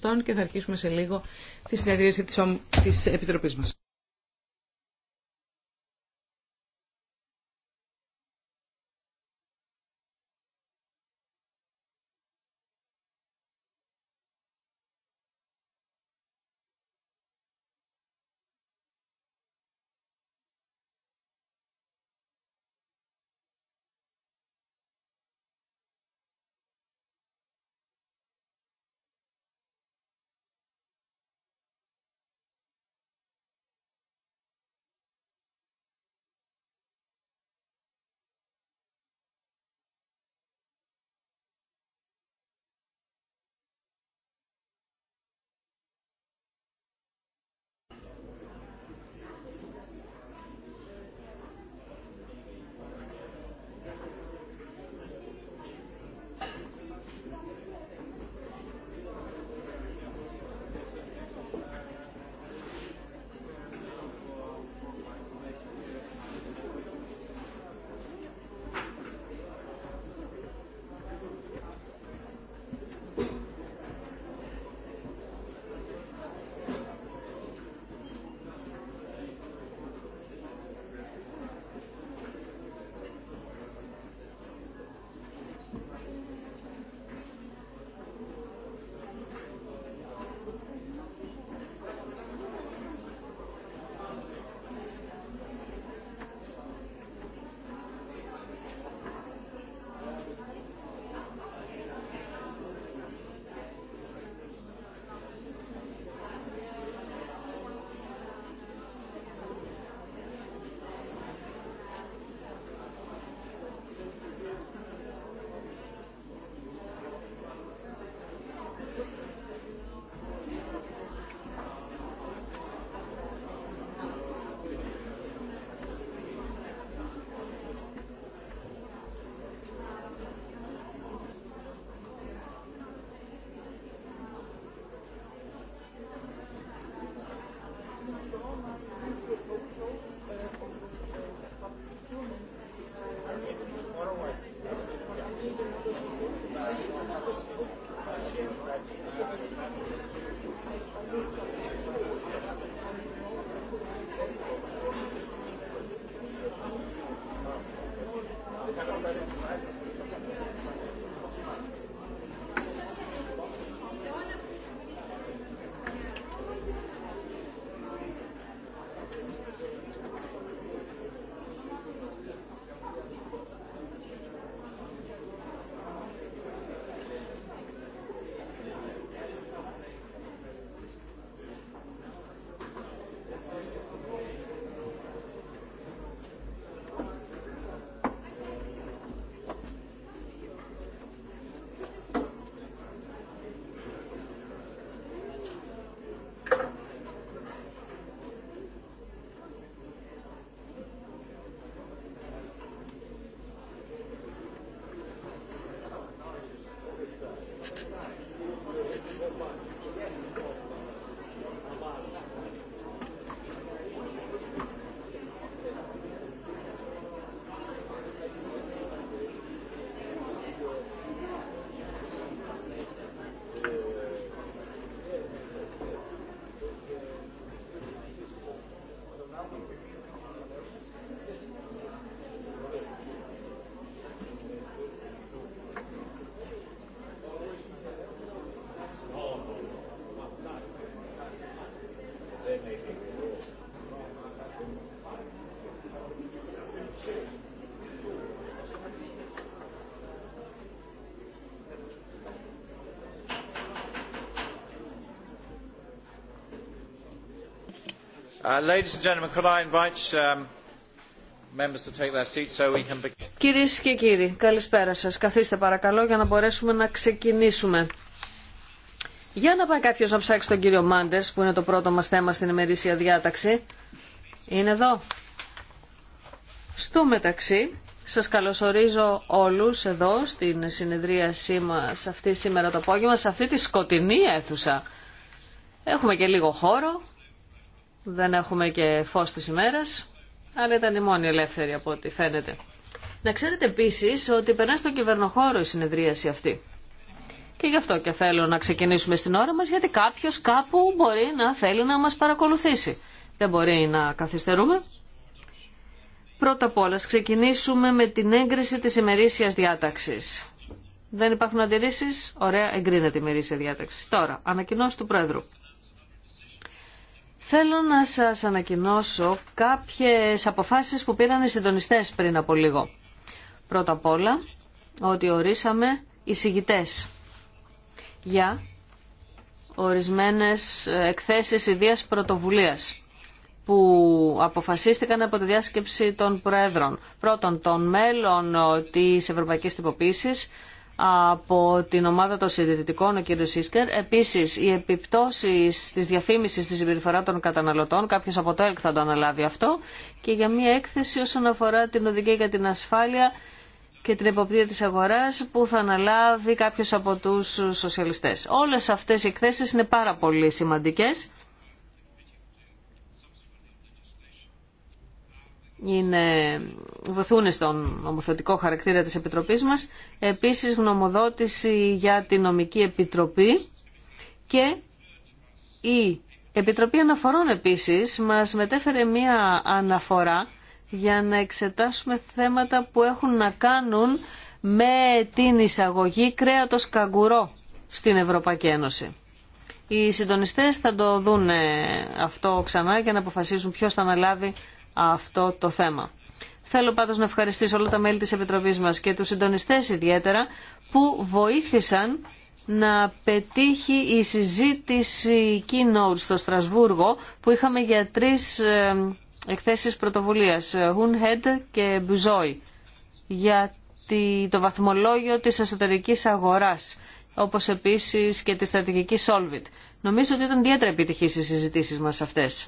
των και θα αρχίσουμε σε λίγο τη συνεδρίαση της Επιτροπής μας. Κυρίες και κύριοι, καλησπέρα σας. Καθίστε παρακαλώ για να μπορέσουμε να ξεκινήσουμε. Για να πάει κάποιος να ψάξει τον κύριο Μάντες, που είναι το πρώτο μας θέμα στην ημερήσια διάταξη. Είναι εδώ. Στο μεταξύ, σας καλωσορίζω όλους εδώ στην συνεδρίασή μας αυτή σήμερα το απόγευμα, σε αυτή τη σκοτεινή αίθουσα. Έχουμε και λίγο χώρο, δεν έχουμε και φω τη ημέρα, αλλά ήταν η μόνη ελεύθερη από ό,τι φαίνεται. Να ξέρετε επίση ότι περνά στον κυβερνοχώρο η συνεδρίαση αυτή. Και γι' αυτό και θέλω να ξεκινήσουμε στην ώρα μα γιατί κάποιο κάπου μπορεί να θέλει να μα παρακολουθήσει. Δεν μπορεί να καθυστερούμε. Πρώτα απ' όλα, ξεκινήσουμε με την έγκριση τη ημερήσια διάταξη. Δεν υπάρχουν αντιρρήσεις. Ωραία, εγκρίνεται η ημερήσια διάταξη. Τώρα, ανακοινώσει του Πρόεδρου. Θέλω να σας ανακοινώσω κάποιες αποφάσεις που πήραν οι συντονιστές πριν από λίγο. Πρώτα απ' όλα, ότι ορίσαμε εισηγητέ για ορισμένες εκθέσεις ιδίας πρωτοβουλίας που αποφασίστηκαν από τη διάσκεψη των Προέδρων. Πρώτον, των μέλων της Ευρωπαϊκής Τυποποίησης, από την ομάδα των συντηρητικών, ο κ. Σίσκερ. Επίση, οι επιπτώσει τη διαφήμιση της συμπεριφορά των καταναλωτών, κάποιο από το ΕΛΚ θα το αναλάβει αυτό. Και για μια έκθεση όσον αφορά την οδηγία για την ασφάλεια και την εποπτεία της αγοράς που θα αναλάβει κάποιος από τους σοσιαλιστές. Όλες αυτές οι εκθέσεις είναι πάρα πολύ σημαντικές είναι, βοηθούν στον νομοθετικό χαρακτήρα της Επιτροπής μας. Επίσης γνωμοδότηση για την Νομική Επιτροπή και η Επιτροπή Αναφορών επίσης μας μετέφερε μία αναφορά για να εξετάσουμε θέματα που έχουν να κάνουν με την εισαγωγή κρέατος καγκουρό στην Ευρωπαϊκή Ένωση. Οι συντονιστές θα το δουν αυτό ξανά για να αποφασίσουν ποιος θα αναλάβει αυτό το θέμα. Θέλω πάντως να ευχαριστήσω όλα τα μέλη της Επιτροπής μας και τους συντονιστές ιδιαίτερα που βοήθησαν να πετύχει η συζήτηση keynote στο Στρασβούργο που είχαμε για τρεις ε, εκθέσεις πρωτοβουλίας, ε, Hunhead και Buzoi, για το βαθμολόγιο της εσωτερικής αγοράς, όπως επίσης και τη στρατηγική Solvit. Νομίζω ότι ήταν ιδιαίτερα επιτυχής οι συζητήσεις μας αυτές.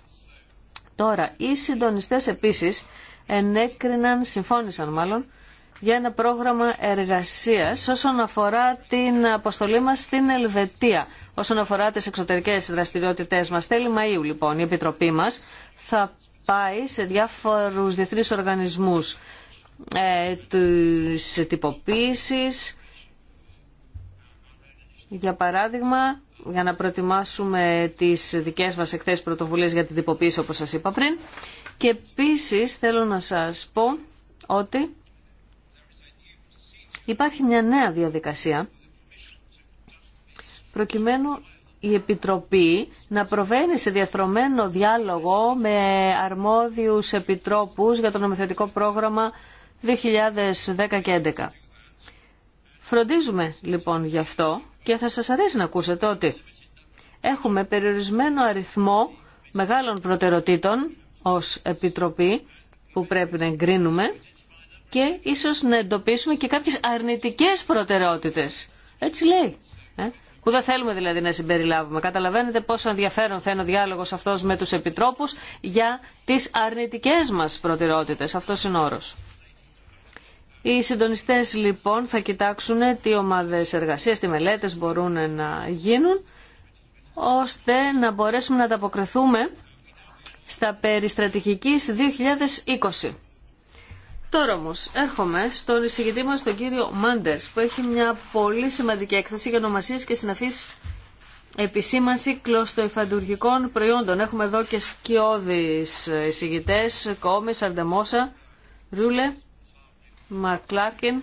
Τώρα, οι συντονιστές επίσης ενέκριναν, συμφώνησαν μάλλον, για ένα πρόγραμμα εργασίας όσον αφορά την αποστολή μας στην Ελβετία, όσον αφορά τις εξωτερικές δραστηριότητές μας. Τέλη Μαΐου λοιπόν η Επιτροπή μας θα πάει σε διάφορους διεθνείς οργανισμούς ε, της για παράδειγμα, για να προετοιμάσουμε τις δικές μας εκθέσεις πρωτοβουλίες για την τυποποίηση όπως σας είπα πριν. Και επίσης θέλω να σας πω ότι υπάρχει μια νέα διαδικασία προκειμένου η Επιτροπή να προβαίνει σε διαθρωμένο διάλογο με αρμόδιους επιτρόπους για το νομοθετικό πρόγραμμα 2010 και 2011. Φροντίζουμε λοιπόν γι' αυτό και θα σας αρέσει να ακούσετε ότι έχουμε περιορισμένο αριθμό μεγάλων προτεραιοτήτων ως Επιτροπή που πρέπει να εγκρίνουμε και ίσως να εντοπίσουμε και κάποιες αρνητικές προτεραιότητες. Έτσι λέει. Ε? Που δεν θέλουμε δηλαδή να συμπεριλάβουμε. Καταλαβαίνετε πόσο ενδιαφέρον θα είναι ο διάλογος αυτός με τους επιτρόπους για τις αρνητικές μας προτεραιότητες. Αυτός είναι ο όρος. Οι συντονιστές λοιπόν θα κοιτάξουν τι ομάδες εργασίες, τι μελέτες μπορούν να γίνουν ώστε να μπορέσουμε να ανταποκριθούμε στα περί 2020. Τώρα όμω έρχομαι στον εισηγητή μας τον κύριο Μάντερς που έχει μια πολύ σημαντική έκθεση για ονομασίε και συναφείς επισήμανση κλωστοϊφαντουργικών προϊόντων. Έχουμε εδώ και σκιώδεις εισηγητές, Κόμες, Αρντεμόσα, Ρούλε Μακλάκεν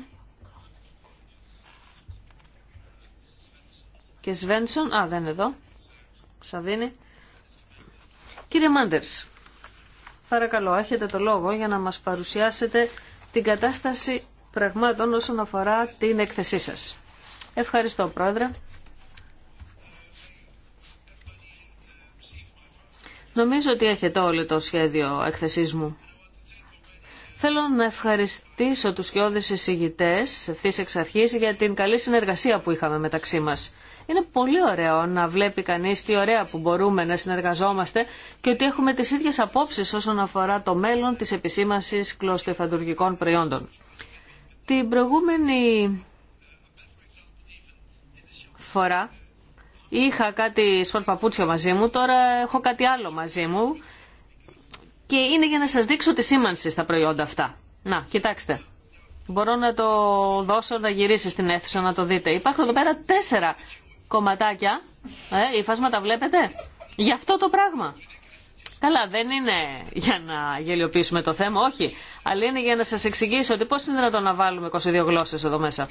και Σβένσον. Α, δεν είναι εδώ. δίνει. Κύριε Μάντερς, παρακαλώ, έχετε το λόγο για να μας παρουσιάσετε την κατάσταση πραγμάτων όσον αφορά την έκθεσή σας. Ευχαριστώ, Πρόεδρε. Νομίζω ότι έχετε όλο το σχέδιο εκθεσής μου. Θέλω να ευχαριστήσω τους κοιόδες εισηγητές ευθύς εξ αρχής για την καλή συνεργασία που είχαμε μεταξύ μας. Είναι πολύ ωραίο να βλέπει κανείς τι ωραία που μπορούμε να συνεργαζόμαστε και ότι έχουμε τις ίδιες απόψεις όσον αφορά το μέλλον της επισήμασης κλωστοεφαντουργικών προϊόντων. Την προηγούμενη φορά είχα κάτι σπορ παπούτσια μαζί μου, τώρα έχω κάτι άλλο μαζί μου και είναι για να σας δείξω τη σήμανση στα προϊόντα αυτά. Να, κοιτάξτε. Μπορώ να το δώσω να γυρίσει στην αίθουσα να το δείτε. Υπάρχουν εδώ πέρα τέσσερα κομματάκια. Ε, υφάσματα βλέπετε. Γι' αυτό το πράγμα. Καλά, δεν είναι για να γελιοποιήσουμε το θέμα, όχι. Αλλά είναι για να σας εξηγήσω ότι πώς είναι δυνατόν να βάλουμε 22 γλώσσες εδώ μέσα.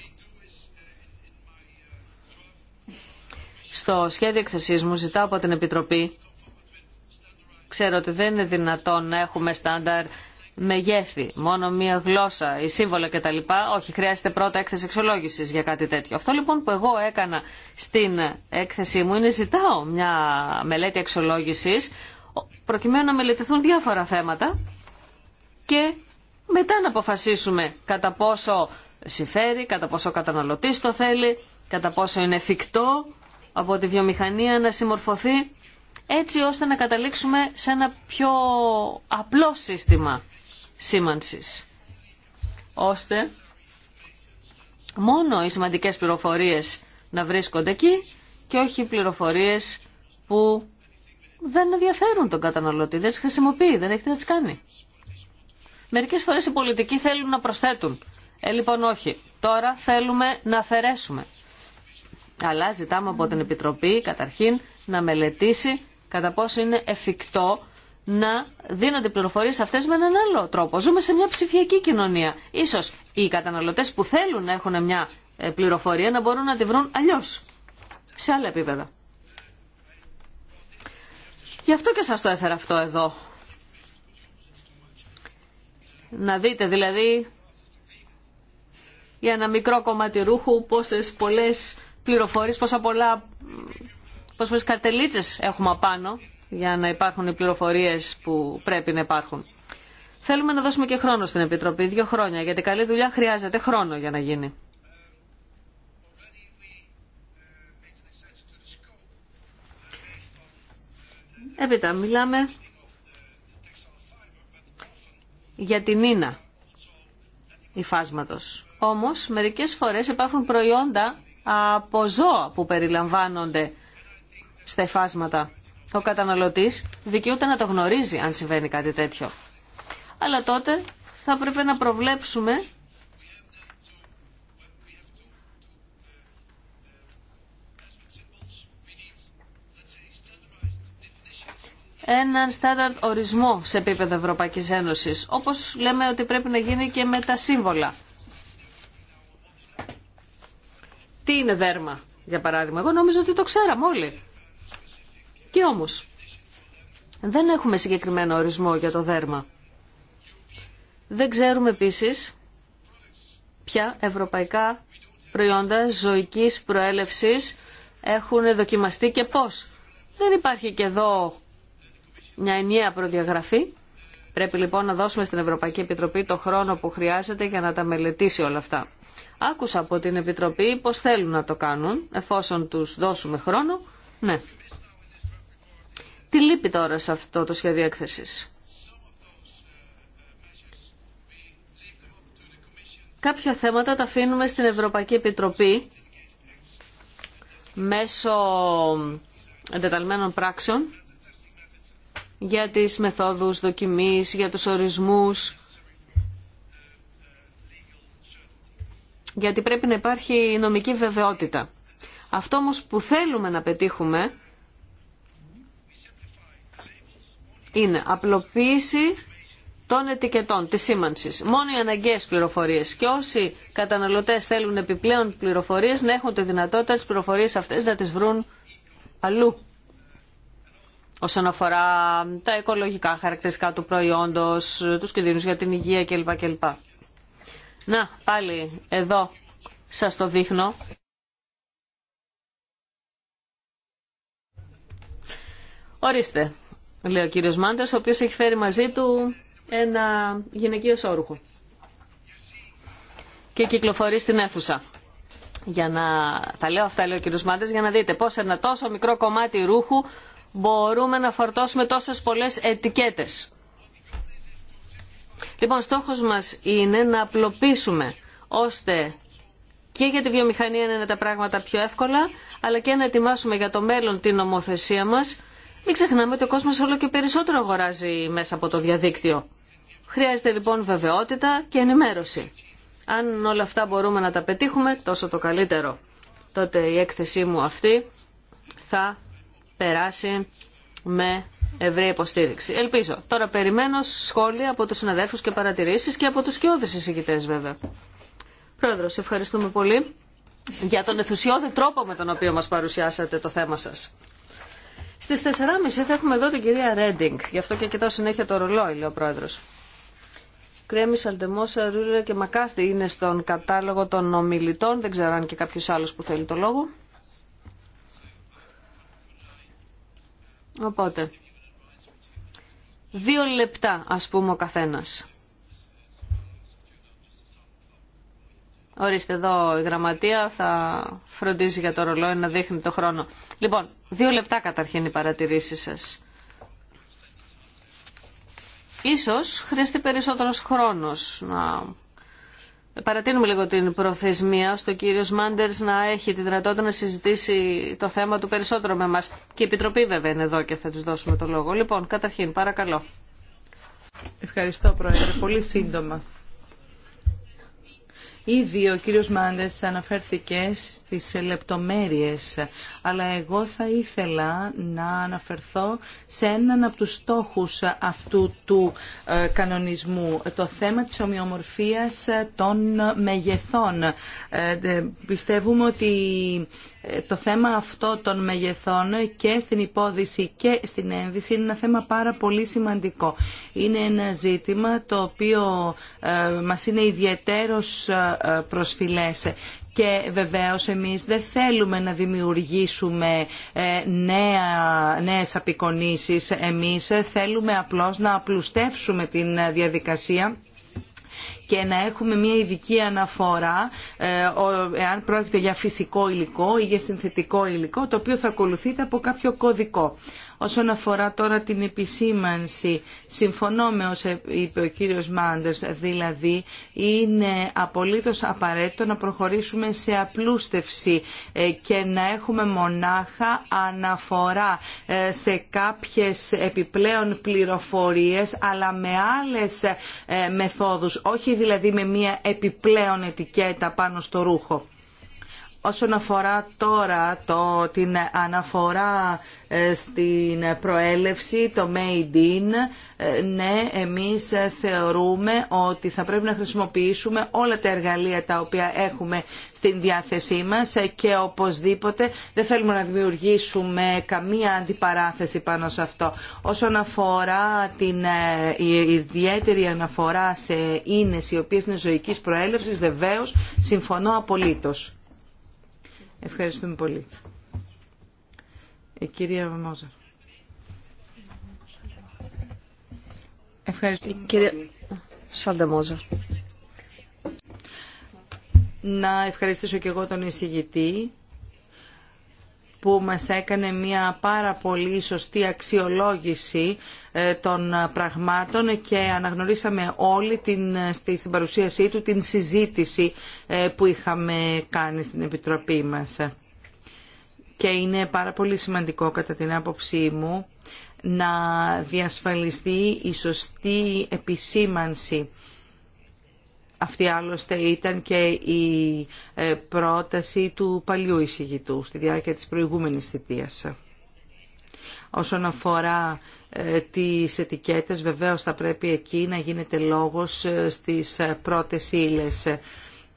Στο σχέδιο εκθεσής μου ζητάω από την Επιτροπή Ξέρω ότι δεν είναι δυνατόν να έχουμε στάνταρ μεγέθη, μόνο μία γλώσσα, η σύμβολα κτλ. Όχι, χρειάζεται πρώτα έκθεση εξολόγησης για κάτι τέτοιο. Αυτό λοιπόν που εγώ έκανα στην έκθεσή μου είναι ζητάω μια γλωσσα η συμβολα κτλ οχι χρειαζεται πρωτα εκθεση εξολόγηση εξολόγησης εκθεση μου ειναι ζηταω μια μελετη εξολόγηση. προκειμενου να μελετηθούν διάφορα θέματα και μετά να αποφασίσουμε κατά πόσο συμφέρει, κατά πόσο καταναλωτή το θέλει, κατά πόσο είναι εφικτό από τη βιομηχανία να συμμορφωθεί έτσι ώστε να καταλήξουμε σε ένα πιο απλό σύστημα σήμανσης. Ώστε μόνο οι σημαντικές πληροφορίες να βρίσκονται εκεί και όχι οι πληροφορίες που δεν ενδιαφέρουν τον καταναλωτή, δεν τις χρησιμοποιεί, δεν έχει να τις κάνει. Μερικές φορές οι πολιτικοί θέλουν να προσθέτουν. Ε, λοιπόν, όχι. Τώρα θέλουμε να αφαιρέσουμε. Αλλά ζητάμε από την Επιτροπή, καταρχήν, να μελετήσει κατά πόσο είναι εφικτό να δίνονται πληροφορίες αυτές με έναν άλλο τρόπο. Ζούμε σε μια ψηφιακή κοινωνία. Ίσως οι καταναλωτές που θέλουν να έχουν μια ε, πληροφορία να μπορούν να τη βρουν αλλιώς, σε άλλα επίπεδα. Γι' αυτό και σας το έφερα αυτό εδώ. Να δείτε δηλαδή για ένα μικρό κομμάτι ρούχου πόσες πολλές πληροφορίες, πόσα πολλά πόσες καρτελίτσες έχουμε απάνω για να υπάρχουν οι πληροφορίες που πρέπει να υπάρχουν. Θέλουμε να δώσουμε και χρόνο στην Επιτροπή, δύο χρόνια, γιατί καλή δουλειά χρειάζεται χρόνο για να γίνει. Έπειτα, μιλάμε για την ίνα υφάσματος. Όμως, μερικές φορές υπάρχουν προϊόντα από ζώα που περιλαμβάνονται στα εφάσματα. Ο καταναλωτής δικαιούται να το γνωρίζει αν συμβαίνει κάτι τέτοιο. Αλλά τότε θα πρέπει να προβλέψουμε έναν στάνταρτ ορισμό σε επίπεδο Ευρωπαϊκής Ένωσης, όπως λέμε ότι πρέπει να γίνει και με τα σύμβολα. Τι είναι δέρμα, για παράδειγμα. Εγώ νομίζω ότι το ξέραμε όλοι. Και όμως δεν έχουμε συγκεκριμένο ορισμό για το δέρμα. Δεν ξέρουμε επίσης ποια ευρωπαϊκά προϊόντα ζωικής προέλευσης έχουν δοκιμαστεί και πώς. Δεν υπάρχει και εδώ μια ενιαία προδιαγραφή. Πρέπει λοιπόν να δώσουμε στην Ευρωπαϊκή Επιτροπή το χρόνο που χρειάζεται για να τα μελετήσει όλα αυτά. Άκουσα από την Επιτροπή πώς θέλουν να το κάνουν, εφόσον τους δώσουμε χρόνο. Ναι, τι λείπει τώρα σε αυτό το σχέδιο έκθεσης. Κάποια θέματα τα αφήνουμε στην Ευρωπαϊκή Επιτροπή μέσω εντεταλμένων πράξεων για τις μεθόδους δοκιμής, για τους ορισμούς. Γιατί πρέπει να υπάρχει νομική βεβαιότητα. Αυτό όμως που θέλουμε να πετύχουμε είναι απλοποίηση των ετικετών, της σήμανσης. Μόνο οι αναγκαίες πληροφορίες και όσοι καταναλωτές θέλουν επιπλέον πληροφορίες να έχουν τη δυνατότητα τις πληροφορίες αυτές να τις βρουν αλλού. Όσον αφορά τα οικολογικά χαρακτηριστικά του προϊόντος, τους κινδύνους για την υγεία κλπ. κλπ. Να, πάλι εδώ σας το δείχνω. Ορίστε, λέει ο κύριος ο οποίος έχει φέρει μαζί του ένα γυναικείο όρουχο. Και κυκλοφορεί στην αίθουσα. Για να... Τα λέω αυτά, λέει ο κύριος για να δείτε πώς ένα τόσο μικρό κομμάτι ρούχου μπορούμε να φορτώσουμε τόσες πολλές ετικέτες. Λοιπόν, στόχος μας είναι να απλοποιήσουμε ώστε και για τη βιομηχανία να είναι τα πράγματα πιο εύκολα, αλλά και να ετοιμάσουμε για το μέλλον την νομοθεσία μας, μην ξεχνάμε ότι ο κόσμος όλο και περισσότερο αγοράζει μέσα από το διαδίκτυο. Χρειάζεται λοιπόν βεβαιότητα και ενημέρωση. Αν όλα αυτά μπορούμε να τα πετύχουμε, τόσο το καλύτερο. Τότε η έκθεσή μου αυτή θα περάσει με ευρύ υποστήριξη. Ελπίζω. Τώρα περιμένω σχόλια από τους συναδέλφους και παρατηρήσεις και από τους κοιόδες εισηγητές βέβαια. Πρόεδρος, ευχαριστούμε πολύ για τον ενθουσιώδη τρόπο με τον οποίο μας παρουσιάσατε το θέμα σας. Στις 4.30 θα έχουμε εδώ την κυρία Ρέντινγκ. Γι' αυτό και κοιτάω συνέχεια το ρολόι, λέει ο πρόεδρος. Κρέμι, Αλτεμόσα, Ρούλε και Μακάθη είναι στον κατάλογο των ομιλητών. Δεν ξέρω αν και κάποιο άλλος που θέλει το λόγο. Οπότε, δύο λεπτά ας πούμε ο καθένας. Ορίστε εδώ η γραμματεία θα φροντίζει για το ρολόι να δείχνει το χρόνο. Λοιπόν, δύο λεπτά καταρχήν οι παρατηρήσεις σας. Ίσως χρειαστεί περισσότερος χρόνος να παρατείνουμε λίγο την προθεσμία στο κύριο Μάντερς να έχει τη δυνατότητα να συζητήσει το θέμα του περισσότερο με μας. Και η Επιτροπή βέβαια είναι εδώ και θα της δώσουμε το λόγο. Λοιπόν, καταρχήν, παρακαλώ. Ευχαριστώ Πρόεδρε. Πολύ σύντομα. Ήδη ο κύριος Μάντες αναφέρθηκε στις λεπτομέρειες, αλλά εγώ θα ήθελα να αναφερθώ σε έναν από τους στόχους αυτού του ε, κανονισμού, το θέμα της ομοιομορφίας των μεγεθών. Ε, πιστεύουμε ότι το θέμα αυτό των μεγεθών και στην υπόδηση και στην ένδυση είναι ένα θέμα πάρα πολύ σημαντικό. Είναι ένα ζήτημα το οποίο ε, μας είναι ιδιαίτερος ε, προσφυλές και βεβαίως εμείς δεν θέλουμε να δημιουργήσουμε ε, νέα, νέες απεικονίσεις. Εμείς θέλουμε απλώς να απλουστεύσουμε την διαδικασία και να έχουμε μια ειδική αναφορά ε, εάν πρόκειται για φυσικό υλικό ή για συνθετικό υλικό το οποίο θα ακολουθείται από κάποιο κωδικό. Όσον αφορά τώρα την επισήμανση, συμφωνώ με όσα είπε ο κύριος Μάντερς, δηλαδή είναι απολύτως απαραίτητο να προχωρήσουμε σε απλούστευση ε, και να έχουμε μονάχα αναφορά ε, σε κάποιες επιπλέον πληροφορίες, αλλά με άλλες ε, μεθόδους, όχι δηλαδή με μία επιπλέον ετικέτα πάνω στο ρούχο. Όσον αφορά τώρα το, την αναφορά ε, στην προέλευση, το made in, ε, ναι, εμείς θεωρούμε ότι θα πρέπει να χρησιμοποιήσουμε όλα τα εργαλεία τα οποία έχουμε στην διάθεσή μας ε, και οπωσδήποτε δεν θέλουμε να δημιουργήσουμε καμία αντιπαράθεση πάνω σε αυτό. Όσον αφορά την ιδιαίτερη αναφορά σε ίνες οι οποίες είναι ζωικής προέλευσης, βεβαίως συμφωνώ απολύτως. Ευχαριστούμε πολύ. Η ε, κυρία Μόζα. Ευχαριστώ. Η ε, κυρία Σάντα Να ευχαριστήσω και εγώ τον εισηγητή που μας έκανε μια πάρα πολύ σωστή αξιολόγηση ε, των πραγμάτων και αναγνωρίσαμε όλοι την, ε, στην παρουσίασή του την συζήτηση ε, που είχαμε κάνει στην Επιτροπή μας. Και είναι πάρα πολύ σημαντικό κατά την άποψή μου να διασφαλιστεί η σωστή επισήμανση αυτή άλλωστε ήταν και η ε, πρόταση του παλιού εισηγητού στη διάρκεια της προηγούμενης θητείας. Όσον αφορά ε, τις ετικέτες, βεβαίως θα πρέπει εκεί να γίνεται λόγος ε, στις πρώτες ύλες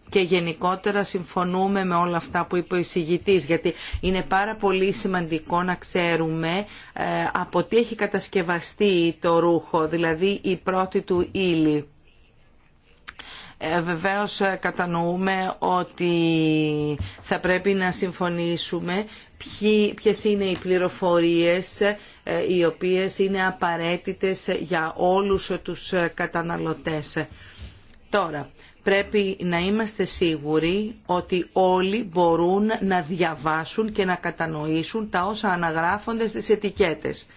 και γενικότερα συμφωνούμε με όλα αυτά που είπε ο εισηγητής γιατί είναι πάρα πολύ σημαντικό να ξέρουμε από τι έχει κατασκευαστεί το ρούχο, δηλαδή η πρώτη του ύλη. Ε, βεβαίως ε, κατανοούμε ότι θα πρέπει να συμφωνήσουμε ποιες είναι οι πληροφορίες ε, οι οποίες είναι απαραίτητες για όλους τους καταναλωτές. Τώρα, πρέπει να είμαστε σίγουροι ότι όλοι μπορούν να διαβάσουν και να κατανοήσουν τα όσα αναγράφονται στις ετικέτες.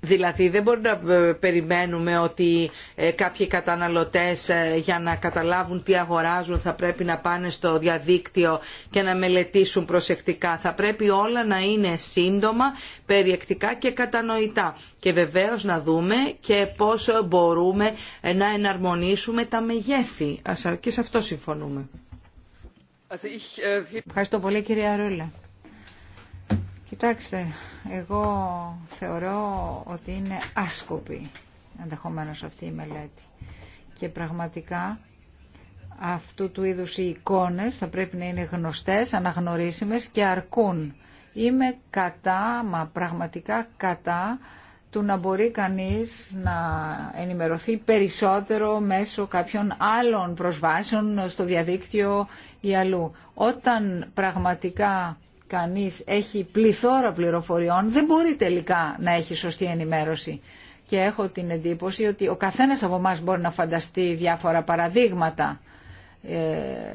Δηλαδή δεν μπορούμε να ε, περιμένουμε ότι ε, κάποιοι καταναλωτές ε, για να καταλάβουν τι αγοράζουν θα πρέπει να πάνε στο διαδίκτυο και να μελετήσουν προσεκτικά. Θα πρέπει όλα να είναι σύντομα, περιεκτικά και κατανοητά. Και βεβαίως να δούμε και πώς μπορούμε να εναρμονίσουμε τα μεγέθη. Και σε αυτό συμφωνούμε. Ευχαριστώ πολύ κυρία Ρούλα. Κοιτάξτε, εγώ θεωρώ ότι είναι άσκοπη ενδεχομένω αυτή η μελέτη. Και πραγματικά αυτού του είδους οι εικόνες θα πρέπει να είναι γνωστές, αναγνωρίσιμες και αρκούν. Είμαι κατά, μα πραγματικά κατά, του να μπορεί κανείς να ενημερωθεί περισσότερο μέσω κάποιων άλλων προσβάσεων στο διαδίκτυο ή αλλού. Όταν πραγματικά κανείς έχει πληθώρα πληροφοριών, δεν μπορεί τελικά να έχει σωστή ενημέρωση. Και έχω την εντύπωση ότι ο καθένας από εμά μπορεί να φανταστεί διάφορα παραδείγματα. Ε,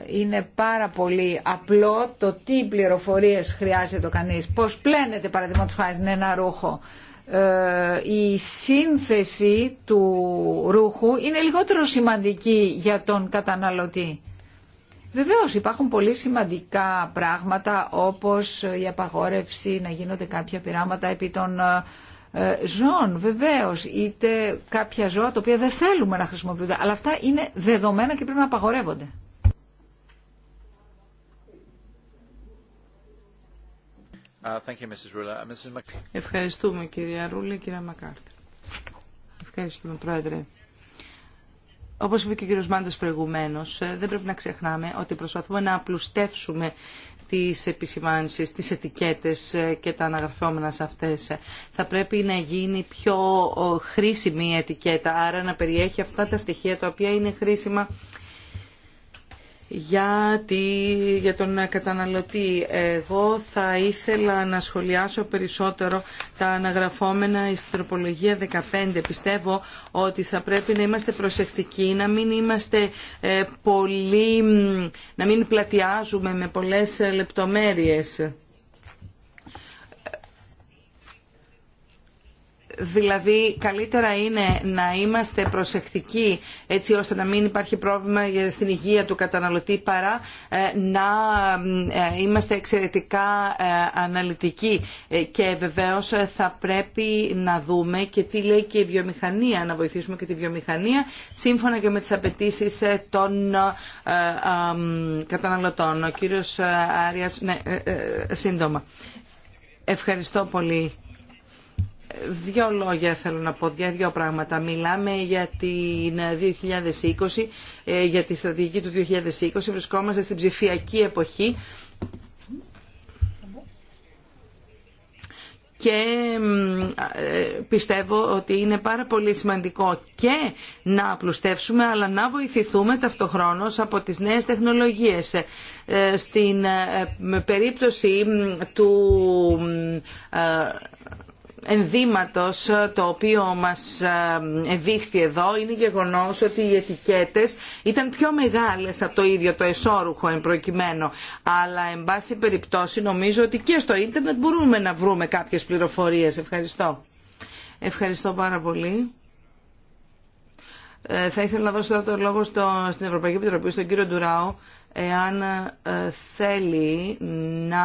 είναι πάρα πολύ απλό το τι πληροφορίες χρειάζεται ο κανείς. Πώς πλένεται παραδείγματος χάρη ναι, ένα ρούχο. Ε, η σύνθεση του ρούχου είναι λιγότερο σημαντική για τον καταναλωτή. Βεβαίω, υπάρχουν πολύ σημαντικά πράγματα όπως η απαγόρευση να γίνονται κάποια πειράματα επί των ε, ε, ζώων βεβαίως είτε κάποια ζώα τα οποία δεν θέλουμε να χρησιμοποιούνται αλλά αυτά είναι δεδομένα και πρέπει να απαγορεύονται. Uh, uh, Ευχαριστούμε κυρία Ρούλη και κυρία Μακάρτη. Ευχαριστούμε πρόεδρε. Όπως είπε και ο κύριος Μάντες προηγουμένως, ε, δεν πρέπει να ξεχνάμε ότι προσπαθούμε να απλουστεύσουμε τις επισημάνσεις, τις ετικέτες ε, και τα αναγραφόμενα σε αυτές. Ε, θα πρέπει να γίνει πιο χρήσιμη η ετικέτα, άρα να περιέχει αυτά τα στοιχεία τα οποία είναι χρήσιμα για, για τον καταναλωτή. Εγώ θα ήθελα να σχολιάσω περισσότερο τα αναγραφόμενα στην τροπολογία 15. Πιστεύω ότι θα πρέπει να είμαστε προσεκτικοί, να μην είμαστε ε, πολύ, να μην πλατιάζουμε με πολλές λεπτομέρειες. Δηλαδή καλύτερα είναι να είμαστε προσεκτικοί έτσι ώστε να μην υπάρχει πρόβλημα στην υγεία του καταναλωτή παρά ε, να ε, είμαστε εξαιρετικά ε, αναλυτικοί και βεβαίως θα πρέπει να δούμε και τι λέει και η βιομηχανία, να βοηθήσουμε και τη βιομηχανία σύμφωνα και με τις απαιτήσει των καταναλωτών. Ο κύριος Άριας, ναι, σύντομα. Ευχαριστώ πολύ. Δύο λόγια θέλω να πω, δύο πράγματα. Μιλάμε για την 2020, ε, για τη στρατηγική του 2020. Βρισκόμαστε στην ψηφιακή εποχή και ε, πιστεύω ότι είναι πάρα πολύ σημαντικό και να απλουστεύσουμε αλλά να βοηθηθούμε ταυτοχρόνως από τις νέες τεχνολογίες. Ε, στην περίπτωση του ενδύματος ε, το οποίο μας ε, δείχθη εδώ είναι γεγονός ότι οι ετικέτες ήταν πιο μεγάλες από το ίδιο το εσώρουχο εμπροκειμένο. Αλλά εν πάση περιπτώσει νομίζω ότι και στο ίντερνετ μπορούμε να βρούμε κάποιες πληροφορίες. Ευχαριστώ. Ευχαριστώ πάρα πολύ. Ε, θα ήθελα να δώσω τώρα το λόγο στο, στην Ευρωπαϊκή Επιτροπή, στον κύριο Ντουράου, εάν ε, θέλει να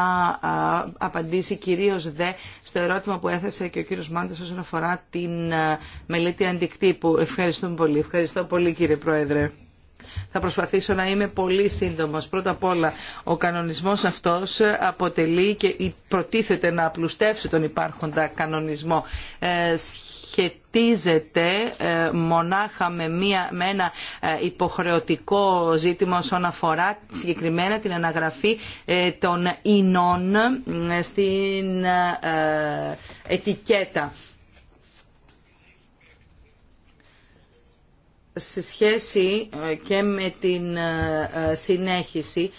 απαντήσει κυρίως δε στο ερώτημα που έθεσε και ο κύριος Μάντας όσον αφορά την ε, μελέτη αντικτύπου. Ευχαριστούμε πολύ. Ευχαριστώ πολύ κύριε Πρόεδρε. Θα προσπαθήσω να είμαι πολύ σύντομος. Πρώτα απ' όλα, ο κανονισμός αυτός αποτελεί και προτίθεται να απλουστεύσει τον υπάρχοντα κανονισμό ε, σχετίζεται ε, μονάχα με, μία, με ένα ε, υποχρεωτικό ζήτημα όσον αφορά συγκεκριμένα την αναγραφή ε, των ινών στην ετικέτα. σε σχέση ε, και με την ε, ε, συνέχιση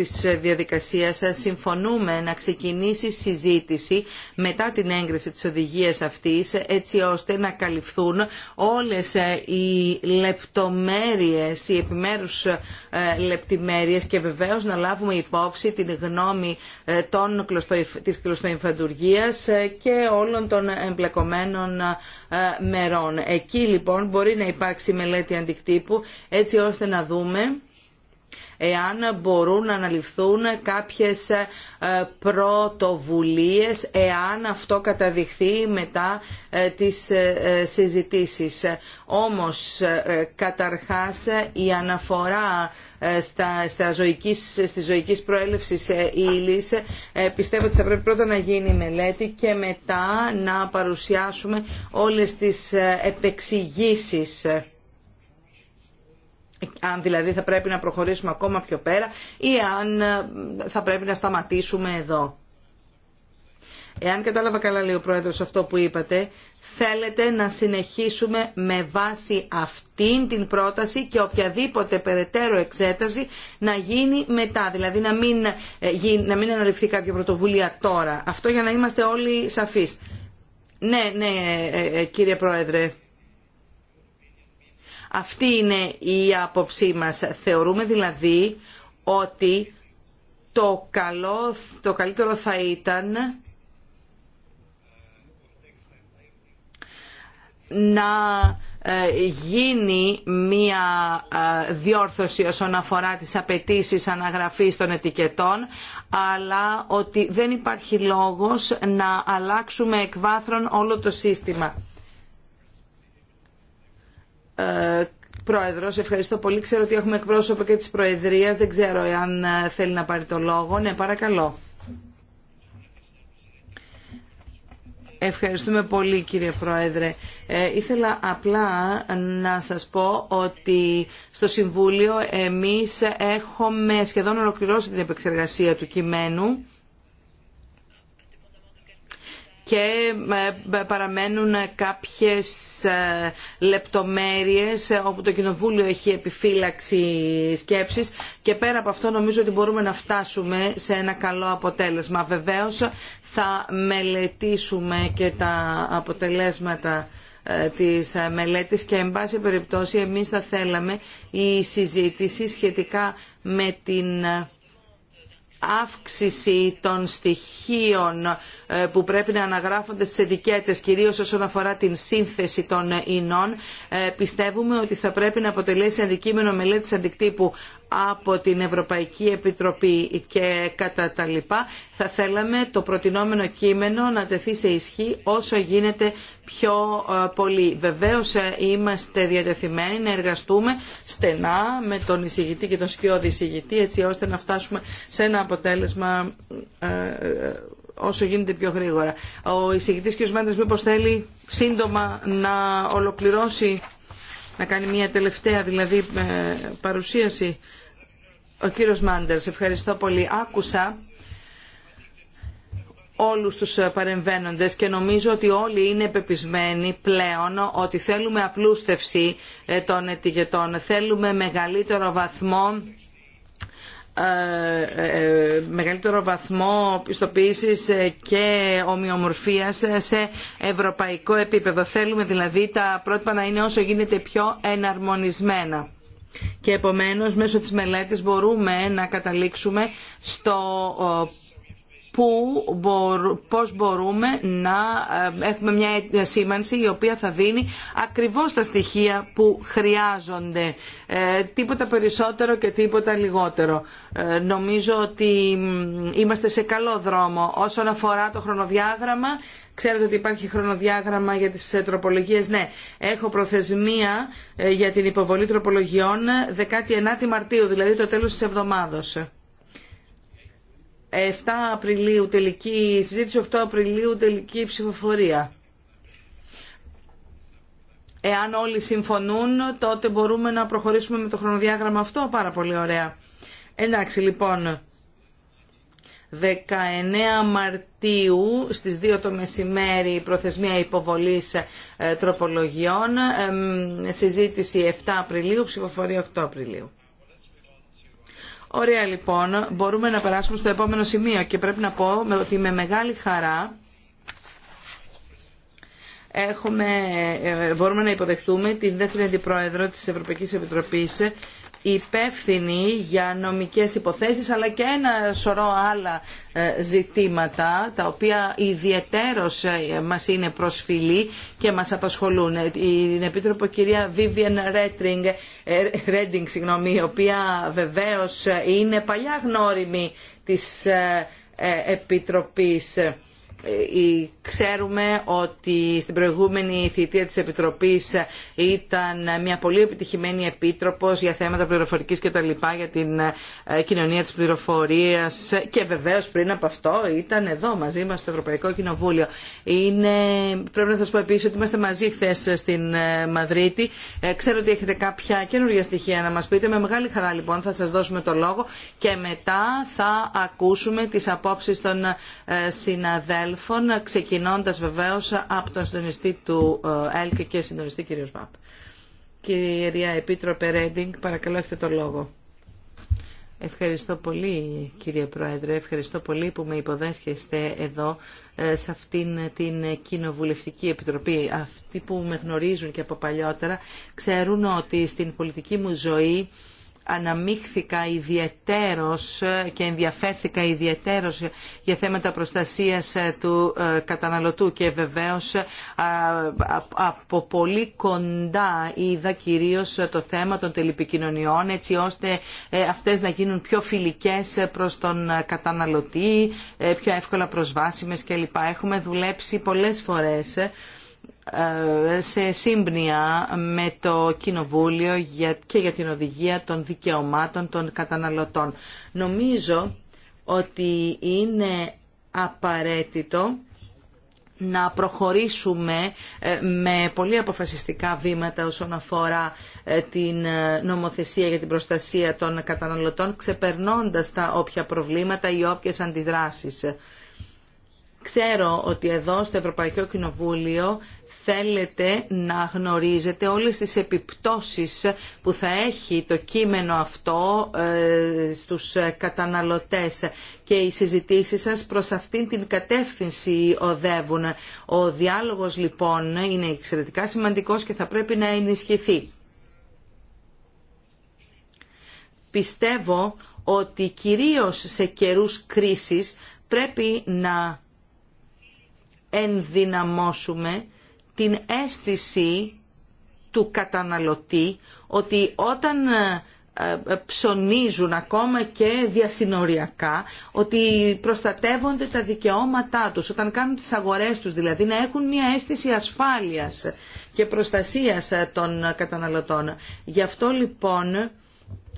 της διαδικασίας συμφωνούμε να ξεκινήσει συζήτηση μετά την έγκριση της οδηγίας αυτής έτσι ώστε να καλυφθούν όλες οι λεπτομέρειες, οι επιμέρους λεπτομέρειες και βεβαίως να λάβουμε υπόψη την γνώμη των, της κλωστοϊφαντουργίας και όλων των εμπλεκομένων μερών. Εκεί λοιπόν μπορεί να υπάρξει η μελέτη αντικτύπου έτσι ώστε να δούμε εάν μπορούν να αναλυφθούν κάποιες ε, πρωτοβουλίες εάν αυτό καταδειχθεί μετά ε, τις ε, συζητήσεις. Όμως καταρχάς η αναφορά στα, στα ζωικής, στη ζωική πρόέλευση ή πιστεύω ότι θα πρέπει πρώτα να γίνει ύλης πιστεύω ότι θα πρέπει πρώτα να γίνει η μελέτη και μετά να παρουσιάσουμε όλες τις επεξηγήσεις αν δηλαδή θα πρέπει να προχωρήσουμε ακόμα πιο πέρα ή αν ε, θα πρέπει να σταματήσουμε εδώ. Εάν κατάλαβα καλά, λέει ο Πρόεδρος, αυτό που είπατε, θέλετε να συνεχίσουμε με βάση αυτήν την πρόταση και οποιαδήποτε περαιτέρω εξέταση να γίνει μετά. Δηλαδή να μην, ε, να μην κάποια πρωτοβουλία τώρα. Αυτό για να είμαστε όλοι σαφείς. Ναι, ναι, ε, κύριε Πρόεδρε. Αυτή είναι η άποψή μας. Θεωρούμε δηλαδή ότι το, καλό, το καλύτερο θα ήταν να ε, γίνει μία ε, διόρθωση όσον αφορά τις απαιτήσεις αναγραφής των ετικετών αλλά ότι δεν υπάρχει λόγος να αλλάξουμε εκβάθρον όλο το σύστημα. Ε, πρόεδρος, ευχαριστώ πολύ. Ξέρω ότι έχουμε εκπρόσωπο και της Προεδρίας. Δεν ξέρω εάν ε, θέλει να πάρει το λόγο. Ναι, παρακαλώ. Ευχαριστούμε πολύ κύριε Πρόεδρε. Ε, ήθελα απλά να σας πω ότι στο Συμβούλιο εμείς έχουμε σχεδόν ολοκληρώσει την επεξεργασία του κειμένου και ε, ε, παραμένουν κάποιες ε, λεπτομέρειες όπου το Κοινοβούλιο έχει επιφύλαξη σκέψης και πέρα από αυτό νομίζω ότι μπορούμε να φτάσουμε σε ένα καλό αποτέλεσμα. Βεβαίως θα μελετήσουμε και τα αποτελέσματα της μελέτης και εν πάση περιπτώσει εμείς θα θέλαμε η συζήτηση σχετικά με την αύξηση των στοιχείων ε, που πρέπει να αναγράφονται στις ετικέτες, κυρίως όσον αφορά την σύνθεση των ινών, ε, πιστεύουμε ότι θα πρέπει να αποτελέσει αντικείμενο μελέτης αντικτύπου από την Ευρωπαϊκή Επιτροπή και κατά τα λοιπά, θα θέλαμε το προτινόμενο κείμενο να τεθεί σε ισχύ όσο γίνεται πιο ε, πολύ. Βεβαίως ε, είμαστε διατεθειμένοι να εργαστούμε στενά με τον εισηγητή και τον σκιώδη εισηγητή έτσι ώστε να φτάσουμε σε ένα αποτέλεσμα ε, όσο γίνεται πιο γρήγορα. Ο εισηγητής κ. Μέντες μήπως θέλει σύντομα να ολοκληρώσει να κάνει μια τελευταία δηλαδή ε, παρουσίαση. Ο κύριος Μάντερς, ευχαριστώ πολύ. Άκουσα όλους τους παρεμβαίνοντες και νομίζω ότι όλοι είναι πεπισμένοι πλέον ότι θέλουμε απλούστευση ε, των ετηγετών, Θέλουμε μεγαλύτερο βαθμό ε, ε, μεγαλύτερο βαθμό πιστοποίησης και ομοιομορφίας σε ευρωπαϊκό επίπεδο. Θέλουμε δηλαδή τα πρότυπα να είναι όσο γίνεται πιο εναρμονισμένα. Και επομένως μέσω της μελέτης μπορούμε να καταλήξουμε στο που πώς μπορούμε να ε, έχουμε μια σήμανση η οποία θα δίνει ακριβώς τα στοιχεία που χρειάζονται. Ε, τίποτα περισσότερο και τίποτα λιγότερο. Ε, νομίζω ότι είμαστε σε καλό δρόμο. Όσον αφορά το χρονοδιάγραμμα, Ξέρετε ότι υπάρχει χρονοδιάγραμμα για τις τροπολογίες. Ναι, έχω προθεσμία για την υποβολή τροπολογιών 19 Μαρτίου, δηλαδή το τέλος της εβδομάδας. 7 Απριλίου τελική συζήτηση, 8 Απριλίου τελική ψηφοφορία. Εάν όλοι συμφωνούν, τότε μπορούμε να προχωρήσουμε με το χρονοδιάγραμμα αυτό. Πάρα πολύ ωραία. Εντάξει, λοιπόν, 19 Μαρτίου στις 2 το μεσημέρι προθεσμία υποβολής ε, τροπολογιών, συζήτηση 7 Απριλίου, ψηφοφορία 8 Απριλίου. Ωραία λοιπόν, μπορούμε να περάσουμε στο επόμενο σημείο και πρέπει να πω ότι με μεγάλη χαρά έχουμε, ε, μπορούμε να υποδεχθούμε την δεύτερη αντιπρόεδρο της Ευρωπαϊκής Επιτροπής υπεύθυνοι για νομικές υποθέσεις αλλά και ένα σωρό άλλα ε, ζητήματα τα οποία ιδιαιτέρως ε, μας είναι προσφυλή και μας απασχολούν. Ε, η Επίτροπο κυρία Vivian Ρέντινγκ, η οποία βεβαίως είναι παλιά γνώριμη της Επιτροπής Ξέρουμε ότι στην προηγούμενη θητεία της Επιτροπής ήταν μια πολύ επιτυχημένη επίτροπος για θέματα πληροφορικής και τα λοιπά, για την ε, κοινωνία της πληροφορίας και βεβαίως πριν από αυτό ήταν εδώ μαζί μας στο Ευρωπαϊκό Κοινοβούλιο. Είναι, πρέπει να σας πω επίσης ότι είμαστε μαζί χθε στην ε, Μαδρίτη. Ε, ξέρω ότι έχετε κάποια καινούργια στοιχεία να μας πείτε. Με μεγάλη χαρά λοιπόν θα σας δώσουμε το λόγο και μετά θα ακούσουμε τις απόψεις των συναδέλφων. Ξεκινήσουμε ξεκινώντας βεβαίως από τον συντονιστή του ε, ΕΛΚ και συντονιστή κ. ΒΑΠ. Κυρία Επίτροπε Ρέντινγκ, παρακαλώ έχετε το λόγο. Ευχαριστώ πολύ κύριε Πρόεδρε, ευχαριστώ πολύ που με υποδέσχεστε εδώ ε, σε αυτήν την Κοινοβουλευτική Επιτροπή. Αυτοί που με γνωρίζουν και από παλιότερα ξέρουν ότι στην πολιτική μου ζωή αναμίχθηκα ιδιαιτέρως και ενδιαφέρθηκα ιδιαιτέρως για θέματα προστασίας του ε, καταναλωτού και βεβαίως ε, από πολύ κοντά είδα κυρίως το θέμα των τελειπικοινωνιών έτσι ώστε ε, αυτές να γίνουν πιο φιλικές προς τον καταναλωτή, πιο εύκολα προσβάσιμες κλπ. Έχουμε δουλέψει πολλές φορές ε, σε σύμπνοια με το Κοινοβούλιο και για την οδηγία των δικαιωμάτων των καταναλωτών. Νομίζω ότι είναι απαραίτητο να προχωρήσουμε ε, με πολύ αποφασιστικά βήματα όσον αφορά ε, την νομοθεσία για την προστασία των καταναλωτών, ξεπερνώντας τα όποια προβλήματα ή όποιες αντιδράσεις. Ξέρω ότι εδώ στο Ευρωπαϊκό Κοινοβούλιο θέλετε να γνωρίζετε όλες τις επιπτώσεις που θα έχει το κείμενο αυτό ε, στους καταναλωτές και οι συζητήσεις σας προς αυτήν την κατεύθυνση οδεύουν. Ο διάλογος λοιπόν είναι εξαιρετικά σημαντικός και θα πρέπει να ενισχυθεί. Πιστεύω ότι κυρίως σε καιρούς κρίσης πρέπει να ενδυναμώσουμε την αίσθηση του καταναλωτή ότι όταν ε, ε, ψωνίζουν ακόμα και διασυνοριακά ότι προστατεύονται τα δικαιώματά τους όταν κάνουν τις αγορές τους δηλαδή να έχουν μια αίσθηση ασφάλειας και προστασίας ε, των καταναλωτών. Γι' αυτό λοιπόν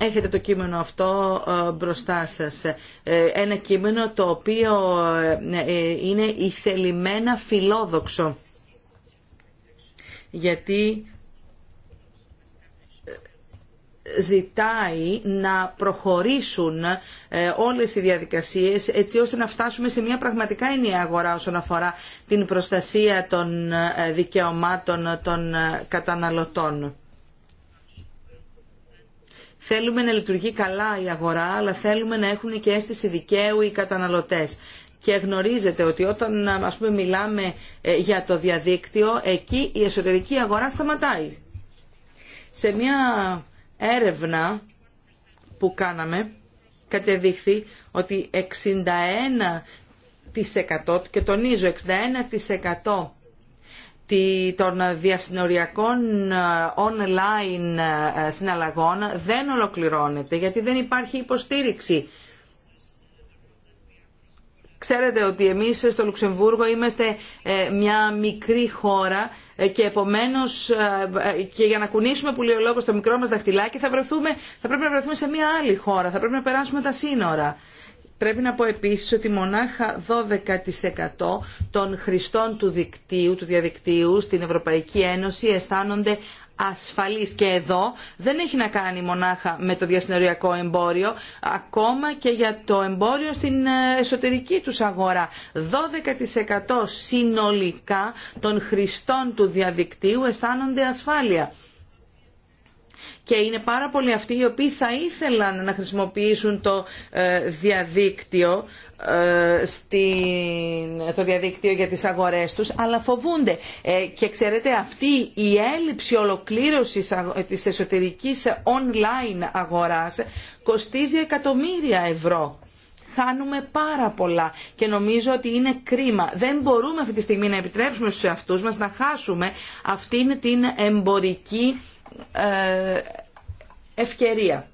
έχετε το κείμενο αυτό μπροστά σας. Ένα κείμενο το οποίο είναι ηθελημένα φιλόδοξο γιατί ζητάει να προχωρήσουν ε, όλες οι διαδικασίες έτσι ώστε να φτάσουμε σε μια πραγματικά ενιαία αγορά όσον αφορά την προστασία των ε, δικαιωμάτων των ε, καταναλωτών. Θέλουμε να λειτουργεί καλά η αγορά, αλλά θέλουμε να έχουν και αίσθηση δικαίου οι καταναλωτές και γνωρίζετε ότι όταν ας πούμε, μιλάμε ε, για το διαδίκτυο, εκεί η εσωτερική αγορά σταματάει. Σε μια έρευνα που κάναμε, κατεδείχθη ότι 61% και τονίζω 61% των διασυνοριακών ε, online ε, συναλλαγών δεν ολοκληρώνεται γιατί δεν υπάρχει υποστήριξη Ξέρετε ότι εμείς στο Λουξεμβούργο είμαστε ε, μια μικρή χώρα ε, και επομένως ε, και για να κουνήσουμε που λέει ο λόγος το μικρό μας δαχτυλάκι θα, βρεθούμε, θα πρέπει να βρεθούμε σε μια άλλη χώρα, θα πρέπει να περάσουμε τα σύνορα. Πρέπει να πω επίσης ότι μονάχα 12% των χρηστών του δικτύου, του διαδικτύου στην Ευρωπαϊκή Ένωση αισθάνονται ασφαλής και εδώ δεν έχει να κάνει μονάχα με το διασυνοριακό εμπόριο, ακόμα και για το εμπόριο στην ε, εσωτερική τους αγορά. 12% συνολικά των χρηστών του διαδικτύου αισθάνονται ασφάλεια και είναι πάρα πολλοί αυτοί οι οποίοι θα ήθελαν να χρησιμοποιήσουν το ε, διαδίκτυο ε, το διαδίκτυο για τις αγορές τους αλλά φοβούνται ε, και ξέρετε αυτή η έλλειψη ολοκλήρωσης της εσωτερικής online αγοράς κοστίζει εκατομμύρια ευρώ χάνουμε πάρα πολλά και νομίζω ότι είναι κρίμα. Δεν μπορούμε αυτή τη στιγμή να επιτρέψουμε στους εαυτούς μας να χάσουμε αυτήν την εμπορική ε, ευκαιρία.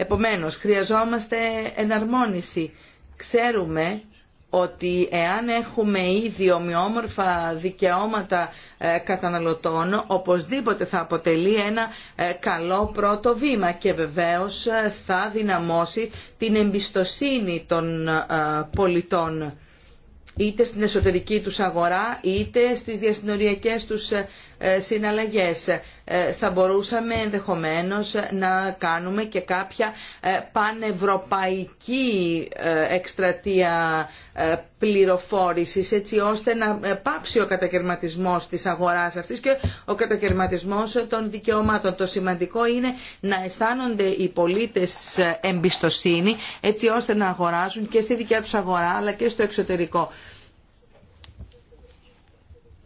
Επομένως, χρειαζόμαστε εναρμόνιση. Ξέρουμε ότι εάν έχουμε ήδη ομοιόμορφα δικαιώματα ε, καταναλωτών, οπωσδήποτε θα αποτελεί ένα ε, καλό πρώτο βήμα και βεβαίως ε, θα δυναμώσει την εμπιστοσύνη των πολιτών είτε στην εσωτερική τους αγορά, είτε στις διασυνοριακές τους ε, συναλλαγές. Ε, θα μπορούσαμε ενδεχομένως να κάνουμε και κάποια ε, πανευρωπαϊκή εκστρατεία πληροφόρησης έτσι ώστε να πάψει ο κατακαιρματισμός της αγοράς αυτής και ο κατακαιρματισμός των δικαιωμάτων. Το σημαντικό είναι να αισθάνονται οι πολίτες εμπιστοσύνη έτσι ώστε να αγοράζουν και στη δικιά τους αγορά αλλά και στο εξωτερικό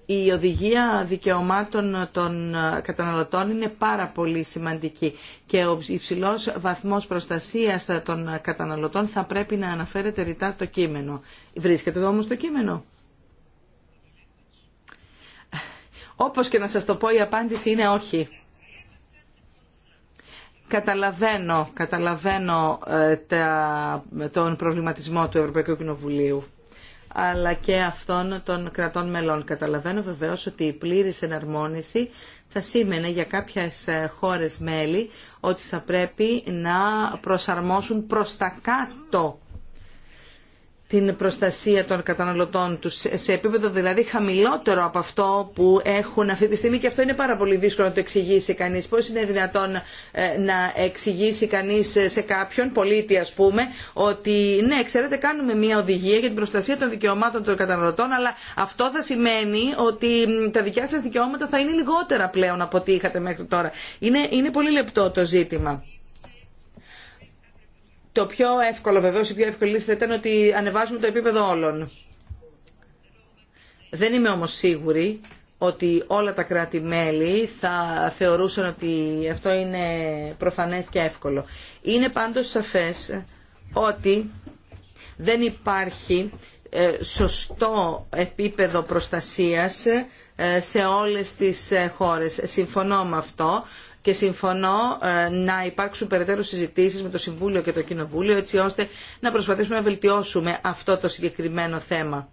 η οδηγία δικαιωμάτων των καταναλωτών είναι πάρα πολύ σημαντική και ο υψηλός βαθμός προστασίας των καταναλωτών θα πρέπει να αναφέρεται ρητά στο κείμενο. Βρίσκεται εδώ όμως το κείμενο. Όπως και να σα το πω η απάντηση είναι όχι. Καταλαβαίνω, καταλαβαίνω ε, τα, τον προβληματισμό του Ευρωπαϊκού Κοινοβουλίου αλλά και αυτών των κρατών μελών. Καταλαβαίνω βεβαίως ότι η πλήρης εναρμόνιση θα σήμαινε για κάποιες ε, χώρες μέλη ότι θα πρέπει να προσαρμόσουν προς τα κάτω την προστασία των καταναλωτών του σε επίπεδο δηλαδή χαμηλότερο από αυτό που έχουν αυτή τη στιγμή και αυτό είναι πάρα πολύ δύσκολο να το εξηγήσει κανείς. Πώς είναι δυνατόν ε, να εξηγήσει κανείς σε κάποιον πολίτη α πούμε ότι ναι ξέρετε κάνουμε μια οδηγία για την προστασία των δικαιωμάτων των καταναλωτών αλλά αυτό θα σημαίνει ότι τα δικιά σα δικαιώματα θα είναι λιγότερα πλέον από ό,τι είχατε μέχρι τώρα. Είναι, είναι πολύ λεπτό το ζήτημα. Το πιο εύκολο βεβαίως, η πιο εύκολη λύση θα ήταν ότι ανεβάζουμε το επίπεδο όλων. Δεν είμαι όμως σίγουρη ότι όλα τα κράτη-μέλη θα θεωρούσαν ότι αυτό είναι προφανές και εύκολο. Είναι πάντως σαφές ότι δεν υπάρχει ε, σωστό επίπεδο προστασίας ε, σε όλες τις ε, χώρες. Συμφωνώ με αυτό και συμφωνώ ε, να υπάρξουν περαιτέρω συζητήσει με το Συμβούλιο και το Κοινοβούλιο έτσι ώστε να προσπαθήσουμε να βελτιώσουμε αυτό το συγκεκριμένο θέμα.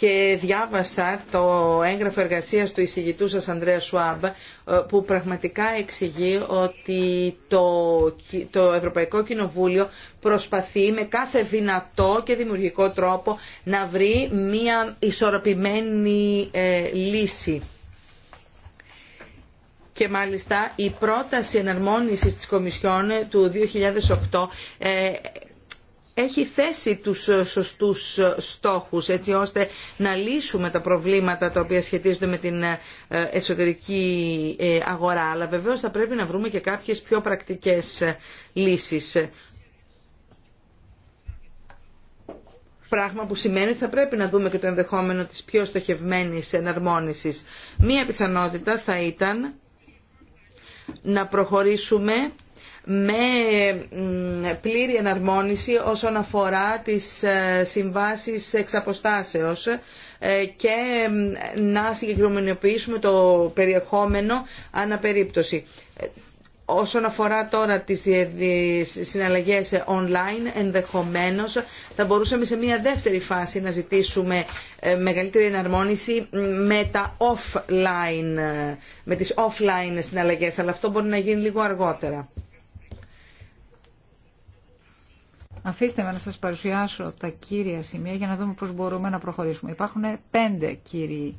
και διάβασα το έγγραφο εργασία του εισηγητού σα Ανδρέα Σουάμπ ε, που πραγματικά εξηγεί ότι το, το Ευρωπαϊκό Κοινοβούλιο προσπαθεί με κάθε δυνατό και δημιουργικό τρόπο να βρει μια ισορροπημένη ε, λύση και μάλιστα η πρόταση εναρμόνισης της Κομισιόν του 2008 ε, έχει θέσει τους σωστούς στόχους έτσι ώστε να λύσουμε τα προβλήματα τα οποία σχετίζονται με την ε, εσωτερική ε, αγορά αλλά βεβαίως θα πρέπει να βρούμε και κάποιες πιο πρακτικές λύσεις. Πράγμα που σημαίνει ότι θα πρέπει να δούμε και το ενδεχόμενο της πιο στοχευμένης εναρμόνισης. Μία πιθανότητα θα ήταν να προχωρήσουμε με πλήρη εναρμόνιση όσον αφορά τις ε, συμβάσεις εξ ε, και να συγκεκριμενοποιήσουμε το περιεχόμενο αναπερίπτωση. Όσον αφορά τώρα ε, τις συναλλαγές online, ενδεχομένως θα μπορούσαμε σε μια δεύτερη φάση να ζητήσουμε ε, μεγαλύτερη εναρμόνιση με τα offline, με τις offline συναλλαγές, αλλά αυτό μπορεί να γίνει λίγο αργότερα. Αφήστε με να σας παρουσιάσω τα κύρια σημεία για να δούμε πώς μπορούμε να προχωρήσουμε. Υπάρχουν πέντε κύριοι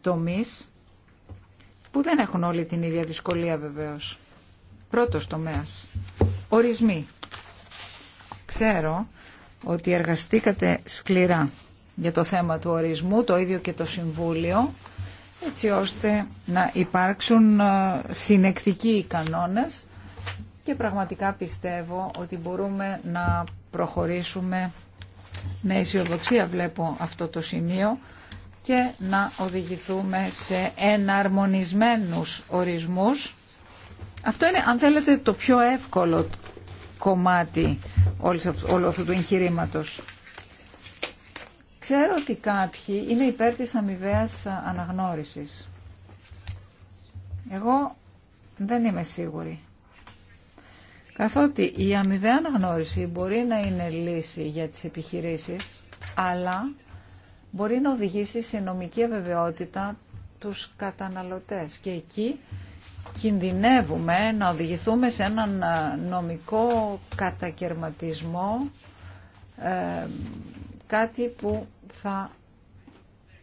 τομείς που δεν έχουν όλη την ίδια δυσκολία βεβαίως. Πρώτος τομέας. Ορισμοί. Ξέρω ότι εργαστήκατε σκληρά για το θέμα του ορισμού, το ίδιο και το Συμβούλιο, έτσι ώστε να υπάρξουν ε, συνεκτικοί κανόνες και πραγματικά πιστεύω ότι μπορούμε να προχωρήσουμε με αισιοδοξία βλέπω αυτό το σημείο και να οδηγηθούμε σε εναρμονισμένους ορισμούς αυτό είναι, αν θέλετε, το πιο εύκολο κομμάτι όλου αυτού του εγχειρήματο. Ξέρω ότι κάποιοι είναι υπέρ της αμοιβαίας αναγνώρισης. Εγώ δεν είμαι σίγουρη. Καθότι η αμοιβαία αναγνώριση μπορεί να είναι λύση για τις επιχειρήσεις, αλλά μπορεί να οδηγήσει σε νομική αβεβαιότητα τους καταναλωτές. Και εκεί κινδυνεύουμε να οδηγηθούμε σε έναν ε, νομικό κατακαιρματισμό, ε, κάτι που θα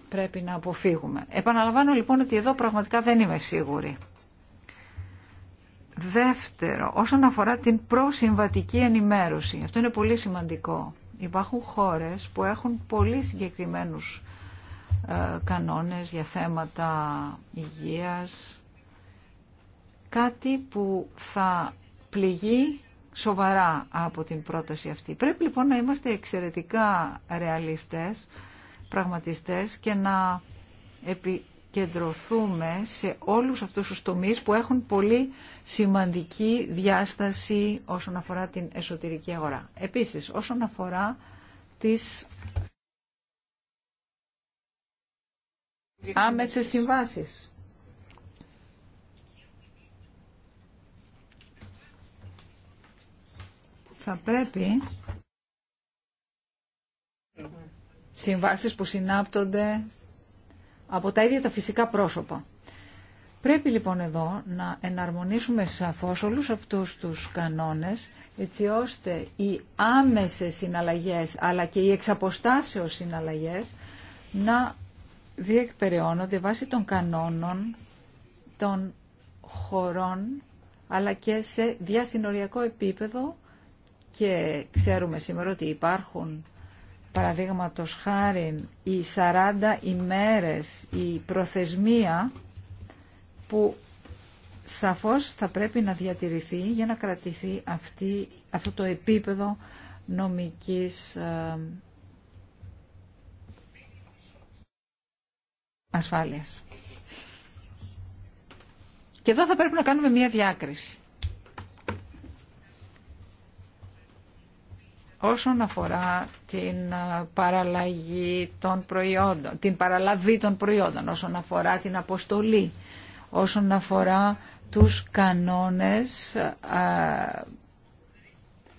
πρέπει να αποφύγουμε. Επαναλαμβάνω λοιπόν ότι εδώ πραγματικά δεν είμαι σίγουρη. Δεύτερο, όσον αφορά την προσυμβατική ενημέρωση, αυτό είναι πολύ σημαντικό. Υπάρχουν χώρες που έχουν πολύ συγκεκριμένους ε, κανόνες για θέματα υγείας, κάτι που θα πληγεί σοβαρά από την πρόταση αυτή. Πρέπει λοιπόν να είμαστε εξαιρετικά ρεαλιστές, πραγματιστές και να επικεντρωθούμε σε όλους αυτούς τους τομείς που έχουν πολύ σημαντική διάσταση όσον αφορά την εσωτερική αγορά. Επίσης, όσον αφορά τις άμεσες συμβάσεις. θα πρέπει συμβάσεις που συνάπτονται από τα ίδια τα φυσικά πρόσωπα. Πρέπει λοιπόν εδώ να εναρμονίσουμε σαφώς όλους αυτούς τους κανόνες έτσι ώστε οι άμεσες συναλλαγές αλλά και οι εξαποστάσεως συναλλαγές να διεκπεραιώνονται βάσει των κανόνων των χωρών αλλά και σε διασυνοριακό επίπεδο και ξέρουμε σήμερα ότι υπάρχουν παραδείγματο χάρη οι 40 ημέρες η προθεσμία που σαφώς θα πρέπει να διατηρηθεί για να κρατηθεί αυτή, αυτό το επίπεδο νομικής ε, ασφάλειας. Και εδώ θα πρέπει να κάνουμε μία διάκριση. όσον αφορά την ε, παραλλαγή των προϊόντων, την παραλαβή των προϊόντων, όσον αφορά την αποστολή, όσον αφορά τους κανόνες, ε,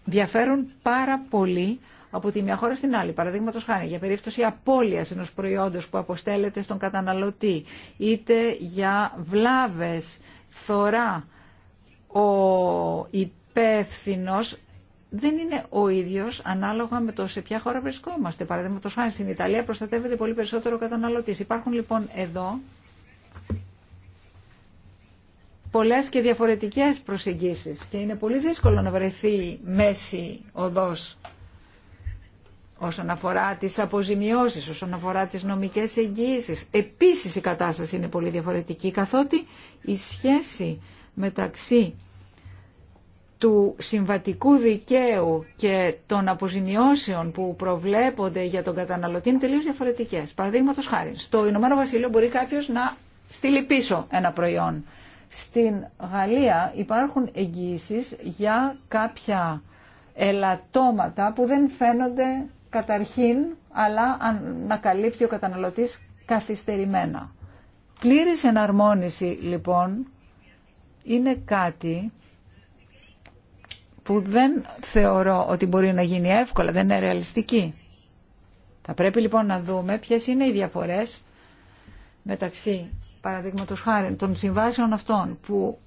διαφέρουν πάρα πολύ από τη μια χώρα στην άλλη. Παραδείγματο χάρη, για περίπτωση απώλεια ενό προϊόντος που αποστέλλεται στον καταναλωτή, είτε για βλάβε, θωρά, ο υπεύθυνο δεν είναι ο ίδιος ανάλογα με το σε ποια χώρα βρισκόμαστε. Παραδείγματο χάρη στην Ιταλία προστατεύεται πολύ περισσότερο ο καταναλωτή. Υπάρχουν λοιπόν εδώ πολλές και διαφορετικές προσεγγίσεις και είναι πολύ δύσκολο να βρεθεί μέση οδό όσον αφορά τις αποζημιώσεις, όσον αφορά τις νομικές εγγύησεις. Επίσης η κατάσταση είναι πολύ διαφορετική καθότι η σχέση μεταξύ του συμβατικού δικαίου και των αποζημιώσεων που προβλέπονται για τον καταναλωτή είναι τελείως διαφορετικές. Παραδείγματο χάρη, στο Ηνωμένο Βασίλειο μπορεί κάποιο να στείλει πίσω ένα προϊόν. Στην Γαλλία υπάρχουν εγγύησει για κάποια ελαττώματα που δεν φαίνονται καταρχήν, αλλά ανακαλύπτει ο καταναλωτής καθυστερημένα. Πλήρης εναρμόνιση λοιπόν είναι κάτι που δεν θεωρώ ότι μπορεί να γίνει εύκολα, δεν είναι ρεαλιστική. Θα πρέπει λοιπόν να δούμε ποιες είναι οι διαφορές μεταξύ παραδείγματος χάρη των συμβάσεων αυτών που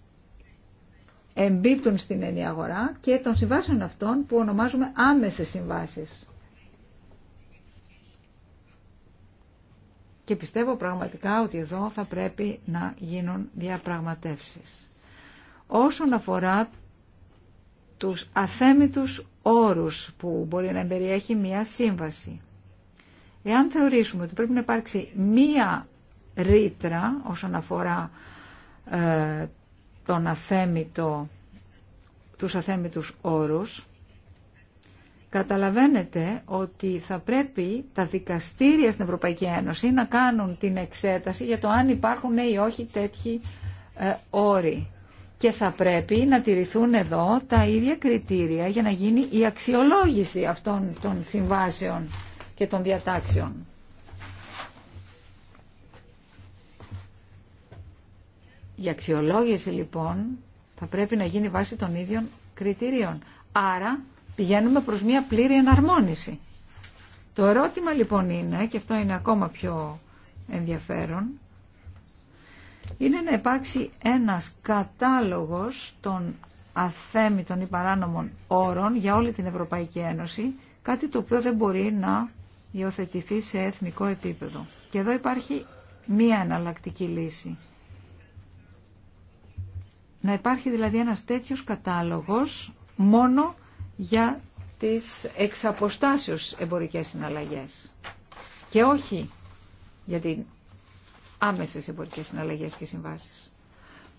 εμπίπτουν στην ενή αγορά και των συμβάσεων αυτών που ονομάζουμε άμεσες συμβάσεις. Και πιστεύω πραγματικά ότι εδώ θα πρέπει να γίνουν διαπραγματεύσεις. Όσον αφορά τους αθέμητους όρους που μπορεί να περιέχει μία σύμβαση. Εάν θεωρήσουμε ότι πρέπει να υπάρξει μία ρήτρα όσον αφορά ε, τον αθέμητο, τους αθέμητους όρους, καταλαβαίνετε ότι θα πρέπει τα δικαστήρια στην Ευρωπαϊκή Ένωση να κάνουν την εξέταση για το αν υπάρχουν ή όχι τέτοιοι ε, όροι και θα πρέπει να τηρηθούν εδώ τα ίδια κριτήρια για να γίνει η αξιολόγηση αυτών των συμβάσεων και των διατάξεων. Η αξιολόγηση λοιπόν θα πρέπει να γίνει βάσει των ίδιων κριτηρίων. Άρα πηγαίνουμε προς μια πλήρη εναρμόνιση. Το ερώτημα λοιπόν είναι, και αυτό είναι ακόμα πιο ενδιαφέρον, είναι να υπάρξει ένας κατάλογος των αθέμητων ή παράνομων όρων για όλη την Ευρωπαϊκή Ένωση, κάτι το οποίο δεν μπορεί να υιοθετηθεί σε εθνικό επίπεδο. Και εδώ υπάρχει μία εναλλακτική λύση. Να υπάρχει δηλαδή ένας τέτοιος κατάλογος μόνο για τις εξαποστάσεως εμπορικές συναλλαγές και όχι για την άμεσες εμπορικές συναλλαγές και συμβάσεις.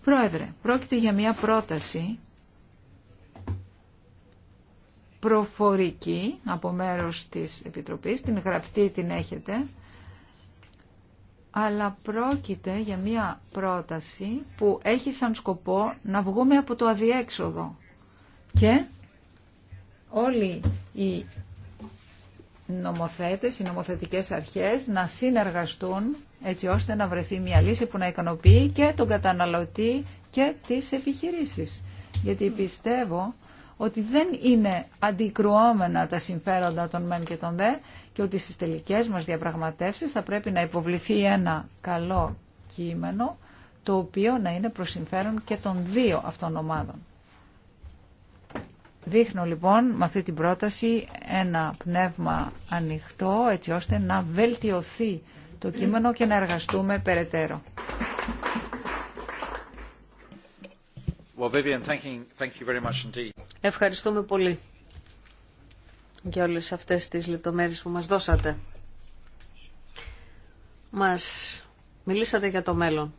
Πρόεδρε, πρόκειται για μια πρόταση προφορική από μέρος της Επιτροπής, την γραπτή την έχετε, αλλά πρόκειται για μια πρόταση που έχει σαν σκοπό να βγούμε από το αδιέξοδο. Και όλοι οι νομοθέτες, οι νομοθετικές αρχές να συνεργαστούν έτσι ώστε να βρεθεί μια λύση που να ικανοποιεί και τον καταναλωτή και τις επιχειρήσεις. Γιατί πιστεύω ότι δεν είναι αντικρουόμενα τα συμφέροντα των μεν και των δε και ότι στις τελικές μας διαπραγματεύσεις θα πρέπει να υποβληθεί ένα καλό κείμενο το οποίο να είναι προς συμφέρον και των δύο αυτών ομάδων. Δείχνω λοιπόν με αυτή την πρόταση ένα πνεύμα ανοιχτό έτσι ώστε να βελτιωθεί το κείμενο και να εργαστούμε περαιτέρω. Ευχαριστούμε πολύ για όλες αυτές τις λεπτομέρειες που μας δώσατε. Μας μιλήσατε για το μέλλον.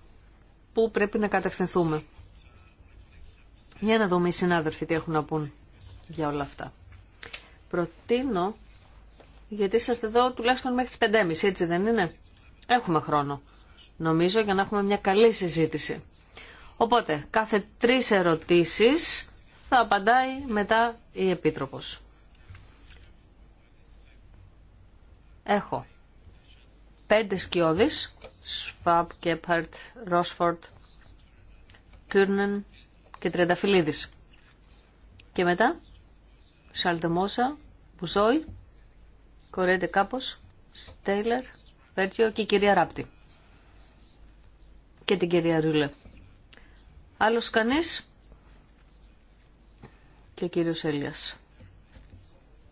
Πού πρέπει να κατευθυνθούμε. Για να δούμε οι συνάδελφοι τι έχουν να πούν για όλα αυτά. Προτείνω, γιατί είσαστε εδώ τουλάχιστον μέχρι τις 5.30, έτσι δεν είναι. Έχουμε χρόνο, νομίζω, για να έχουμε μια καλή συζήτηση. Οπότε, κάθε τρεις ερωτήσεις θα απαντάει μετά η Επίτροπος. Έχω πέντε σκιώδεις, ΣΦΑΠ, ΚΕΠΑΡΤ, Ρόσφορτ, Τούρνεν και Τρενταφυλλίδης. Και μετά Σαλτεμόσα, Μπουζόη, Κορέντε Κάπο, Στέιλερ, Βέρτιο και η κυρία Ράπτη. Και την κυρία Ρούλε. Άλλος κανείς και ο κύριος Έλιας.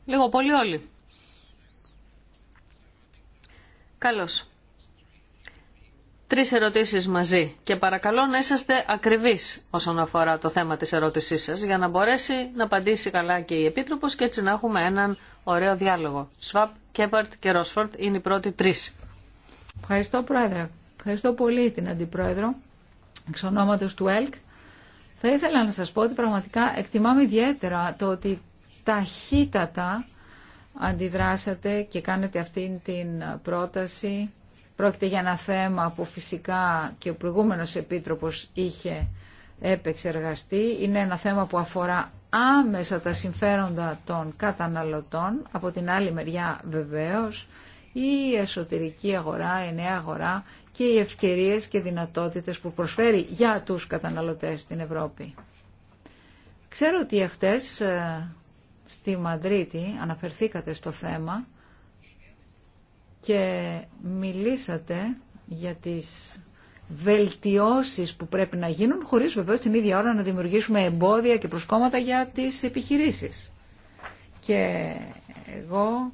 Λίγο πολύ όλοι. Καλώς τρεις ερωτήσεις μαζί και παρακαλώ να είσαστε ακριβείς όσον αφορά το θέμα της ερώτησής σας για να μπορέσει να απαντήσει καλά και η Επίτροπος και έτσι να έχουμε έναν ωραίο διάλογο. Σβάπ, Κέπαρτ και Ρόσφορτ είναι οι πρώτοι τρεις. Ευχαριστώ Πρόεδρε. Ευχαριστώ πολύ την Αντιπρόεδρο εξ ονόματος του ΕΛΚ. Θα ήθελα να σας πω ότι πραγματικά εκτιμάμε ιδιαίτερα το ότι ταχύτατα αντιδράσατε και κάνετε αυτήν την πρόταση Πρόκειται για ένα θέμα που φυσικά και ο προηγούμενος Επίτροπος είχε επεξεργαστεί. Είναι ένα θέμα που αφορά άμεσα τα συμφέροντα των καταναλωτών. Από την άλλη μεριά βεβαίως η εσωτερική αγορά, η νέα αγορά και οι ευκαιρίες και δυνατότητες που προσφέρει για τους καταναλωτές στην Ευρώπη. Ξέρω ότι εχθές ε, στη Μαδρίτη αναφερθήκατε στο θέμα και μιλήσατε για τις βελτιώσεις που πρέπει να γίνουν χωρίς βεβαίως την ίδια ώρα να δημιουργήσουμε εμπόδια και προσκόμματα για τις επιχειρήσεις. Και εγώ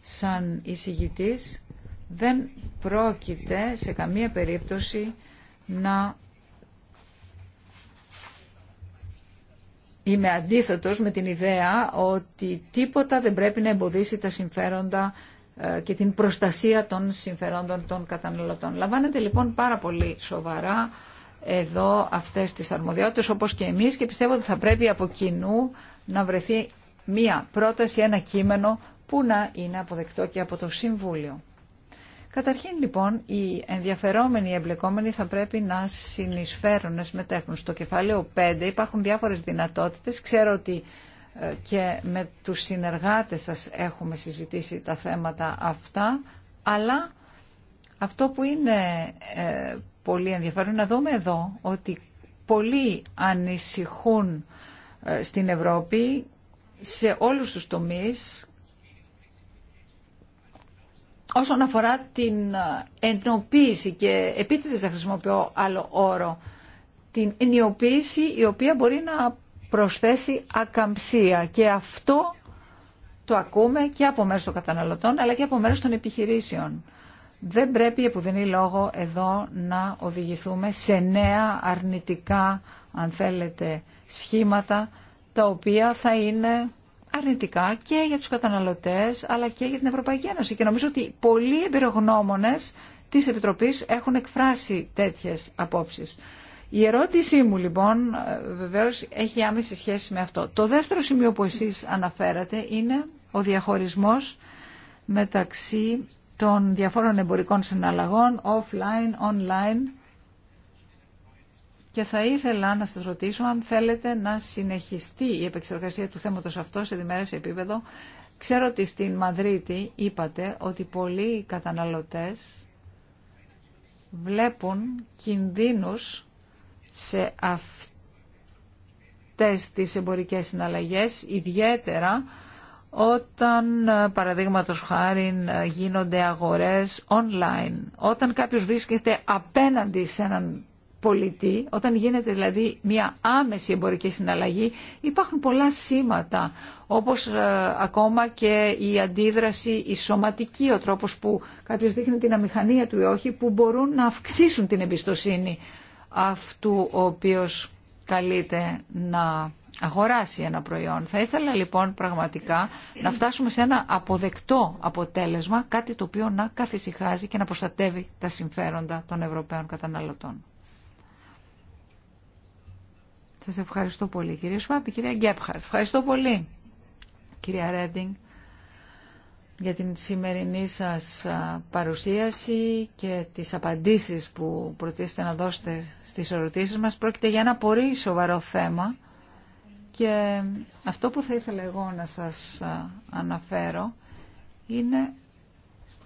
σαν εισηγητής δεν πρόκειται σε καμία περίπτωση να είμαι αντίθετος με την ιδέα ότι τίποτα δεν πρέπει να εμποδίσει τα συμφέροντα ε, και την προστασία των συμφερόντων των καταναλωτών. Λαμβάνεται λοιπόν πάρα πολύ σοβαρά εδώ αυτές τις αρμοδιότητες όπως και εμείς και πιστεύω ότι θα πρέπει από κοινού να βρεθεί μία πρόταση, ένα κείμενο που να είναι αποδεκτό και από το Συμβούλιο. Καταρχήν λοιπόν οι ενδιαφερόμενοι οι εμπλεκόμενοι θα πρέπει να συνεισφέρουν, να συμμετέχουν. Στο κεφάλαιο 5 υπάρχουν διάφορες δυνατότητες. Ξέρω ότι και με τους συνεργάτες σας έχουμε συζητήσει τα θέματα αυτά, αλλά αυτό που είναι ε, πολύ ενδιαφέρον να δούμε εδώ ότι πολλοί ανησυχούν ε, στην Ευρώπη σε όλους τους τομείς όσον αφορά την ε, ενοποίηση και επίτηδες θα χρησιμοποιώ άλλο όρο την ενιοποίηση η οποία μπορεί να προσθέσει ακαμψία και αυτό το ακούμε και από μέρους των καταναλωτών αλλά και από μέρους των επιχειρήσεων. Δεν πρέπει επουδενή λόγο εδώ να οδηγηθούμε σε νέα αρνητικά, αν θέλετε, σχήματα τα οποία θα είναι αρνητικά και για τους καταναλωτές αλλά και για την Ευρωπαϊκή Ένωση. Και νομίζω ότι πολλοί εμπειρογνώμονες της Επιτροπής έχουν εκφράσει τέτοιες απόψεις. Η ερώτησή μου λοιπόν ε, βεβαίως έχει άμεση σχέση με αυτό. Το δεύτερο σημείο που εσείς αναφέρατε είναι ο διαχωρισμός μεταξύ των διαφόρων εμπορικών συναλλαγών offline, online και θα ήθελα να σας ρωτήσω αν θέλετε να συνεχιστεί η επεξεργασία του θέματος αυτό σε διμέρες επίπεδο. Ξέρω ότι στην Μαδρίτη είπατε ότι πολλοί καταναλωτές βλέπουν κινδύνους σε αυτές τις εμπορικές συναλλαγές, ιδιαίτερα όταν παραδείγματο χάρη γίνονται αγορές online, όταν κάποιος βρίσκεται απέναντι σε έναν πολιτή, όταν γίνεται δηλαδή μια άμεση εμπορική συναλλαγή, υπάρχουν πολλά σήματα, όπως ε, ακόμα και η αντίδραση, η σωματική, ο τρόπος που κάποιος δείχνει την αμηχανία του ή όχι, που μπορούν να αυξήσουν την εμπιστοσύνη αυτού ο οποίος καλείται να αγοράσει ένα προϊόν. Θα ήθελα λοιπόν πραγματικά να φτάσουμε σε ένα αποδεκτό αποτέλεσμα, κάτι το οποίο να καθησυχάζει και να προστατεύει τα συμφέροντα των Ευρωπαίων καταναλωτών. Σας ευχαριστώ πολύ κύριε Σουάπη, κυρία Γκέπχαρτ. Ευχαριστώ πολύ κυρία Ρέντινγκ για την σημερινή σας παρουσίαση και τις απαντήσεις που προτίθεται να δώσετε στις ερωτήσεις μας. Πρόκειται για ένα πολύ σοβαρό θέμα και αυτό που θα ήθελα εγώ να σας αναφέρω είναι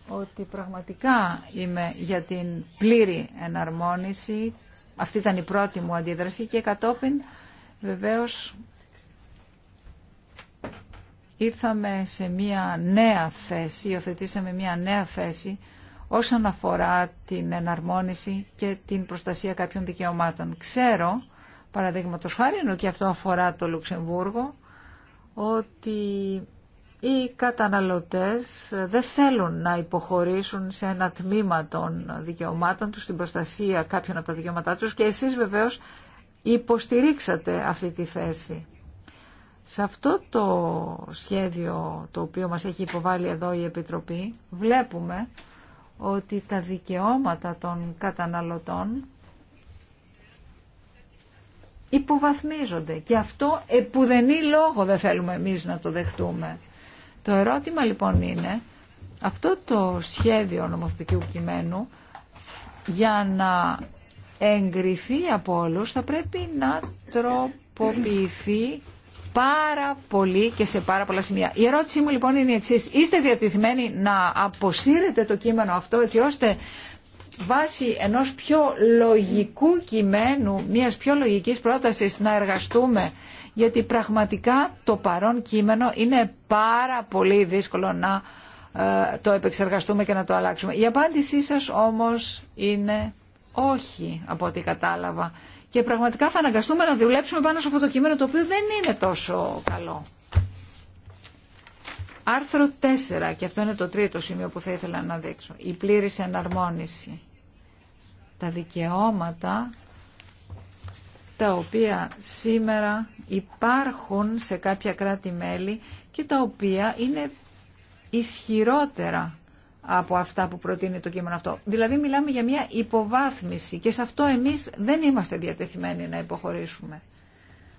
ότι πραγματικά είμαι για την πλήρη εναρμόνιση. Αυτή ήταν η πρώτη μου αντίδραση και κατόπιν βεβαίως ήρθαμε σε μια νέα θέση, υιοθετήσαμε μια νέα θέση όσον αφορά την εναρμόνιση και την προστασία κάποιων δικαιωμάτων. Ξέρω, παραδείγματο χάρη, ενώ και αυτό αφορά το Λουξεμβούργο, ότι οι καταναλωτές δεν θέλουν να υποχωρήσουν σε ένα τμήμα των δικαιωμάτων τους, στην προστασία κάποιων από τα δικαιώματά τους και εσείς βεβαίως υποστηρίξατε αυτή τη θέση. Σε αυτό το σχέδιο το οποίο μας έχει υποβάλει εδώ η Επιτροπή βλέπουμε ότι τα δικαιώματα των καταναλωτών υποβαθμίζονται και αυτό επουδενή λόγο δεν θέλουμε εμείς να το δεχτούμε. Το ερώτημα λοιπόν είναι αυτό το σχέδιο νομοθετικού κειμένου για να εγκριθεί από όλους θα πρέπει να τροποποιηθεί πάρα πολύ και σε πάρα πολλά σημεία. Η ερώτησή μου λοιπόν είναι η εξή. Είστε διατηρημένοι να αποσύρετε το κείμενο αυτό έτσι ώστε βάσει ενός πιο λογικού κειμένου, μιας πιο λογικής πρότασης να εργαστούμε γιατί πραγματικά το παρόν κείμενο είναι πάρα πολύ δύσκολο να ε, το επεξεργαστούμε και να το αλλάξουμε. Η απάντησή σας όμως είναι όχι από ό,τι κατάλαβα και πραγματικά θα αναγκαστούμε να δουλέψουμε πάνω σε αυτό το κείμενο το οποίο δεν είναι τόσο καλό. Άρθρο 4, και αυτό είναι το τρίτο σημείο που θα ήθελα να δείξω, η πλήρης εναρμόνιση. Τα δικαιώματα τα οποία σήμερα υπάρχουν σε κάποια κράτη-μέλη και τα οποία είναι ισχυρότερα από αυτά που προτείνει το κείμενο αυτό. Δηλαδή μιλάμε για μια υποβάθμιση και σε αυτό εμείς δεν είμαστε διατεθειμένοι να υποχωρήσουμε.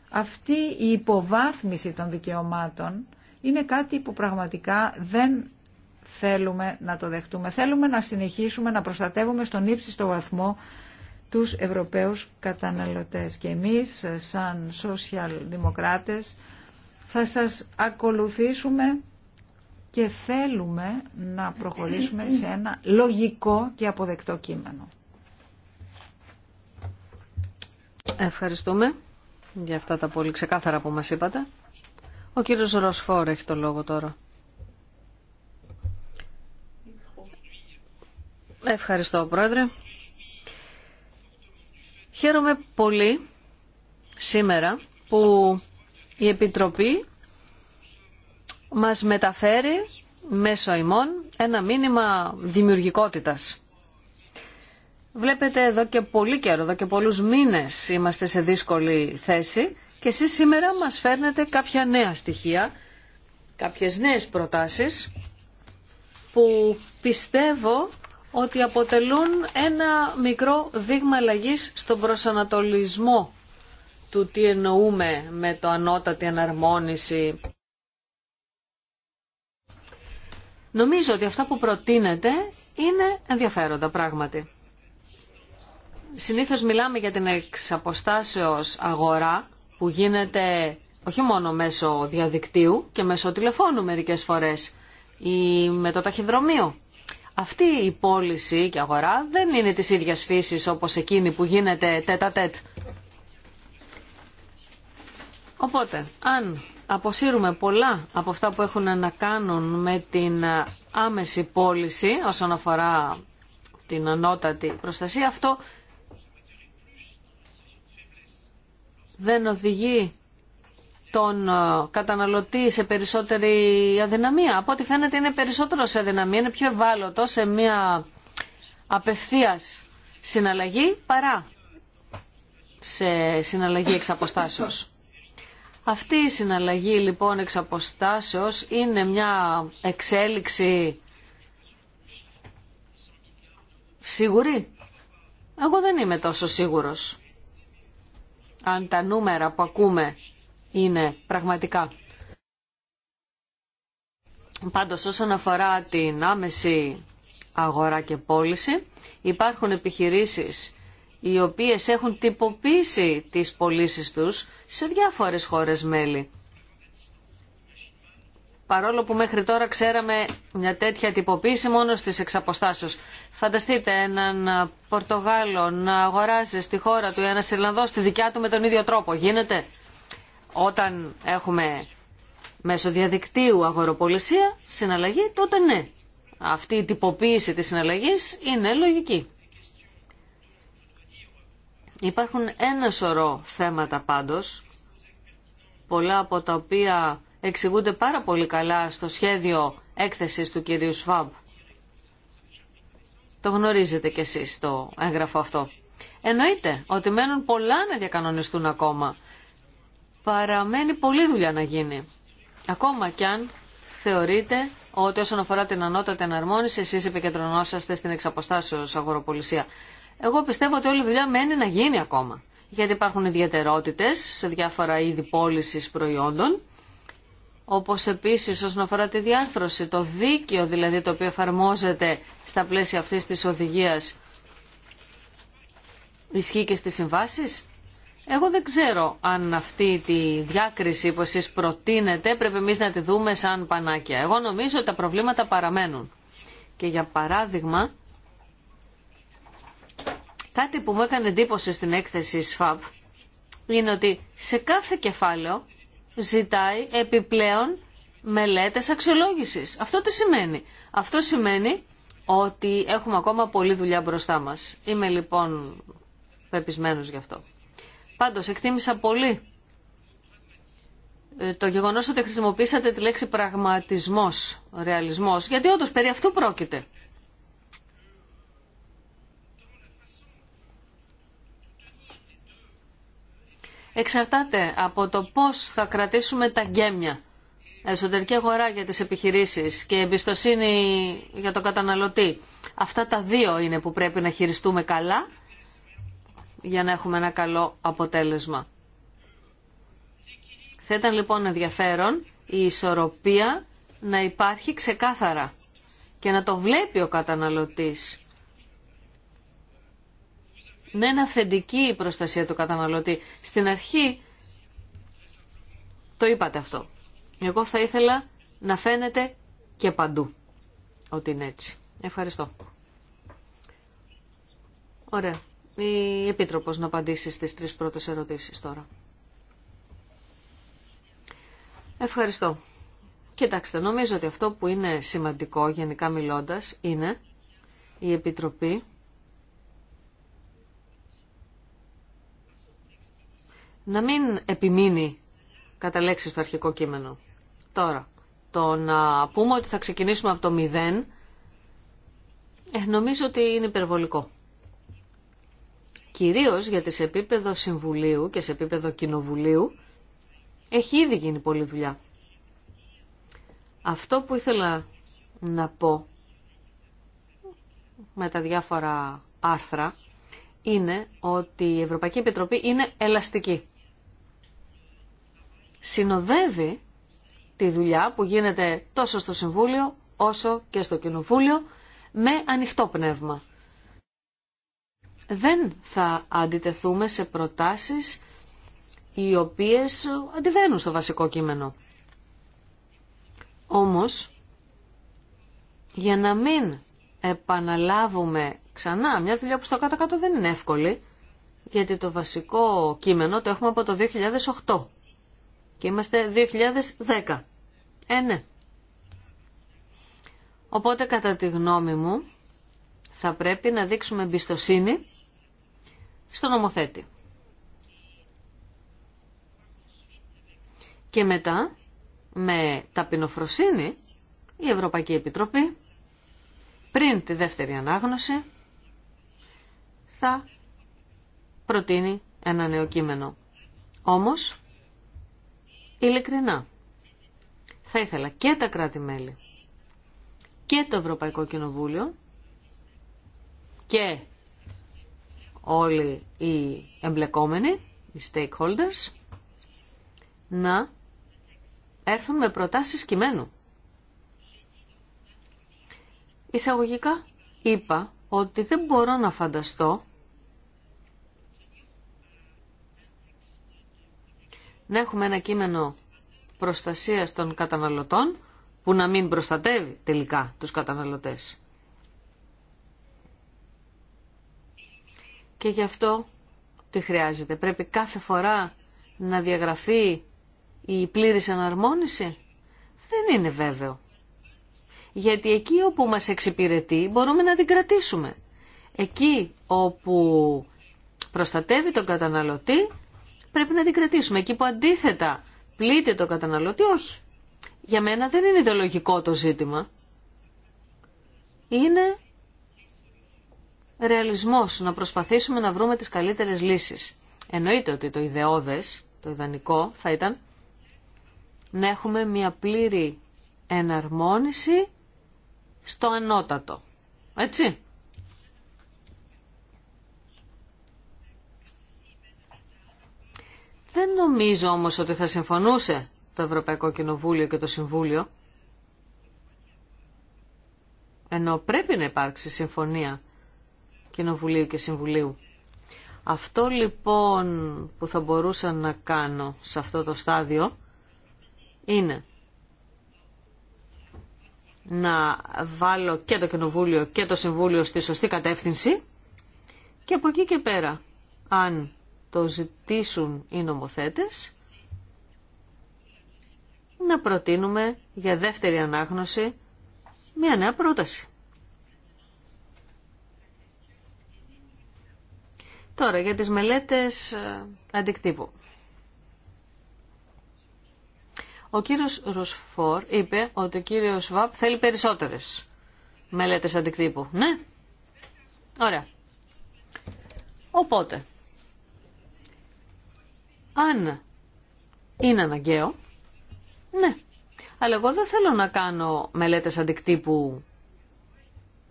Αυτή η υποβάθμιση των δικαιωμάτων είναι κάτι που πραγματικά δεν θέλουμε να το δεχτούμε. Θέλουμε να συνεχίσουμε να προστατεύουμε στον ύψιστο βαθμό τους Ευρωπαίους καταναλωτές. Και εμείς σαν social δημοκράτες θα σας ακολουθήσουμε και θέλουμε να προχωρήσουμε σε ένα λογικό και αποδεκτό κείμενο. Ευχαριστούμε για αυτά τα πολύ ξεκάθαρα που μας είπατε. Ο κύριος Ροσφόρ έχει το λόγο τώρα. Ευχαριστώ, Πρόεδρε. Χαίρομαι πολύ σήμερα που η Επιτροπή μας μεταφέρει μέσω ημών ένα μήνυμα δημιουργικότητας. Βλέπετε εδώ και πολύ καιρό, εδώ και πολλούς μήνες είμαστε σε δύσκολη θέση και εσείς σήμερα μας φέρνετε κάποια νέα στοιχεία, κάποιες νέες προτάσεις που πιστεύω ότι αποτελούν ένα μικρό δείγμα αλλαγή στον προσανατολισμό του τι εννοούμε με το ανώτατη αναρμόνιση Νομίζω ότι αυτά που προτείνετε είναι ενδιαφέροντα πράγματι. Συνήθως μιλάμε για την εξαποστάσεως αγορά που γίνεται όχι μόνο μέσω διαδικτύου και μέσω τηλεφώνου μερικές φορές ή με το ταχυδρομείο. Αυτή η πώληση και αγορά δεν είναι της ίδιας φύσης όπως εκείνη που γίνεται τέτα τέτ. Οπότε, αν αποσύρουμε πολλά από αυτά που έχουν να κάνουν με την άμεση πώληση όσον αφορά την ανώτατη προστασία. Αυτό δεν οδηγεί τον ε, καταναλωτή σε περισσότερη αδυναμία. Από ό,τι φαίνεται είναι περισσότερο σε αδυναμία, είναι πιο ευάλωτο σε μια απευθείας συναλλαγή παρά σε συναλλαγή εξ αυτή η συναλλαγή λοιπόν εξ αποστάσεως είναι μια εξέλιξη σίγουρη. Εγώ δεν είμαι τόσο σίγουρος αν τα νούμερα που ακούμε είναι πραγματικά. Πάντως όσον αφορά την άμεση αγορά και πώληση υπάρχουν επιχειρήσεις οι οποίες έχουν τυποποιήσει τις πωλήσει τους σε διάφορες χώρες μέλη. Παρόλο που μέχρι τώρα ξέραμε μια τέτοια τυποποίηση μόνο στις εξαποστάσεις. Φανταστείτε έναν Πορτογάλο να αγοράζει στη χώρα του ένα Ιρλανδό στη δικιά του με τον ίδιο τρόπο. Γίνεται όταν έχουμε μέσω διαδικτύου αγοροπολισία συναλλαγή, τότε ναι. Αυτή η τυποποίηση της συναλλαγής είναι λογική. Υπάρχουν ένα σωρό θέματα πάντως, πολλά από τα οποία εξηγούνται πάρα πολύ καλά στο σχέδιο έκθεσης του κυρίου Σφάμπ. Το γνωρίζετε κι εσείς το έγγραφο αυτό. Εννοείται ότι μένουν πολλά να διακανονιστούν ακόμα. Παραμένει πολλή δουλειά να γίνει. Ακόμα κι αν θεωρείτε ότι όσον αφορά την ανώτατη εναρμόνιση, εσείς επικεντρωνόσαστε στην εξαποστάσεως αγοροπολισία. Εγώ πιστεύω ότι όλη η δουλειά μένει να γίνει ακόμα. Γιατί υπάρχουν ιδιαιτερότητε σε διάφορα είδη πώληση προϊόντων. όπω επίση όσον αφορά τη διάρθρωση, το δίκαιο δηλαδή το οποίο εφαρμόζεται στα πλαίσια αυτή τη οδηγία ισχύει και στι συμβάσει, Εγώ δεν ξέρω αν αυτή τη διάκριση που εσείς προτείνετε πρέπει εμείς να τη δούμε σαν πανάκια. Εγώ νομίζω ότι τα προβλήματα παραμένουν. Και για παράδειγμα, Κάτι που μου έκανε εντύπωση στην έκθεση ΣΦΑΠ είναι ότι σε κάθε κεφάλαιο ζητάει επιπλέον μελέτες αξιολόγησης. Αυτό τι σημαίνει. Αυτό σημαίνει ότι έχουμε ακόμα πολλή δουλειά μπροστά μας. Είμαι λοιπόν πεπισμένος γι' αυτό. Πάντως εκτίμησα πολύ ε, το γεγονός ότι χρησιμοποίησατε τη λέξη πραγματισμός, ρεαλισμός, γιατί όντως περί αυτού πρόκειται. εξαρτάται από το πώς θα κρατήσουμε τα γέμια. Εσωτερική αγορά για τις επιχειρήσεις και εμπιστοσύνη για τον καταναλωτή. Αυτά τα δύο είναι που πρέπει να χειριστούμε καλά για να έχουμε ένα καλό αποτέλεσμα. Θα ήταν λοιπόν ενδιαφέρον η ισορροπία να υπάρχει ξεκάθαρα και να το βλέπει ο καταναλωτής να είναι αυθεντική η προστασία του καταναλωτή. Στην αρχή το είπατε αυτό. Εγώ θα ήθελα να φαίνεται και παντού ότι είναι έτσι. Ευχαριστώ. Ωραία. Η Επίτροπος να απαντήσει στις τρεις πρώτες ερωτήσεις τώρα. Ευχαριστώ. Κοιτάξτε, νομίζω ότι αυτό που είναι σημαντικό γενικά μιλώντας είναι η Επιτροπή να μην επιμείνει κατά λέξη στο αρχικό κείμενο. Τώρα, το να πούμε ότι θα ξεκινήσουμε από το μηδέν, ε, νομίζω ότι είναι υπερβολικό. Κυρίως γιατί σε επίπεδο Συμβουλίου και σε επίπεδο Κοινοβουλίου έχει ήδη γίνει πολλή δουλειά. Αυτό που ήθελα να πω με τα διάφορα άρθρα είναι ότι η Ευρωπαϊκή Επιτροπή είναι ελαστική συνοδεύει τη δουλειά που γίνεται τόσο στο Συμβούλιο όσο και στο Κοινοβούλιο με ανοιχτό πνεύμα. Δεν θα αντιτεθούμε σε προτάσεις οι οποίες αντιβαίνουν στο βασικό κείμενο. Όμως, για να μην επαναλάβουμε ξανά μια δουλειά που στο κάτω-κάτω δεν είναι εύκολη, γιατί το βασικό κείμενο το έχουμε από το 2008 είμαστε 2010. Ε, ναι. Οπότε κατά τη γνώμη μου θα πρέπει να δείξουμε εμπιστοσύνη στον νομοθέτη. Και μετά, με τα ταπεινοφροσύνη, η Ευρωπαϊκή Επιτροπή, πριν τη δεύτερη ανάγνωση, θα προτείνει ένα νέο κείμενο. Όμως, Ειλικρινά, θα ήθελα και τα κράτη-μέλη και το Ευρωπαϊκό Κοινοβούλιο και όλοι οι εμπλεκόμενοι, οι stakeholders, να έρθουν με προτάσεις κειμένου. Εισαγωγικά είπα ότι δεν μπορώ να φανταστώ να έχουμε ένα κείμενο προστασίας των καταναλωτών που να μην προστατεύει τελικά τους καταναλωτές. Και γι' αυτό τι χρειάζεται. Πρέπει κάθε φορά να διαγραφεί η πλήρης αναρμόνιση. Δεν είναι βέβαιο. Γιατί εκεί όπου μας εξυπηρετεί μπορούμε να την κρατήσουμε. Εκεί όπου προστατεύει τον καταναλωτή πρέπει να την κρατήσουμε. Εκεί που αντίθετα πλήττει το καταναλωτή, όχι. Για μένα δεν είναι ιδεολογικό το ζήτημα. Είναι ρεαλισμός να προσπαθήσουμε να βρούμε τις καλύτερες λύσεις. Εννοείται ότι το ιδεώδες, το ιδανικό θα ήταν να έχουμε μια πλήρη εναρμόνιση στο ανώτατο. Έτσι. Δεν νομίζω όμως ότι θα συμφωνούσε το Ευρωπαϊκό Κοινοβούλιο και το Συμβούλιο. Ενώ πρέπει να υπάρξει συμφωνία Κοινοβουλίου και Συμβουλίου. Αυτό λοιπόν που θα μπορούσα να κάνω σε αυτό το στάδιο είναι να βάλω και το Κοινοβούλιο και το Συμβούλιο στη σωστή κατεύθυνση και από εκεί και πέρα αν το ζητήσουν οι νομοθέτες, να προτείνουμε για δεύτερη ανάγνωση μια νέα πρόταση. Τώρα για τις μελέτες ε, αντικτύπου. Ο κύριος Ροσφόρ είπε ότι ο κύριος Βαπ θέλει περισσότερες μελέτες αντικτύπου. Ναι. Ωραία. Οπότε, αν είναι αναγκαίο, ναι. Αλλά εγώ δεν θέλω να κάνω μελέτες αντικτύπου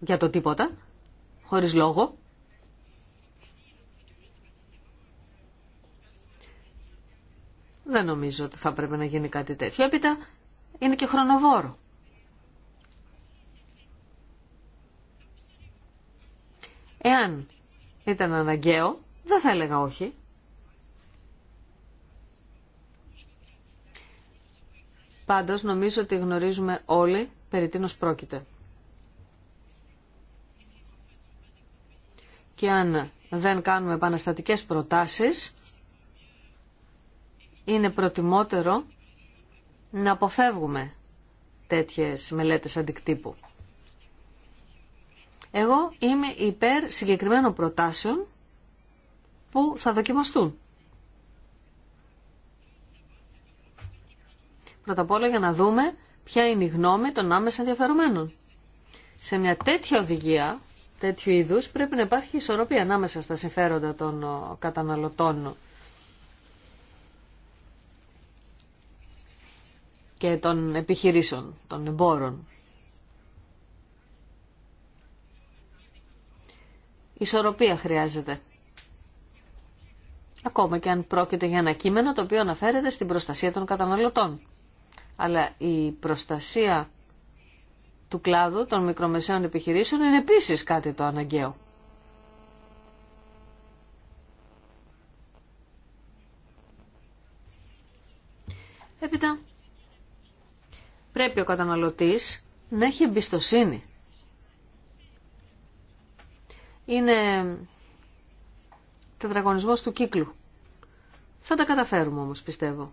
για το τίποτα, χωρίς λόγο. Δεν νομίζω ότι θα πρέπει να γίνει κάτι τέτοιο. Έπειτα είναι και χρονοβόρο. Εάν ήταν αναγκαίο, δεν θα έλεγα όχι. Πάντως νομίζω ότι γνωρίζουμε όλοι περί τίνος πρόκειται. Και αν δεν κάνουμε επαναστατικές προτάσεις, είναι προτιμότερο να αποφεύγουμε τέτοιες μελέτες αντικτύπου. Εγώ είμαι υπέρ συγκεκριμένων προτάσεων που θα δοκιμαστούν. Πρώτα απ' όλα για να δούμε ποια είναι η γνώμη των άμεσα ενδιαφερομένων. Σε μια τέτοια οδηγία, τέτοιου είδου πρέπει να υπάρχει ισορροπία ανάμεσα στα συμφέροντα των καταναλωτών και των επιχειρήσεων, των εμπόρων. Ισορροπία χρειάζεται. Ακόμα και αν πρόκειται για ένα κείμενο το οποίο αναφέρεται στην προστασία των καταναλωτών. Αλλά η προστασία του κλάδου των μικρομεσαίων επιχειρήσεων είναι επίσης κάτι το αναγκαίο. Έπειτα, πρέπει ο καταναλωτής να έχει εμπιστοσύνη. Είναι τετραγωνισμός του κύκλου. Θα τα καταφέρουμε όμως, πιστεύω.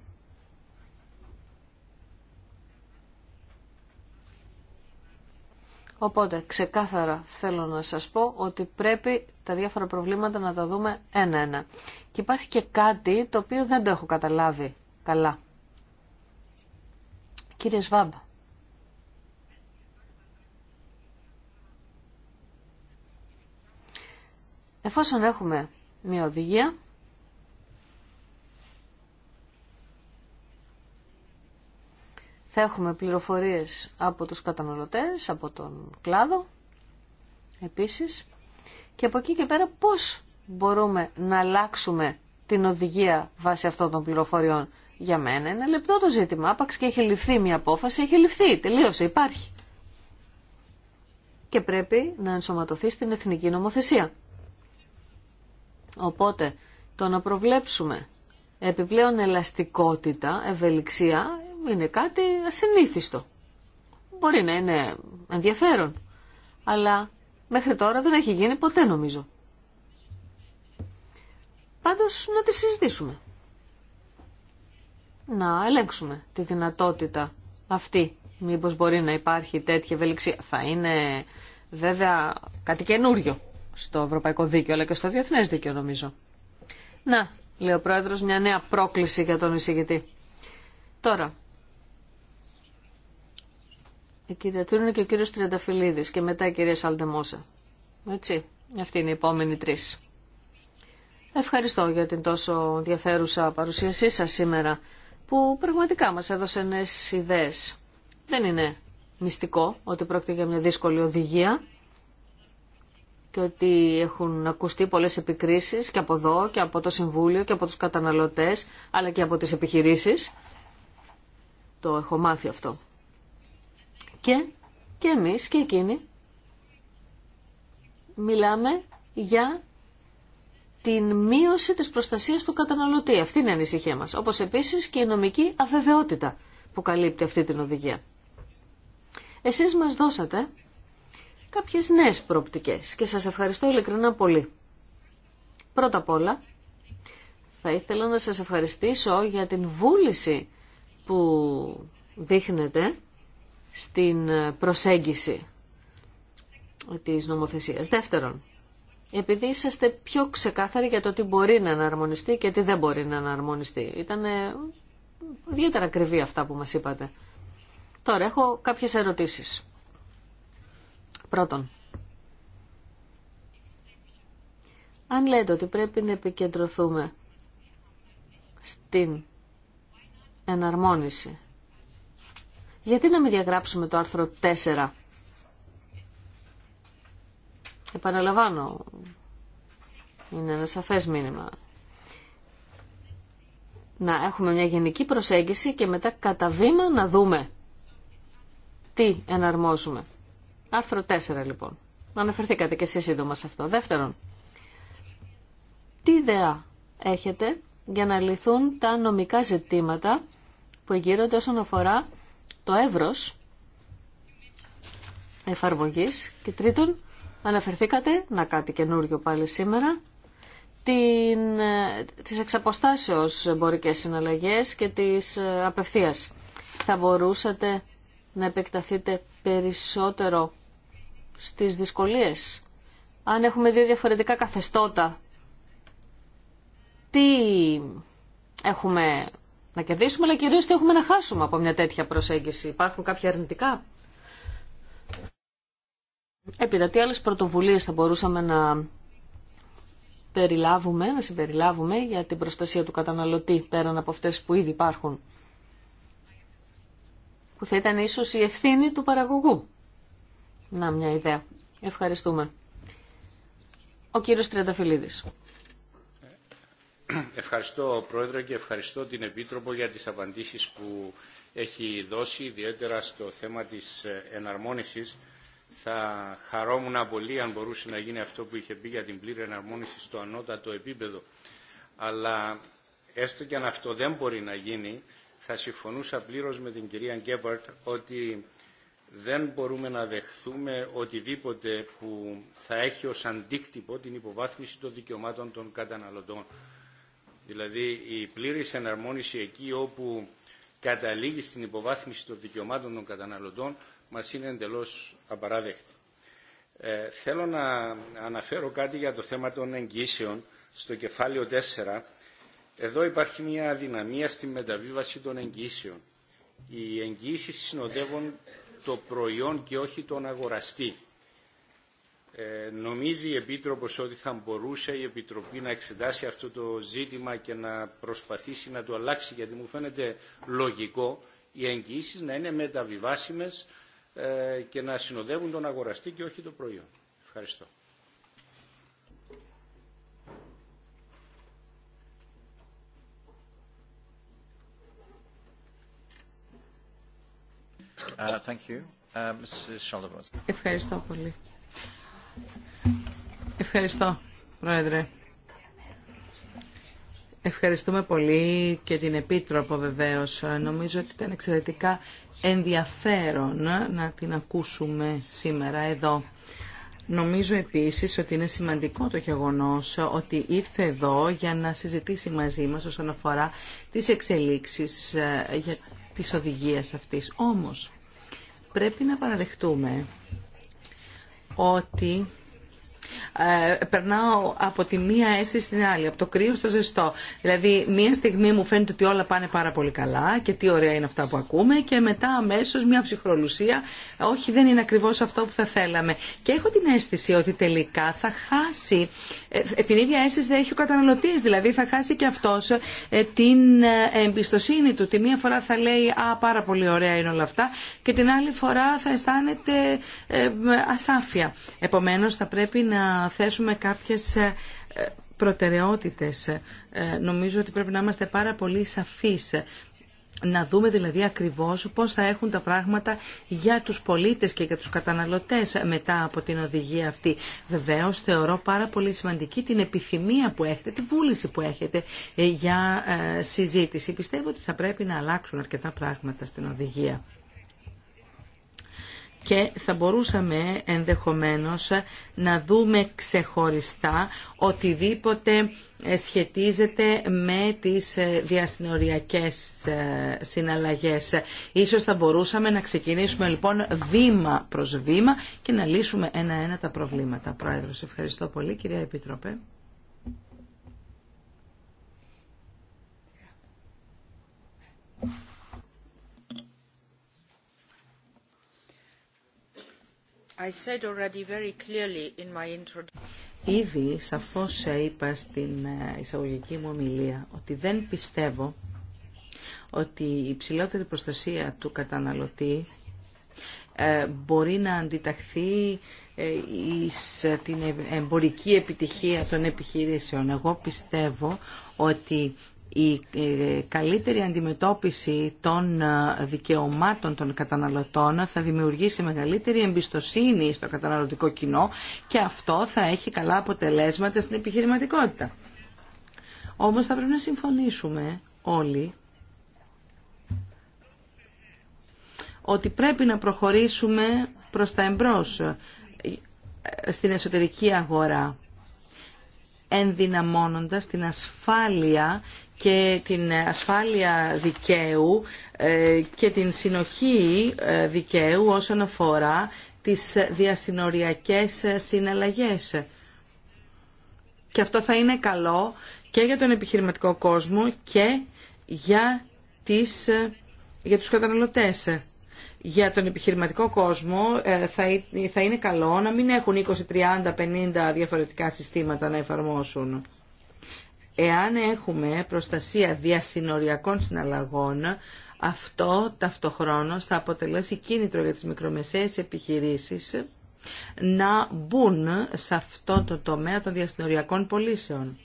Οπότε ξεκάθαρα θέλω να σας πω ότι πρέπει τα διάφορα προβλήματα να τα δούμε ένα-ένα. Και υπάρχει και κάτι το οποίο δεν το έχω καταλάβει καλά. Κύριε Σβάμπ. Εφόσον έχουμε μια οδηγία, θα έχουμε πληροφορίες από τους καταναλωτές, από τον κλάδο επίσης και από εκεί και πέρα πώς μπορούμε να αλλάξουμε την οδηγία βάσει αυτών των πληροφοριών. Για μένα είναι λεπτό το ζήτημα. Άπαξ και έχει ληφθεί μια απόφαση, έχει ληφθεί, τελείωσε, υπάρχει. Και πρέπει να ενσωματωθεί στην εθνική νομοθεσία. Οπότε, το να προβλέψουμε επιπλέον ελαστικότητα, ευελιξία, είναι κάτι ασυνήθιστο. Μπορεί να είναι ενδιαφέρον, αλλά μέχρι τώρα δεν έχει γίνει ποτέ νομίζω. Πάντως να τη συζητήσουμε. Να ελέγξουμε τη δυνατότητα αυτή. Μήπως μπορεί να υπάρχει τέτοια ευελιξία. Θα είναι βέβαια κάτι καινούριο στο ευρωπαϊκό δίκαιο, αλλά και στο διεθνές δίκαιο νομίζω. Να, λέει ο Πρόεδρος, μια νέα πρόκληση για τον εισηγητή. Τώρα, η κυρία Τούρνου και ο κύριος Τριανταφυλλίδης και μετά η κυρία Σαλτεμόσα. Έτσι, αυτή είναι η επόμενη τρεις. Ευχαριστώ για την τόσο ενδιαφέρουσα παρουσίασή σας σήμερα που πραγματικά μας έδωσε νέες ιδέες. Δεν είναι μυστικό ότι πρόκειται για μια δύσκολη οδηγία και ότι έχουν ακουστεί πολλές επικρίσεις και από εδώ και από το Συμβούλιο και από τους καταναλωτές αλλά και από τις επιχειρήσεις. Το έχω μάθει αυτό. Και, και εμείς και εκείνοι μιλάμε για την μείωση της προστασίας του καταναλωτή. Αυτή είναι η ανησυχία μας. Όπως επίσης και η νομική αβεβαιότητα που καλύπτει αυτή την οδηγία. Εσείς μας δώσατε κάποιες νέες προοπτικές και σας ευχαριστώ ειλικρινά πολύ. Πρώτα απ' όλα, θα ήθελα να σας ευχαριστήσω για την βούληση που δείχνετε στην προσέγγιση της νομοθεσίας. Δεύτερον, επειδή είσαστε πιο ξεκάθαροι για το τι μπορεί να εναρμονιστεί και τι δεν μπορεί να αναρμονιστεί. Ήταν ε, ιδιαίτερα ακριβή αυτά που μας είπατε. Τώρα έχω κάποιες ερωτήσεις. Πρώτον, αν λέτε ότι πρέπει να επικεντρωθούμε στην εναρμόνιση γιατί να μην διαγράψουμε το άρθρο 4. Επαναλαμβάνω, είναι ένα σαφές μήνυμα. Να έχουμε μια γενική προσέγγιση και μετά κατά βήμα να δούμε τι εναρμόζουμε. Άρθρο 4 λοιπόν. Αναφερθήκατε και εσείς σύντομα σε αυτό. Δεύτερον, τι ιδέα έχετε για να λυθούν τα νομικά ζητήματα που γύρονται όσον αφορά το εύρος εφαρμογής και τρίτον αναφερθήκατε, να κάτι καινούριο πάλι σήμερα, την, ε, τις εξαποστάσεως εμπορικές συναλλαγές και τις ε, απευθείας. Θα μπορούσατε να επεκταθείτε περισσότερο στις δυσκολίες. Αν έχουμε δύο διαφορετικά καθεστώτα, τι έχουμε να κερδίσουμε, αλλά κυρίως τι έχουμε να χάσουμε από μια τέτοια προσέγγιση. Υπάρχουν κάποια αρνητικά. Έπειτα, τι άλλες πρωτοβουλίες θα μπορούσαμε να περιλάβουμε, να συμπεριλάβουμε για την προστασία του καταναλωτή πέραν από αυτές που ήδη υπάρχουν. Που θα ήταν ίσως η ευθύνη του παραγωγού. Να, μια ιδέα. Ευχαριστούμε. Ο κύριος Τριανταφυλλίδης. Ευχαριστώ Πρόεδρε και ευχαριστώ την Επίτροπο για τις απαντήσεις που έχει δώσει, ιδιαίτερα στο θέμα της εναρμόνισης. Θα χαρόμουν πολύ αν μπορούσε να γίνει αυτό που είχε πει για την πλήρη εναρμόνιση στο ανώτατο επίπεδο. Αλλά έστω και αν αυτό δεν μπορεί να γίνει, θα συμφωνούσα πλήρως με την κυρία Γκέμπαρτ ότι δεν μπορούμε να δεχθούμε οτιδήποτε που θα έχει ως αντίκτυπο την υποβάθμιση των δικαιωμάτων των καταναλωτών δηλαδή η πλήρης εναρμόνιση εκεί όπου καταλήγει στην υποβάθμιση των δικαιωμάτων των καταναλωτών μας είναι εντελώς απαράδεκτη. Ε, θέλω να αναφέρω κάτι για το θέμα των εγγύσεων στο κεφάλαιο 4. Εδώ υπάρχει μια αδυναμία στη μεταβίβαση των εγγύσεων. Οι εγγύησει συνοδεύουν το προϊόν και όχι τον αγοραστή. Ε, νομίζει η Επίτροπος ότι θα μπορούσε η Επιτροπή να εξετάσει αυτό το ζήτημα και να προσπαθήσει να το αλλάξει, γιατί μου φαίνεται λογικό οι εγγυήσει να είναι μεταβιβάσιμες ε, και να συνοδεύουν τον αγοραστή και όχι το προϊόν. Ευχαριστώ. Uh, thank you. Uh, Mrs. Ευχαριστώ πολύ. Ευχαριστώ, Πρόεδρε. Ευχαριστούμε πολύ και την Επίτροπο βεβαίως. Νομίζω ότι ήταν εξαιρετικά ενδιαφέρον να την ακούσουμε σήμερα εδώ. Νομίζω επίσης ότι είναι σημαντικό το γεγονός ότι ήρθε εδώ για να συζητήσει μαζί μας όσον αφορά τις εξελίξεις ε, για τις οδηγίες αυτής. Όμως, πρέπει να παραδεχτούμε ότι ε, περνάω από τη μία αίσθηση στην άλλη, από το κρύο στο ζεστό. Δηλαδή, μία στιγμή μου φαίνεται ότι όλα πάνε πάρα πολύ καλά και τι ωραία είναι αυτά που ακούμε και μετά αμέσω μία ψυχρολουσία, όχι δεν είναι ακριβώ αυτό που θα θέλαμε. Και έχω την αίσθηση ότι τελικά θα χάσει, ε, την ίδια αίσθηση θα έχει ο καταναλωτή. δηλαδή θα χάσει και αυτός ε, την εμπιστοσύνη του. Τη μία φορά θα λέει «Α, πάρα πολύ ωραία είναι όλα αυτά» και την άλλη φορά θα αισθάνεται ασάφεια. Επομένω θα πρέπει να να θέσουμε κάποιες ε, προτεραιότητες. Ε, νομίζω ότι πρέπει να είμαστε πάρα πολύ σαφείς. Να δούμε δηλαδή ακριβώς πώς θα έχουν τα πράγματα για τους πολίτες και για τους καταναλωτές μετά από την οδηγία αυτή. Βεβαίως θεωρώ πάρα πολύ σημαντική την επιθυμία που έχετε, τη βούληση που έχετε ε, για συζήτηση. Πιστεύω ότι θα πρέπει να αλλάξουν αρκετά πράγματα στην οδηγία και θα μπορούσαμε ενδεχομένως να δούμε ξεχωριστά οτιδήποτε ε, σχετίζεται με τις ε, διασυνοριακές ε, συναλλαγές. Ίσως θα μπορούσαμε να ξεκινήσουμε λοιπόν βήμα προς βήμα και να λύσουμε ένα-ένα τα προβλήματα. Πρόεδρος, ευχαριστώ πολύ. Κυρία Επίτροπε. Ήδη σαφώς είπα στην ε, εισαγωγική μου ομιλία ότι δεν πιστεύω ότι η υψηλότερη προστασία του καταναλωτή ε, μπορεί να αντιταχθεί ε, εις την εμπορική επιτυχία των επιχειρήσεων. Εγώ πιστεύω ότι η ε, καλύτερη αντιμετώπιση των ε, δικαιωμάτων των καταναλωτών θα δημιουργήσει μεγαλύτερη εμπιστοσύνη στο καταναλωτικό κοινό και αυτό θα έχει καλά αποτελέσματα στην επιχειρηματικότητα. Όμως θα πρέπει να συμφωνήσουμε όλοι ότι πρέπει να προχωρήσουμε προς τα εμπρός ε, στην εσωτερική αγορά ενδυναμώνοντας την ασφάλεια και την ασφάλεια δικαίου ε, και την συνοχή ε, δικαίου όσον αφορά τις διασυνοριακές συναλλαγές. Και αυτό θα είναι καλό και για τον επιχειρηματικό κόσμο και για, τις, για τους καταναλωτές. Για τον επιχειρηματικό κόσμο ε, θα είναι καλό να μην έχουν 20, 30, 50 διαφορετικά συστήματα να εφαρμόσουν. Εάν έχουμε προστασία διασυνοριακών συναλλαγών, αυτό ταυτοχρόνως θα αποτελέσει κίνητρο για τις μικρομεσαίες επιχειρήσεις να μπουν σε αυτό το τομέα των διασυνοριακών πωλήσεων.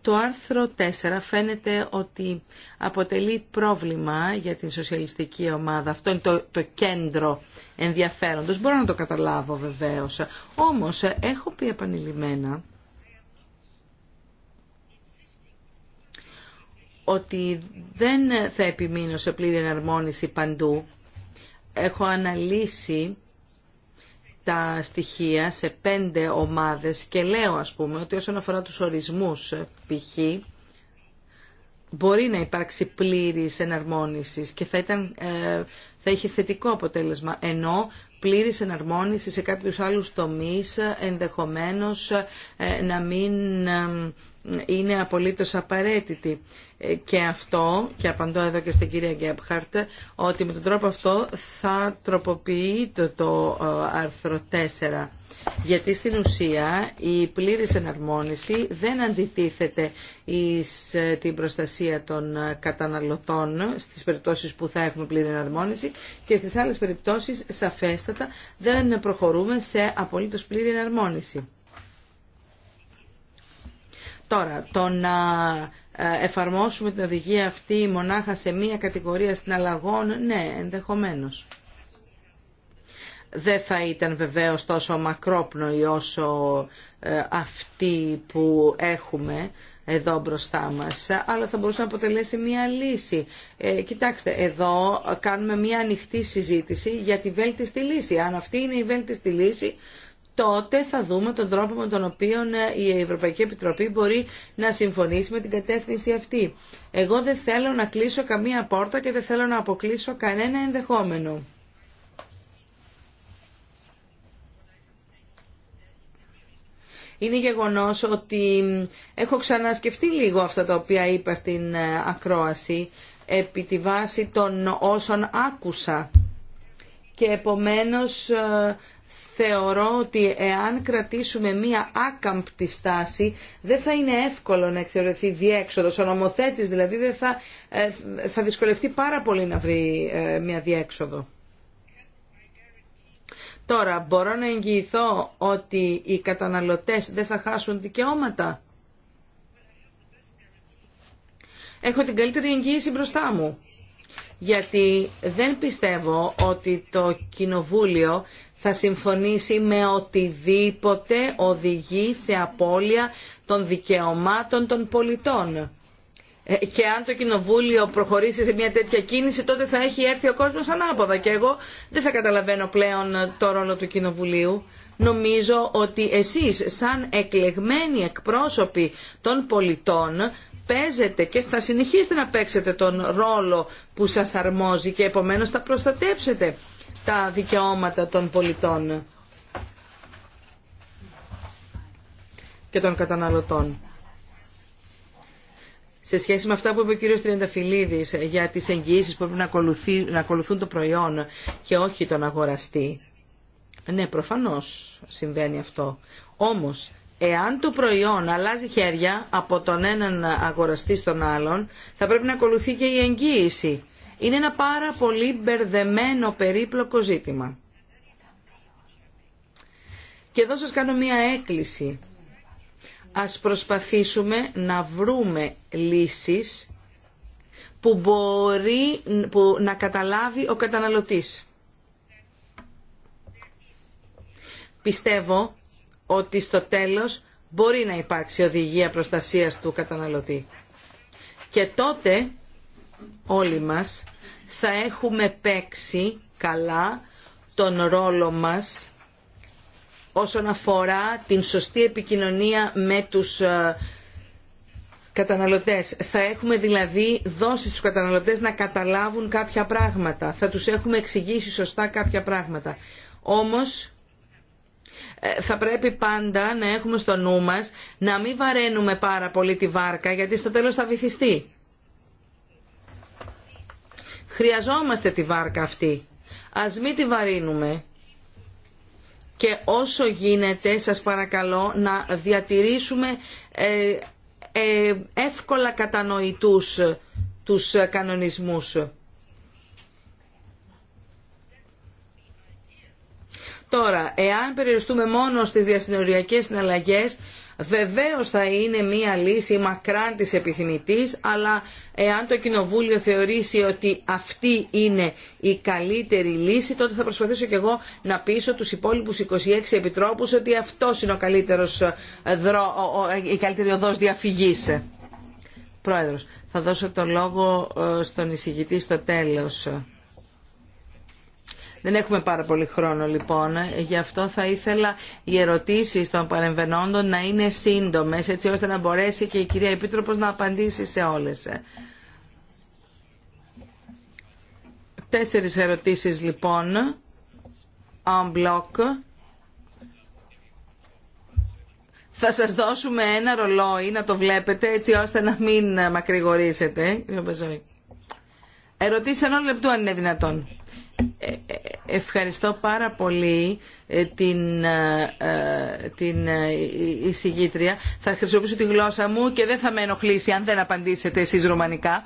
Το άρθρο 4 φαίνεται ότι αποτελεί πρόβλημα για την σοσιαλιστική ομάδα. Αυτό είναι το, το κέντρο ενδιαφέροντος. Μπορώ να το καταλάβω βεβαίως. Όμως έχω πει επανειλημμένα ότι δεν θα επιμείνω σε πλήρη εναρμόνιση παντού. Έχω αναλύσει τα στοιχεία σε πέντε ομάδες και λέω ας πούμε ότι όσον αφορά τους ορισμούς π.χ. μπορεί να υπάρξει πλήρης εναρμόνισης και θα, ήταν, ε, θα είχε θετικό αποτέλεσμα ενώ πλήρης εναρμόνιση σε κάποιους άλλους τομείς ενδεχομένως ε, να μην ε, είναι απολύτως απαραίτητη ε, και αυτό, και απαντώ εδώ και στην κυρία Γκέμπχαρτ, ότι με τον τρόπο αυτό θα τροποποιείται το ε, άρθρο 4. Γιατί στην ουσία η πλήρης εναρμόνιση δεν αντιτίθεται εις ε, την προστασία των καταναλωτών στις περιπτώσεις που θα έχουμε πλήρη εναρμόνιση και στις άλλες περιπτώσεις σαφέστατα δεν προχωρούμε σε απολύτως πλήρη εναρμόνιση. Τώρα, το να ε, εφαρμόσουμε την οδηγία αυτή μονάχα σε μία κατηγορία συναλλαγών, ναι, ενδεχομένως. Δεν θα ήταν βεβαίως τόσο μακρόπνοη όσο ε, αυτή που έχουμε εδώ μπροστά μας, αλλά θα μπορούσε να αποτελέσει μία λύση. Ε, κοιτάξτε, εδώ κάνουμε μία ανοιχτή συζήτηση για τη βέλτιστη λύση. Αν αυτή είναι η βέλτιστη λύση, τότε θα δούμε τον τρόπο με τον οποίο ε, η Ευρωπαϊκή Επιτροπή μπορεί να συμφωνήσει με την κατεύθυνση αυτή. Εγώ δεν θέλω να κλείσω καμία πόρτα και δεν θέλω να αποκλείσω κανένα ενδεχόμενο. Είναι γεγονός ότι έχω ξανασκεφτεί λίγο αυτά τα οποία είπα στην ε, ακρόαση επί τη βάση των όσων άκουσα και επομένως ε, θεωρώ ότι εάν κρατήσουμε μία άκαμπτη στάση δεν θα είναι εύκολο να εξαιρεθεί διέξοδος. Ο νομοθέτης δηλαδή δεν θα, ε, θα δυσκολευτεί πάρα πολύ να βρει ε, μία διέξοδο. Τώρα, μπορώ να εγγυηθώ ότι οι καταναλωτές δεν θα χάσουν δικαιώματα. Έχω την καλύτερη εγγύηση μπροστά μου. Γιατί δεν πιστεύω ότι το Κοινοβούλιο θα συμφωνήσει με οτιδήποτε οδηγεί σε απώλεια των δικαιωμάτων των πολιτών. Ε, και αν το Κοινοβούλιο προχωρήσει σε μια τέτοια κίνηση, τότε θα έχει έρθει ο κόσμος ανάποδα. Και εγώ δεν θα καταλαβαίνω πλέον το ρόλο του Κοινοβουλίου. Νομίζω ότι εσείς, σαν εκλεγμένοι εκπρόσωποι των πολιτών, παίζετε και θα συνεχίσετε να παίξετε τον ρόλο που σας αρμόζει και επομένως θα προστατέψετε τα δικαιώματα των πολιτών και των καταναλωτών. Σε σχέση με αυτά που είπε ο κύριος Τριανταφυλλίδης για τις εγγυήσεις που πρέπει να, να ακολουθούν το προϊόν και όχι τον αγοραστή. Ναι, προφανώς συμβαίνει αυτό. Όμως, εάν το προϊόν αλλάζει χέρια από τον έναν αγοραστή στον άλλον, θα πρέπει να ακολουθεί και η εγγύηση. Είναι ένα πάρα πολύ μπερδεμένο περίπλοκο ζήτημα. Και εδώ σας κάνω μία έκκληση. Ας προσπαθήσουμε να βρούμε λύσεις που μπορεί να καταλάβει ο καταναλωτής. Πιστεύω ότι στο τέλος μπορεί να υπάρξει οδηγία προστασίας του καταναλωτή. Και τότε όλοι μας θα έχουμε παίξει καλά τον ρόλο μας όσον αφορά την σωστή επικοινωνία με τους ε, καταναλωτές. Θα έχουμε δηλαδή δώσει στους καταναλωτές να καταλάβουν κάποια πράγματα. Θα τους έχουμε εξηγήσει σωστά κάποια πράγματα. Όμως ε, θα πρέπει πάντα να έχουμε στο νου μας να μην βαραίνουμε πάρα πολύ τη βάρκα γιατί στο τέλος θα βυθιστεί. Χρειαζόμαστε τη βάρκα αυτή. Ας μην τη βαρύνουμε. Και όσο γίνεται, σας παρακαλώ, να διατηρήσουμε ε, ε, εύκολα κατανοητούς τους κανονισμούς. Τώρα, εάν περιοριστούμε μόνο στις διασυνοριακές συναλλαγές, βεβαίως θα είναι μία λύση μακράν της επιθυμητής, αλλά εάν το Κοινοβούλιο θεωρήσει ότι αυτή είναι η καλύτερη λύση, τότε θα προσπαθήσω κι εγώ να πείσω τους υπόλοιπους 26 επιτρόπους ότι αυτό είναι ο καλύτερος ε, δρο... η καλύτερη οδός διαφυγής. Πρόεδρος, θα δώσω το λόγο ε, στον εισηγητή στο τέλος. Δεν έχουμε πάρα πολύ χρόνο λοιπόν, γι' αυτό θα ήθελα οι ερωτήσεις των παρεμβενόντων να είναι σύντομες, έτσι ώστε να μπορέσει και η κυρία Επίτροπος να απαντήσει σε όλες. Τέσσερις ερωτήσεις λοιπόν, en bloc. Θα σας δώσουμε ένα ρολόι να το βλέπετε έτσι ώστε να μην μακρηγορήσετε. Ερωτήσεις ενό λεπτού αν είναι δυνατόν. Ευχαριστώ πάρα πολύ ε, την, ε, ε, την εισηγήτρια. Θα χρησιμοποιήσω τη γλώσσα μου και δεν θα με ενοχλήσει αν δεν απαντήσετε εσείς ρωμανικά.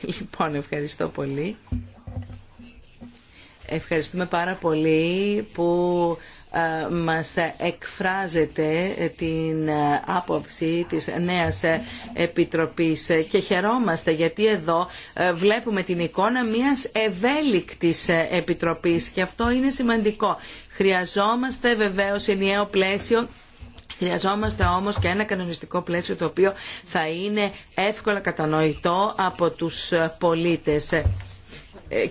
Λοιπόν, ευχαριστώ πολύ. Ευχαριστούμε πάρα πολύ που ε, μας εκφράζεται την άποψη της νέας Επιτροπής και χαιρόμαστε γιατί εδώ ε, βλέπουμε την εικόνα μιας ευέλικτης Επιτροπής και αυτό είναι σημαντικό. Χρειαζόμαστε βεβαίως ενιαίο πλαίσιο Χρειαζόμαστε όμως και ένα κανονιστικό πλαίσιο το οποίο θα είναι εύκολα κατανοητό από τους πολίτες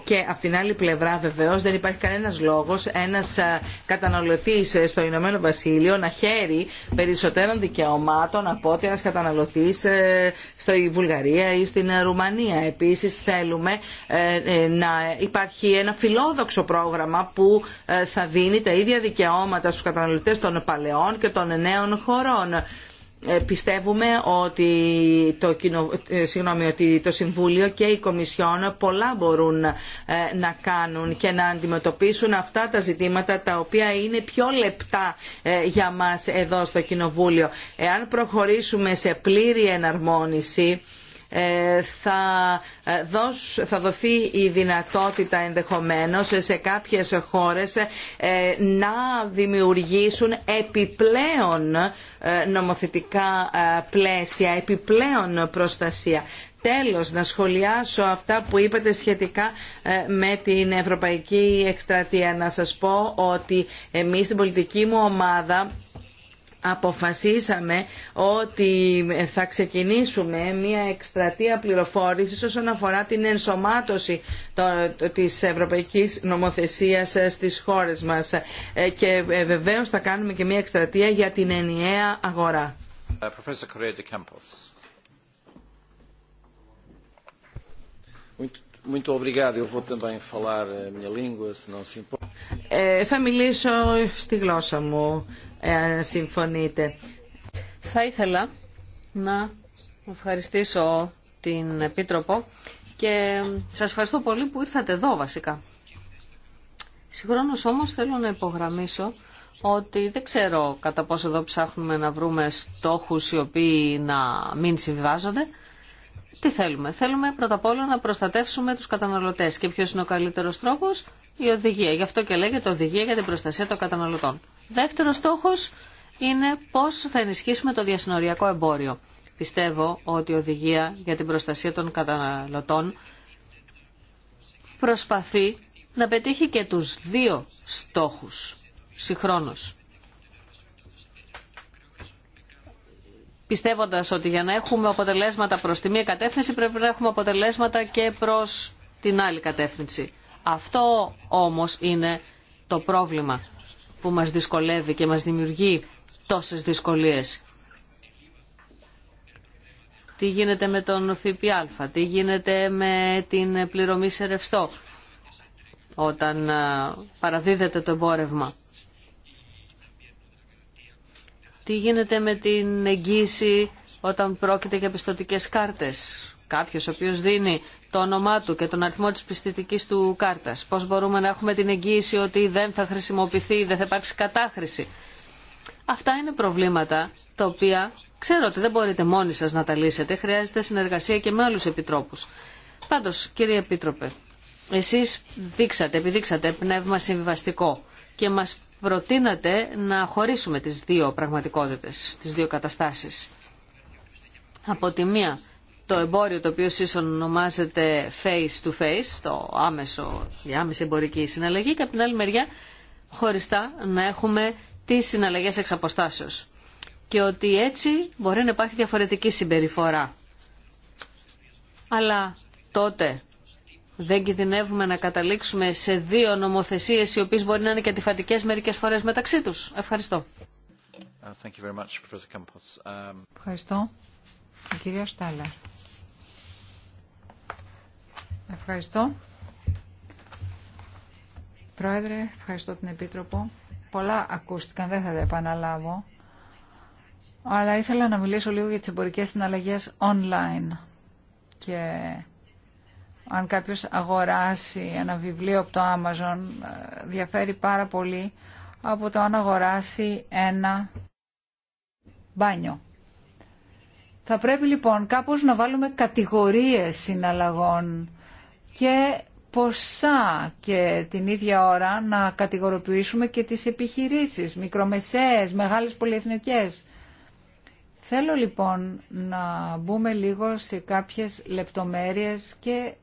και από την άλλη πλευρά βεβαίως δεν υπάρχει κανένας λόγος ένα ε, καταναλωτής ε, στο Ηνωμένο Βασίλειο να χαίρει περισσότερων δικαιωμάτων από ότι ένα καταναλωτή ε, στη Βουλγαρία ή στην Ρουμανία. Επίσης θέλουμε να υπάρχει ένα φιλόδοξο πρόγραμμα που θα δίνει τα ίδια δικαιώματα στου καταναλωτέ των παλαιών και των νέων χωρών. Ε, πιστεύουμε ότι το, κοινο... Ε, ότι το Συμβούλιο και οι Κομισιόν πολλά μπορούν ε, να κάνουν και να αντιμετωπίσουν αυτά τα ζητήματα τα οποία είναι πιο λεπτά για μας εδώ στο Κοινοβούλιο. Εάν προχωρήσουμε σε πλήρη εναρμόνιση ε, ε, θα, δοθεί η δυνατότητα ενδεχομένως σε κάποιες χώρες ε, να δημιουργήσουν επιπλέον νομοθετικά πλαίσια, επιπλέον προστασία. Τέλος, να σχολιάσω αυτά που είπατε σχετικά με την Ευρωπαϊκή Εκστρατεία. Να σας πω ότι εμείς στην πολιτική μου ομάδα αποφασίσαμε ότι θα ξεκινήσουμε μια εκστρατεία πληροφόρησης όσον αφορά την ενσωμάτωση της ευρωπαϊκής νομοθεσίας στις χώρες μας ε, και ε, βεβαίως θα κάνουμε και μια εκστρατεία για την ενιαία αγορά. Ε, θα μιλήσω στη γλώσσα μου εάν συμφωνείτε. Θα ήθελα να ευχαριστήσω την Επίτροπο και σας ευχαριστώ πολύ που ήρθατε εδώ βασικά. Συγχρόνως όμως θέλω να υπογραμμίσω ότι δεν ξέρω κατά πόσο εδώ ψάχνουμε να βρούμε στόχους οι οποίοι να μην συμβιβάζονται. Τι θέλουμε. Θέλουμε πρώτα απ' όλα να προστατεύσουμε τους καταναλωτές. Και ποιος είναι ο καλύτερος τρόπος? Η οδηγία. Γι' αυτό και λέγεται οδηγία για την προστασία των καταναλωτών. Δεύτερο στόχος είναι πώς θα ενισχύσουμε το διασυνοριακό εμπόριο. Πιστεύω ότι η οδηγία για την προστασία των καταναλωτών προσπαθεί να πετύχει και τους δύο στόχους συγχρόνως. Πιστεύοντας ότι για να έχουμε αποτελέσματα προς τη μία κατεύθυνση πρέπει να έχουμε αποτελέσματα και προς την άλλη κατεύθυνση. Αυτό όμως είναι το πρόβλημα που μας δυσκολεύει και μας δημιουργεί τόσες δυσκολίες. Τι γίνεται με τον ΦΠΑ, τι γίνεται με την πληρωμή σε ρευστό όταν παραδίδεται το εμπόρευμα. Τι γίνεται με την εγγύηση όταν πρόκειται για πιστοτικές κάρτες κάποιος ο οποίος δίνει το όνομά του και τον αριθμό της πιστητικής του κάρτας. Πώς μπορούμε να έχουμε την εγγύηση ότι δεν θα χρησιμοποιηθεί, δεν θα υπάρξει κατάχρηση. Αυτά είναι προβλήματα τα οποία ξέρω ότι δεν μπορείτε μόνοι σας να τα λύσετε. Χρειάζεται συνεργασία και με άλλου επιτρόπους. Πάντως, κύριε Επίτροπε, εσείς δείξατε, επιδείξατε πνεύμα συμβιβαστικό και μας προτείνατε να χωρίσουμε τις δύο πραγματικότητες, τις δύο καταστάσεις. Από τη μία το εμπόριο το οποίο ίσω σύστομα face to face, το άμεσο, η άμεση εμπορική συναλλαγή και από την άλλη μεριά χωριστά να έχουμε τις συναλλαγές εξ αποστάσεως. Και ότι έτσι μπορεί να υπάρχει διαφορετική συμπεριφορά. Αλλά τότε δεν κινδυνεύουμε να καταλήξουμε σε δύο νομοθεσίες οι οποίες μπορεί να είναι και αντιφατικές μερικές φορές μεταξύ τους. Ευχαριστώ. Uh, thank you very much, um, Ευχαριστώ. Κύριε Στάλλαρ. Ευχαριστώ. Πρόεδρε, ευχαριστώ την Επίτροπο. Πολλά ακούστηκαν, δεν θα τα επαναλάβω. Αλλά ήθελα να μιλήσω λίγο για τις εμπορικές συναλλαγές online. Και αν κάποιος αγοράσει ένα βιβλίο από το Amazon, ε, διαφέρει πάρα πολύ από το αν αγοράσει ένα μπάνιο. Θα πρέπει λοιπόν κάπως να βάλουμε κατηγορίες συναλλαγών και ποσά και την ίδια ώρα να κατηγοροποιήσουμε και τις επιχειρήσεις, μικρομεσαίες, μεγάλες πολυεθνικές. Θέλω λοιπόν να μπούμε λίγο σε κάποιες λεπτομέρειες και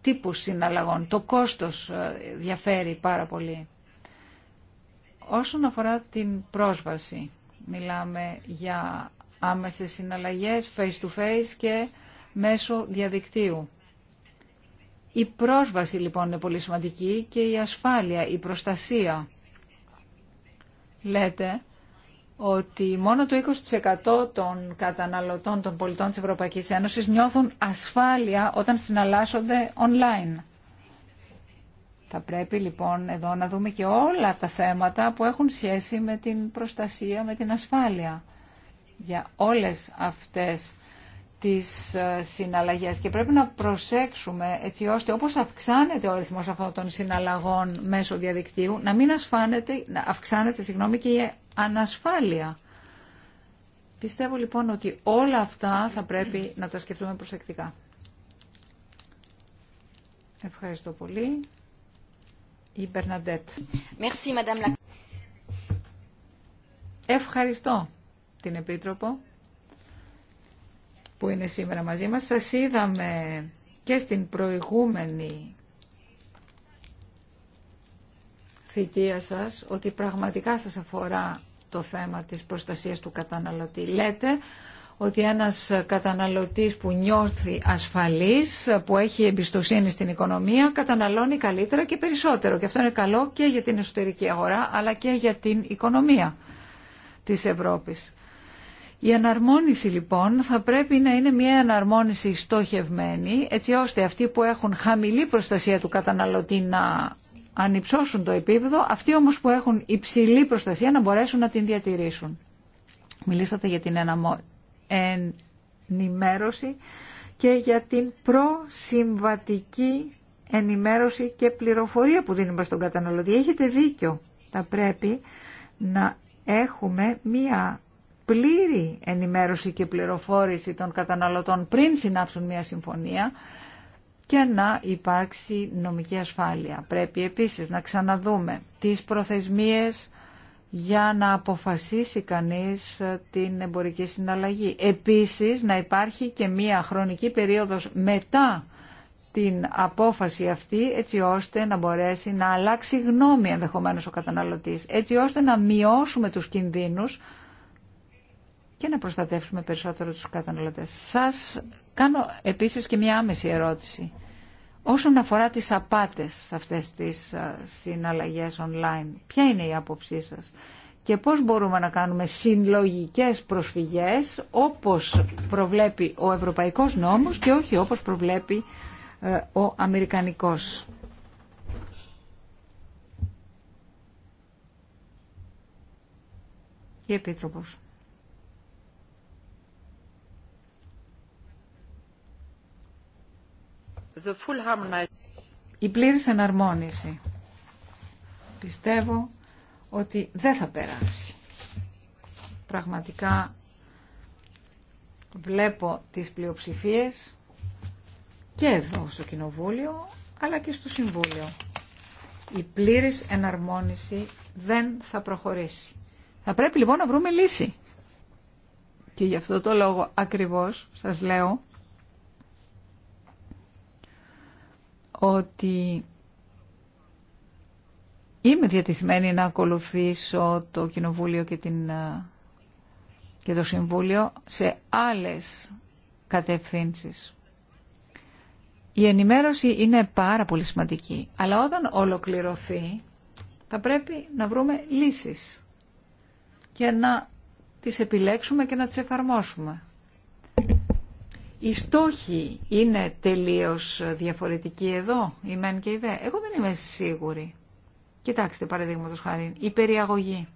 τύπους συναλλαγών. Το κόστος ε, διαφέρει πάρα πολύ. Όσον αφορά την πρόσβαση, μιλάμε για άμεσες συναλλαγές, face to face και μέσω διαδικτύου. Η πρόσβαση λοιπόν είναι πολύ σημαντική και η ασφάλεια, η προστασία. Λέτε ότι μόνο το 20% των καταναλωτών των πολιτών της Ευρωπαϊκής Ένωσης νιώθουν ασφάλεια όταν συναλλάσσονται online. Θα πρέπει λοιπόν εδώ να δούμε και όλα τα θέματα που έχουν σχέση με την προστασία, με την ασφάλεια. Για όλες αυτές τις ε, συναλλαγές και πρέπει να προσέξουμε έτσι ώστε όπως αυξάνεται ο αριθμός αυτών των συναλλαγών μέσω διαδικτύου να μην ασφάνεται, να αυξάνεται συγγνώμη, και η ανασφάλεια. Πιστεύω λοιπόν ότι όλα αυτά θα πρέπει να τα σκεφτούμε προσεκτικά. Ευχαριστώ πολύ. Η Μπερναντέτ. Ευχαριστώ την Επίτροπο που είναι σήμερα μαζί μας. Σας είδαμε και στην προηγούμενη θητεία σας ότι πραγματικά σας αφορά το θέμα της προστασίας του καταναλωτή. Λέτε ότι ένας καταναλωτής που νιώθει ασφαλής, που έχει εμπιστοσύνη στην οικονομία, καταναλώνει καλύτερα και περισσότερο. Και αυτό είναι καλό και για την εσωτερική αγορά, αλλά και για την οικονομία της Ευρώπης. Η αναρμόνιση λοιπόν θα πρέπει να είναι μια αναρμόνιση στόχευμένη έτσι ώστε αυτοί που έχουν χαμηλή προστασία του καταναλωτή να ανυψώσουν το επίπεδο, αυτοί όμως που έχουν υψηλή προστασία να μπορέσουν να την διατηρήσουν. Μιλήσατε για την ενημέρωση και για την προσυμβατική ενημέρωση και πληροφορία που δίνουμε στον καταναλωτή. Έχετε δίκιο. Θα πρέπει να έχουμε μία πλήρη ενημέρωση και πληροφόρηση των καταναλωτών πριν συνάψουν μια συμφωνία και να υπάρξει νομική ασφάλεια. Πρέπει επίσης να ξαναδούμε τις προθεσμίες για να αποφασίσει κανείς ε, την εμπορική συναλλαγή. Επίσης να υπάρχει και μία χρονική περίοδος μετά την απόφαση αυτή έτσι ώστε να μπορέσει να αλλάξει γνώμη ενδεχομένως ο καταναλωτής, έτσι ώστε να μειώσουμε τους κινδύνους και να προστατεύσουμε περισσότερο τους καταναλωτές. Σας κάνω επίσης και μια άμεση ερώτηση. Όσον αφορά τις απάτες αυτές τις συναλλαγές online, ποια είναι η άποψή σας και πώς μπορούμε να κάνουμε συλλογικές προσφυγές όπως προβλέπει ο Ευρωπαϊκός νόμος και όχι όπως προβλέπει ε, ο Αμερικανικός. Η Επίτροπος. η πλήρης εναρμόνιση πιστεύω ότι δεν θα περάσει. Πραγματικά βλέπω τις πλειοψηφίες και εδώ στο Κοινοβούλιο αλλά και στο Συμβούλιο. Η πλήρης εναρμόνιση δεν θα προχωρήσει. Θα πρέπει λοιπόν να βρούμε λύση. Και γι' αυτό το λόγο ακριβώς σας λέω ότι είμαι διατηθμένη να ακολουθήσω το Κοινοβούλιο και, την, ε, και το Συμβούλιο σε άλλες κατευθύνσεις. Η ενημέρωση είναι πάρα πολύ σημαντική, αλλά όταν ολοκληρωθεί θα πρέπει να βρούμε λύσεις και να τις επιλέξουμε και να τις εφαρμόσουμε. Οι στόχοι είναι τελείως διαφορετικοί εδώ, η μεν και η δε. Εγώ δεν είμαι σίγουρη. Κοιτάξτε παραδείγματο χάρη, η περιαγωγή.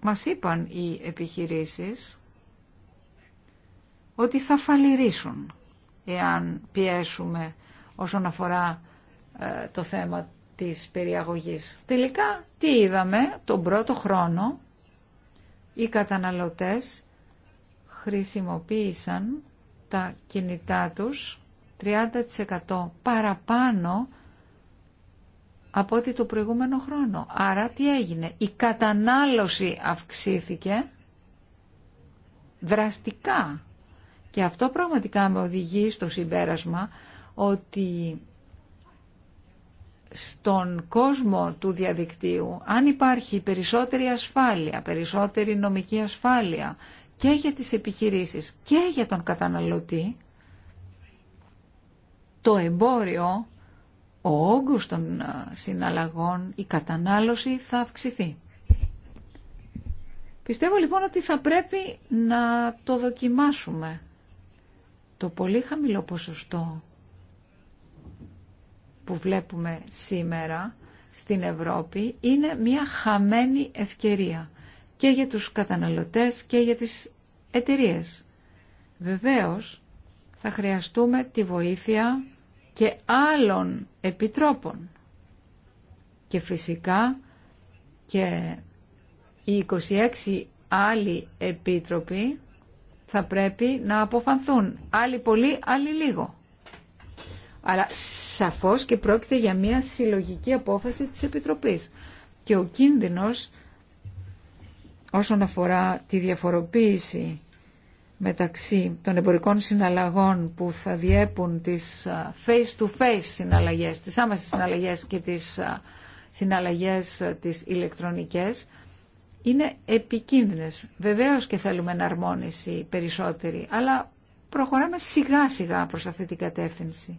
Μας είπαν οι επιχειρήσεις ότι θα φαλυρίσουν εάν πιέσουμε όσον αφορά ε, το θέμα της περιαγωγής. Τελικά, τι είδαμε τον πρώτο χρόνο, οι καταναλωτές χρησιμοποίησαν τα κινητά τους 30% παραπάνω από ότι το προηγούμενο χρόνο. Άρα τι έγινε. Η κατανάλωση αυξήθηκε δραστικά. Και αυτό πραγματικά με οδηγεί στο συμπέρασμα ότι στον κόσμο του διαδικτύου, αν υπάρχει περισσότερη ασφάλεια, περισσότερη νομική ασφάλεια και για τις επιχειρήσεις και για τον καταναλωτή, το εμπόριο, ο όγκος των συναλλαγών, η κατανάλωση θα αυξηθεί. Πιστεύω λοιπόν ότι θα πρέπει να το δοκιμάσουμε. Το πολύ χαμηλό ποσοστό που βλέπουμε σήμερα στην Ευρώπη είναι μια χαμένη ευκαιρία και για τους καταναλωτές και για τις εταιρείες. Βεβαίως θα χρειαστούμε τη βοήθεια και άλλων επιτρόπων. Και φυσικά και οι 26 άλλοι επίτροποι θα πρέπει να αποφανθούν. Άλλοι πολύ, άλλοι λίγο. Αλλά σαφώς και πρόκειται για μια συλλογική απόφαση της Επιτροπής. Και ο κίνδυνος όσον αφορά τη διαφοροποίηση μεταξύ των εμπορικών συναλλαγών που θα διέπουν τις face-to-face -face to face συναλλαγες τις άμεσες συναλλαγές και τις συναλλαγές τις ηλεκτρονικές, είναι επικίνδυνες. Βεβαίως και θέλουμε εναρμόνιση περισσότερη, αλλά προχωράμε σιγά-σιγά προς αυτή την κατεύθυνση.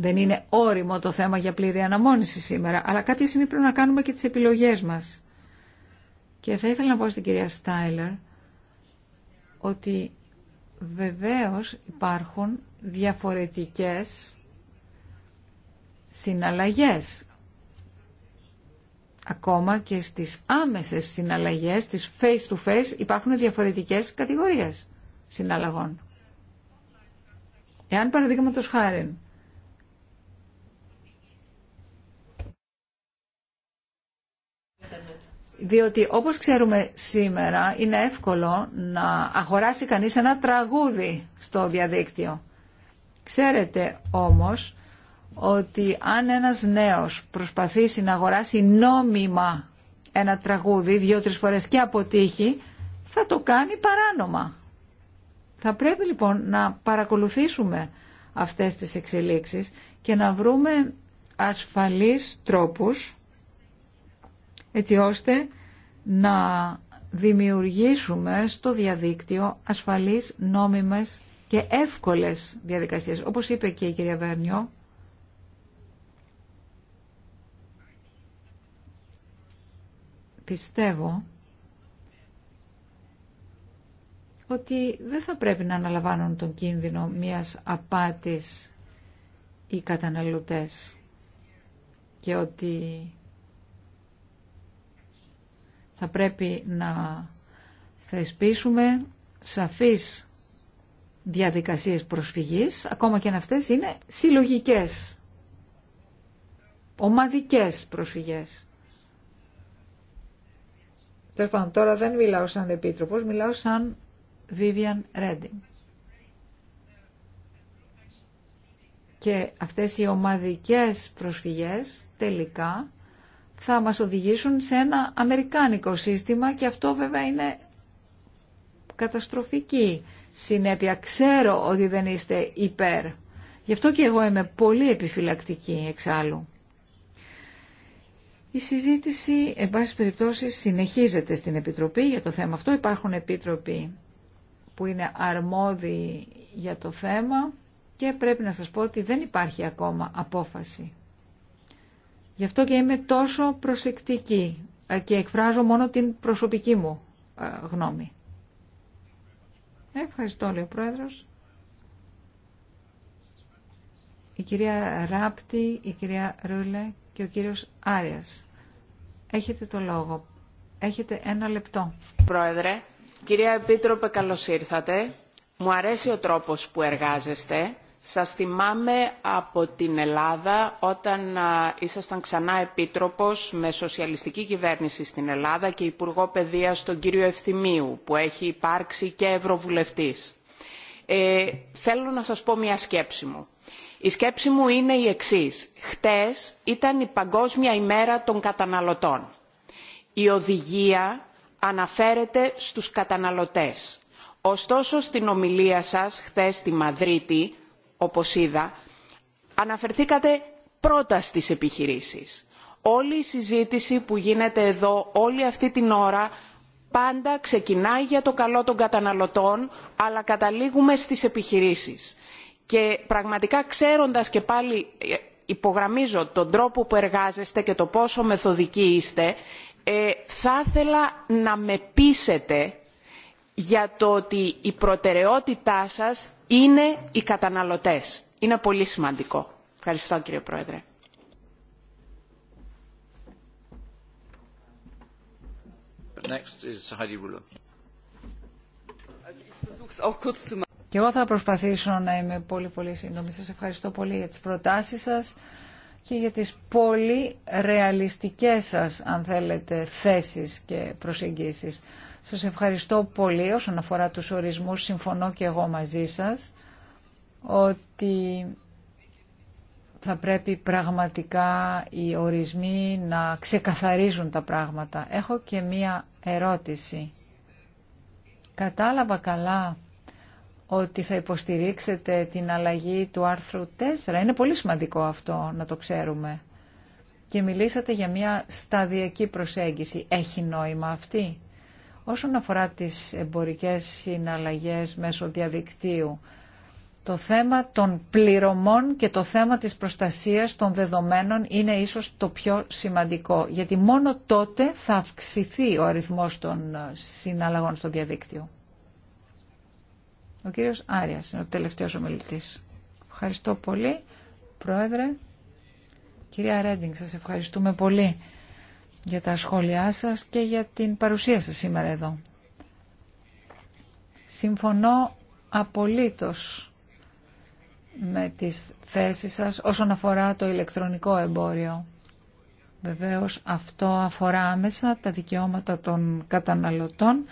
Δεν είναι όριμο το θέμα για πλήρη αναμόνιση σήμερα, αλλά κάποια στιγμή πρέπει να κάνουμε και τις επιλογές μας. Και θα ήθελα να πω στην κυρία Στάιλερ ότι βεβαίως υπάρχουν διαφορετικές συναλλαγές. Ακόμα και στις άμεσες συναλλαγές, στις face-to-face, -face, υπάρχουν κατηγορίες συναλλαγών. Εάν παραδείγματος χάρη Διότι όπως ξέρουμε σήμερα είναι εύκολο να αγοράσει κανείς ένα τραγούδι στο διαδίκτυο. Ξέρετε όμως ότι αν ένας νέος προσπαθήσει να αγοράσει νόμιμα ένα τραγούδι δύο-τρεις φορές και αποτύχει, θα το κάνει παράνομα. Θα πρέπει λοιπόν να παρακολουθήσουμε αυτές τις εξελίξεις και να βρούμε ασφαλείς τρόπους έτσι ώστε να δημιουργήσουμε στο διαδίκτυο ασφαλείς, νόμιμες και εύκολες διαδικασίες. Όπως είπε και η κυρία Βέρνιο, πιστεύω ότι δεν θα πρέπει να αναλαμβάνουν τον κίνδυνο μιας απάτης οι καταναλωτές και ότι θα πρέπει να θεσπίσουμε σαφείς διαδικασίες προσφυγής, ακόμα και αν αυτές είναι συλλογικές, ομαδικές προσφυγές. Τέλος τώρα δεν μιλάω σαν επίτροπος, μιλάω σαν Vivian Redding. Και αυτές οι ομαδικές προσφυγές τελικά θα μας οδηγήσουν σε ένα αμερικάνικο σύστημα και αυτό βέβαια είναι καταστροφική συνέπεια. Ξέρω ότι δεν είστε υπέρ. Γι' αυτό και εγώ είμαι πολύ επιφυλακτική εξάλλου. Η συζήτηση, εν πάση περιπτώσει, συνεχίζεται στην Επιτροπή για το θέμα αυτό. Υπάρχουν επίτροποι που είναι αρμόδιοι για το θέμα και πρέπει να σας πω ότι δεν υπάρχει ακόμα απόφαση. Γι' αυτό και είμαι τόσο προσεκτική ε, και εκφράζω μόνο την προσωπική μου ε, γνώμη. Ευχαριστώ, λέει ο Πρόεδρος. Η κυρία Ράπτη, η κυρία Ρούλε και ο κύριος Άριας. Έχετε το λόγο. Έχετε ένα λεπτό. Πρόεδρε, κυρία Επίτροπε, καλώς ήρθατε. Μου αρέσει ο τρόπος που εργάζεστε σας θυμάμαι από την Ελλάδα όταν ήσασταν ξανά επίτροπος με σοσιαλιστική κυβέρνηση στην Ελλάδα και Υπουργό Παιδείας στον κύριο Ευθυμίου που έχει υπάρξει και Ευρωβουλευτής. Ε, θέλω να σας πω μια σκέψη μου. Η σκέψη μου είναι η εξής. Χτες ήταν η Παγκόσμια ημέρα των καταναλωτών. Η οδηγία αναφέρεται στους καταναλωτές. Ωστόσο στην ομιλία σας χθες στη Μαδρίτη όπως είδα, αναφερθήκατε πρώτα στις επιχειρήσεις. Όλη η συζήτηση που γίνεται εδώ, όλη αυτή την ώρα, πάντα ξεκινάει για το καλό των καταναλωτών, αλλά καταλήγουμε στις επιχειρήσεις. Και πραγματικά ξέροντας και πάλι ε, υπογραμμίζω τον τρόπο που εργάζεστε και το πόσο μεθοδικοί είστε, ε, θα ήθελα να με πείσετε για το ότι η προτεραιότητά σας είναι οι καταναλωτές. Είναι πολύ σημαντικό. Ευχαριστώ κύριε Πρόεδρε. και εγώ θα προσπαθήσω να είμαι πολύ πολύ σύντομη. Σας ευχαριστώ πολύ για τις προτάσεις σας και για τις πολύ ρεαλιστικές σας, αν θέλετε, θέσεις και προσεγγίσεις. Σας ευχαριστώ πολύ όσον αφορά τους ορισμούς. Συμφωνώ και εγώ μαζί σας ότι θα πρέπει πραγματικά οι ορισμοί να ξεκαθαρίζουν τα πράγματα. Έχω και μία ερώτηση. Κατάλαβα καλά ότι θα υποστηρίξετε την αλλαγή του άρθρου 4. Είναι πολύ σημαντικό αυτό να το ξέρουμε. Και μιλήσατε για μια σταδιακή προσέγγιση. Έχει νόημα αυτή. Όσον αφορά τις εμπορικές συναλλαγές μέσω διαδικτύου, το θέμα των πληρωμών και το θέμα της προστασίας των δεδομένων είναι ίσως το πιο σημαντικό, γιατί μόνο τότε θα αυξηθεί ο αριθμός των συναλλαγών στο διαδίκτυο. Ο κύριος Άριας είναι ο τελευταίος ομιλητής. Ευχαριστώ πολύ, Πρόεδρε. Κυρία Ρέντινγκ, σας ευχαριστούμε πολύ για τα σχόλιά σας και για την παρουσία σας σήμερα εδώ. Συμφωνώ απολύτως με τις θέσεις σας όσον αφορά το ηλεκτρονικό εμπόριο. Βεβαίως αυτό αφορά άμεσα τα δικαιώματα των καταναλωτών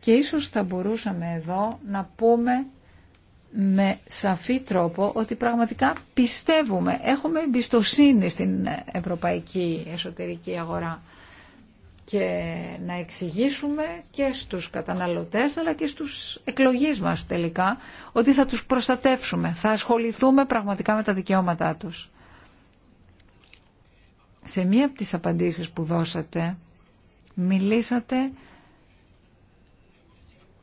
και ίσως θα μπορούσαμε εδώ να πούμε με σαφή τρόπο ότι πραγματικά πιστεύουμε, έχουμε εμπιστοσύνη στην ευρωπαϊκή εσωτερική αγορά και να εξηγήσουμε και στους καταναλωτές αλλά και στους εκλογείς μας τελικά ότι θα τους προστατεύσουμε, θα ασχοληθούμε πραγματικά με τα δικαιώματά τους. Σε μία από τις απαντήσεις που δώσατε μιλήσατε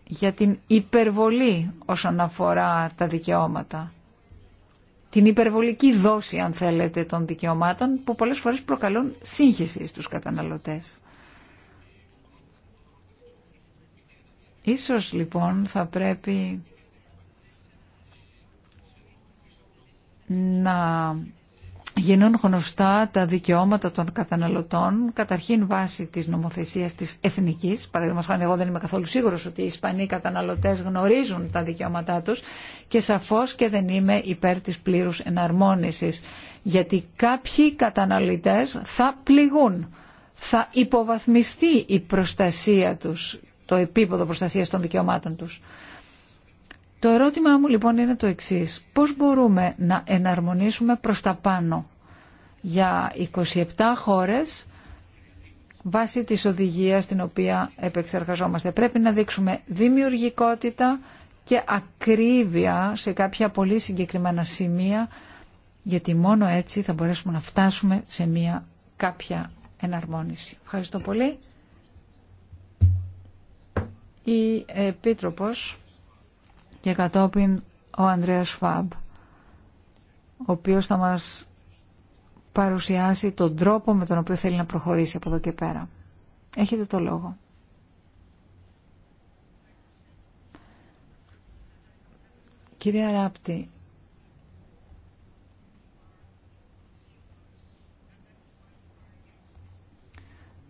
για την υπερβολή όσον αφορά τα δικαιώματα. Την υπερβολική δόση, αν θέλετε, των δικαιωμάτων που πολλές φορές προκαλούν σύγχυση στους καταναλωτές. Ίσως λοιπόν θα πρέπει να γίνουν γνωστά τα δικαιώματα των καταναλωτών, καταρχήν βάσει της νομοθεσίας της εθνικής. Παραδείγματος χάρη, εγώ δεν είμαι καθόλου σίγουρος ότι οι Ισπανοί καταναλωτές γνωρίζουν τα δικαιώματά τους και σαφώς και δεν είμαι υπέρ της πλήρους εναρμόνισης, γιατί κάποιοι καταναλωτές θα πληγούν, θα υποβαθμιστεί η προστασία τους το επίπεδο προστασίας των δικαιωμάτων τους. Το ερώτημά μου λοιπόν είναι το εξής. Πώς μπορούμε να εναρμονίσουμε προς τα πάνω για 27 χώρες βάσει της οδηγίας την οποία επεξεργαζόμαστε. Πρέπει να δείξουμε δημιουργικότητα και ακρίβεια σε κάποια πολύ συγκεκριμένα σημεία γιατί μόνο έτσι θα μπορέσουμε να φτάσουμε σε μια κάποια εναρμόνιση. Ευχαριστώ πολύ η Επίτροπος και κατόπιν ο Ανδρέας Φαμπ, ο οποίος θα μας παρουσιάσει τον τρόπο με τον οποίο θέλει να προχωρήσει από εδώ και πέρα. Έχετε το λόγο. Κυρία Ράπτη,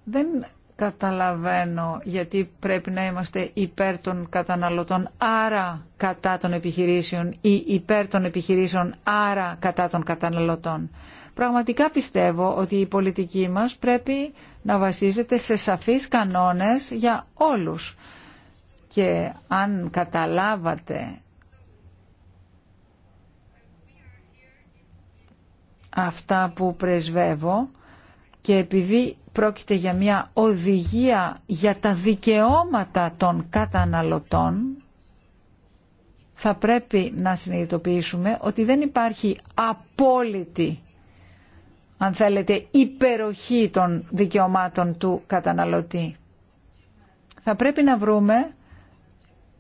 δεν καταλαβαίνω γιατί πρέπει να είμαστε υπέρ των καταναλωτών, άρα κατά των επιχειρήσεων ή υπέρ των επιχειρήσεων, άρα κατά των καταναλωτών. Πραγματικά πιστεύω ότι η πολιτική μας πρέπει να βασίζεται σε σαφείς κανόνες για όλους. Και αν καταλάβατε αυτά που πρεσβεύω και επειδή πρόκειται για μια οδηγία για τα δικαιώματα των καταναλωτών, θα πρέπει να συνειδητοποιήσουμε ότι δεν υπάρχει απόλυτη, αν θέλετε, υπεροχή των δικαιωμάτων του καταναλωτή. Θα πρέπει να βρούμε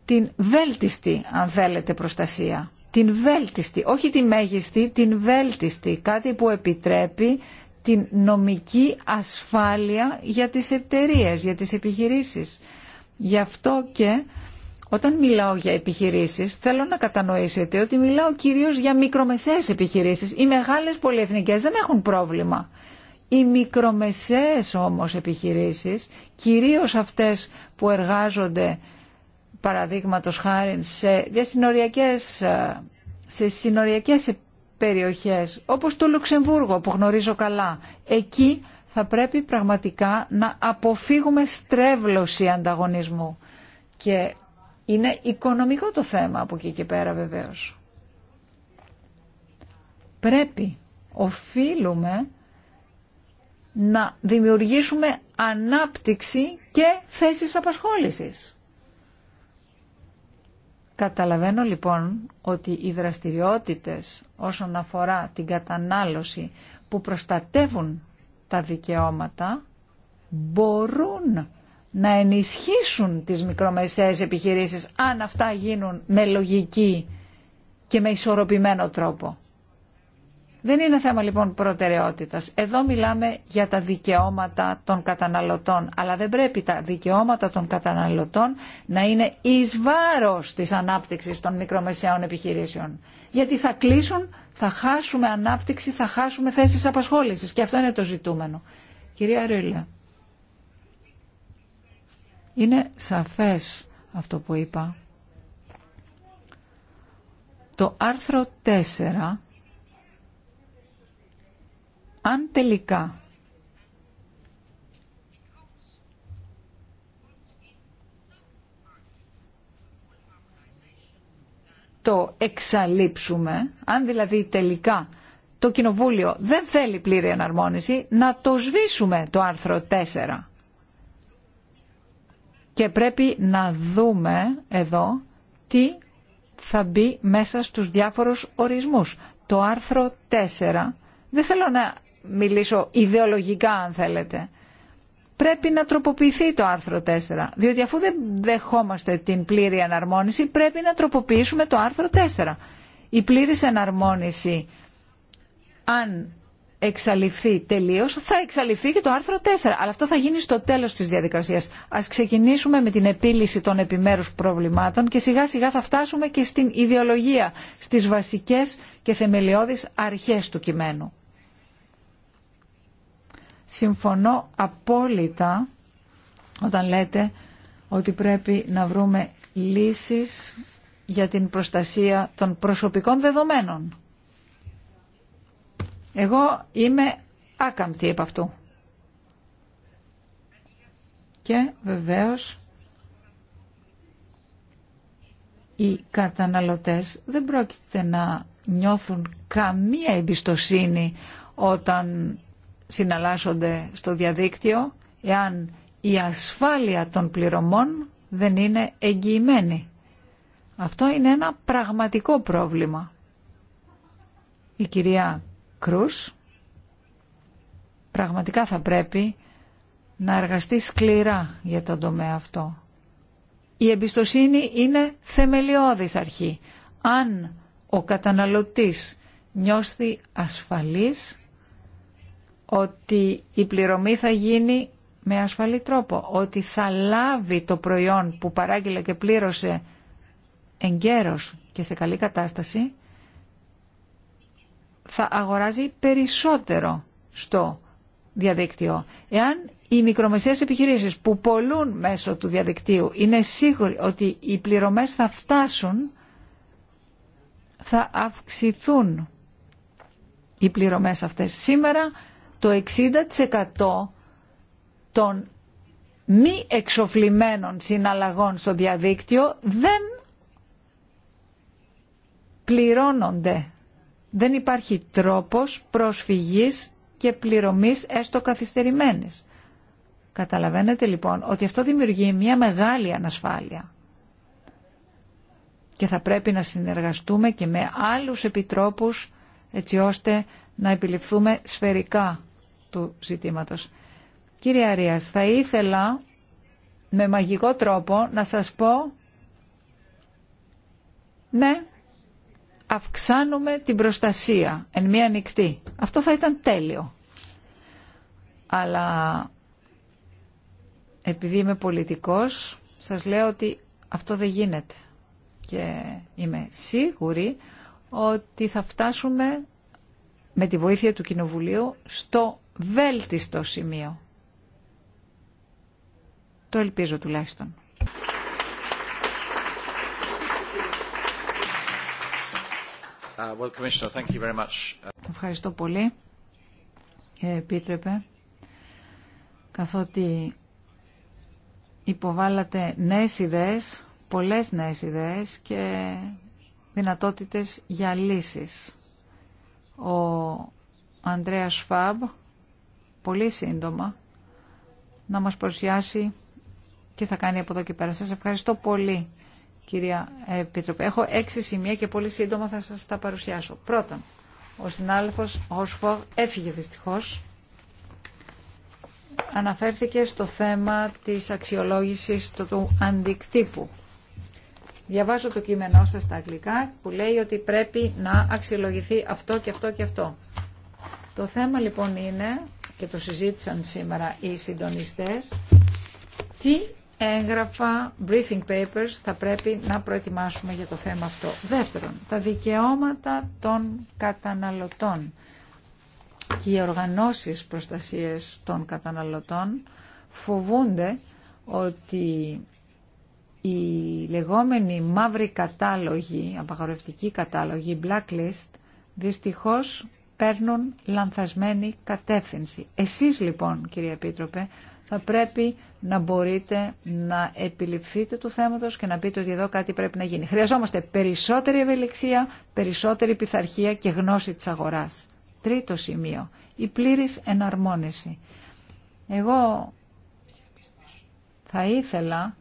την βέλτιστη, αν θέλετε, προστασία. Την βέλτιστη, όχι τη μέγιστη, την βέλτιστη. Κάτι που επιτρέπει την νομική ασφάλεια για τις εταιρείε, για τις επιχειρήσεις. Γι' αυτό και όταν μιλάω για επιχειρήσεις θέλω να κατανοήσετε ότι μιλάω κυρίως για μικρομεσαίες επιχειρήσεις. Οι μεγάλες πολυεθνικές δεν έχουν πρόβλημα. Οι μικρομεσαίες όμως επιχειρήσεις, κυρίως αυτές που εργάζονται παραδείγματος χάρη σε, συνοριακές, ε, σε συνοριακές περιοχές όπως το Λουξεμβούργο που γνωρίζω καλά. Εκεί θα πρέπει πραγματικά να αποφύγουμε στρέβλωση ανταγωνισμού. Και είναι οικονομικό το θέμα από εκεί και πέρα βεβαίως. Πρέπει, οφείλουμε να δημιουργήσουμε ανάπτυξη και θέσεις απασχόλησης. Καταλαβαίνω λοιπόν ότι οι δραστηριότητες όσον αφορά την κατανάλωση που προστατεύουν τα δικαιώματα μπορούν να ενισχύσουν τις μικρομεσαίες επιχειρήσεις αν αυτά γίνουν με λογική και με ισορροπημένο τρόπο. Δεν είναι θέμα λοιπόν προτεραιότητας. Εδώ μιλάμε για τα δικαιώματα των καταναλωτών, αλλά δεν πρέπει τα δικαιώματα των καταναλωτών να είναι εις βάρος της ανάπτυξης των μικρομεσαίων επιχειρήσεων. Γιατί θα κλείσουν, θα χάσουμε ανάπτυξη, θα χάσουμε θέσεις απασχόλησης και αυτό είναι το ζητούμενο. Κυρία Ρίλα, είναι σαφές αυτό που είπα. Το άρθρο 4 αν τελικά το εξαλείψουμε, αν δηλαδή τελικά το Κοινοβούλιο δεν θέλει πλήρη εναρμόνιση, να το σβήσουμε το άρθρο 4. Και πρέπει να δούμε εδώ τι θα μπει μέσα στους διάφορους ορισμούς. Το άρθρο 4, δεν θέλω να μιλήσω ιδεολογικά αν θέλετε. Πρέπει να τροποποιηθεί το άρθρο 4, διότι αφού δεν δεχόμαστε την πλήρη εναρμόνιση πρέπει να τροποποιήσουμε το άρθρο 4. Η πλήρη εναρμόνιση αν εξαλειφθεί τελείω, θα εξαλειφθεί και το άρθρο 4. Αλλά αυτό θα γίνει στο τέλο τη διαδικασία. Α ξεκινήσουμε με την επίλυση των επιμέρου προβλημάτων και σιγά σιγά θα φτάσουμε και στην ιδεολογία, στι βασικέ και θεμελιώδει αρχέ του κειμένου συμφωνώ απόλυτα όταν λέτε ότι πρέπει να βρούμε λύσεις για την προστασία των προσωπικών δεδομένων. Εγώ είμαι άκαμπτη επ' αυτού. Και βεβαίως οι καταναλωτές δεν πρόκειται να νιώθουν καμία εμπιστοσύνη όταν συναλλάσσονται στο διαδίκτυο εάν η ασφάλεια των πληρωμών δεν είναι εγγυημένη. Αυτό είναι ένα πραγματικό πρόβλημα. Η κυρία Κρούς πραγματικά θα πρέπει να εργαστεί σκληρά για τον τομέα αυτό. Η εμπιστοσύνη είναι θεμελιώδης αρχή. Αν ο καταναλωτής νιώθει ασφαλής, ότι η πληρωμή θα γίνει με ασφαλή τρόπο, ότι θα λάβει το προϊόν που παράγγειλε και πλήρωσε εγκαίρος και σε καλή κατάσταση, θα αγοράζει περισσότερο στο διαδίκτυο. Εάν οι μικρομεσαίες επιχειρήσεις που πολλούν μέσω του διαδικτύου είναι σίγουροι ότι οι πληρωμές θα φτάσουν, θα αυξηθούν οι πληρωμές αυτές. Σήμερα το 60% των μη εξοφλημένων συναλλαγών στο διαδίκτυο δεν πληρώνονται. Δεν υπάρχει τρόπος προσφυγής και πληρωμής έστω καθυστερημένης. Καταλαβαίνετε λοιπόν ότι αυτό δημιουργεί μια μεγάλη ανασφάλεια και θα πρέπει να συνεργαστούμε και με άλλους επιτρόπους έτσι ώστε να επιληφθούμε σφαιρικά του ζητήματος. Κύριε Αρίας, θα ήθελα με μαγικό τρόπο να σας πω ναι, αυξάνουμε την προστασία εν μία νυχτή. Αυτό θα ήταν τέλειο. Αλλά επειδή είμαι πολιτικός, σας λέω ότι αυτό δεν γίνεται. Και είμαι σίγουρη ότι θα φτάσουμε με τη βοήθεια του Κοινοβουλίου στο βέλτιστο σημείο. Το ελπίζω τουλάχιστον. Uh, Ευχαριστώ πολύ, κύριε Επίτρεπε, καθότι υποβάλλατε νέες ιδέες, πολλές νέες ιδέες και δυνατότητες για λύσεις. Ο Ανδρέας Φαμπ πολύ σύντομα να μας παρουσιάσει τι θα κάνει από εδώ και πέρα. Σας ευχαριστώ πολύ κυρία Επίτροπε. Έχω έξι σημεία και πολύ σύντομα θα σας τα παρουσιάσω. Πρώτον, ο συνάδελφος Οσφορ έφυγε δυστυχώς. Αναφέρθηκε στο θέμα της αξιολόγησης του αντικτύπου. Διαβάζω το κείμενό σας στα αγγλικά που λέει ότι πρέπει να αξιολογηθεί αυτό και αυτό και αυτό. Το θέμα λοιπόν είναι και το συζήτησαν σήμερα οι συντονιστές, τι έγγραφα, briefing papers θα πρέπει να προετοιμάσουμε για το θέμα αυτό. Δεύτερον, τα δικαιώματα των καταναλωτών και οι οργανώσεις προστασίας των καταναλωτών φοβούνται ότι οι λεγόμενοι μαύροι κατάλογοι, απαγορευτικοί κατάλογοι, blacklist, δυστυχώς παίρνουν λανθασμένη κατεύθυνση. Εσείς λοιπόν κύριε Επίτροπε θα πρέπει να μπορείτε να επιληφθείτε του θέματος και να πείτε ότι εδώ κάτι πρέπει να γίνει. Χρειαζόμαστε περισσότερη ευελιξία, περισσότερη πειθαρχία και γνώση της αγοράς. Τρίτο σημείο, η πλήρης εναρμόνιση. Εγώ θα ήθελα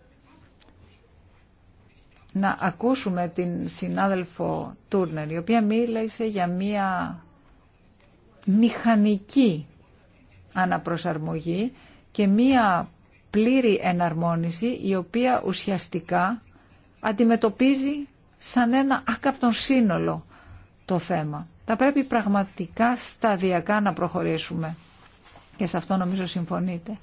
να ακούσουμε την συνάδελφο Τούρνερ, η οποία μίλησε για μία μηχανική αναπροσαρμογή και μία πλήρη εναρμόνιση η οποία ουσιαστικά αντιμετωπίζει σαν ένα άκαπτον σύνολο το θέμα. Θα πρέπει πραγματικά σταδιακά να προχωρήσουμε και σε αυτό νομίζω συμφωνείτε.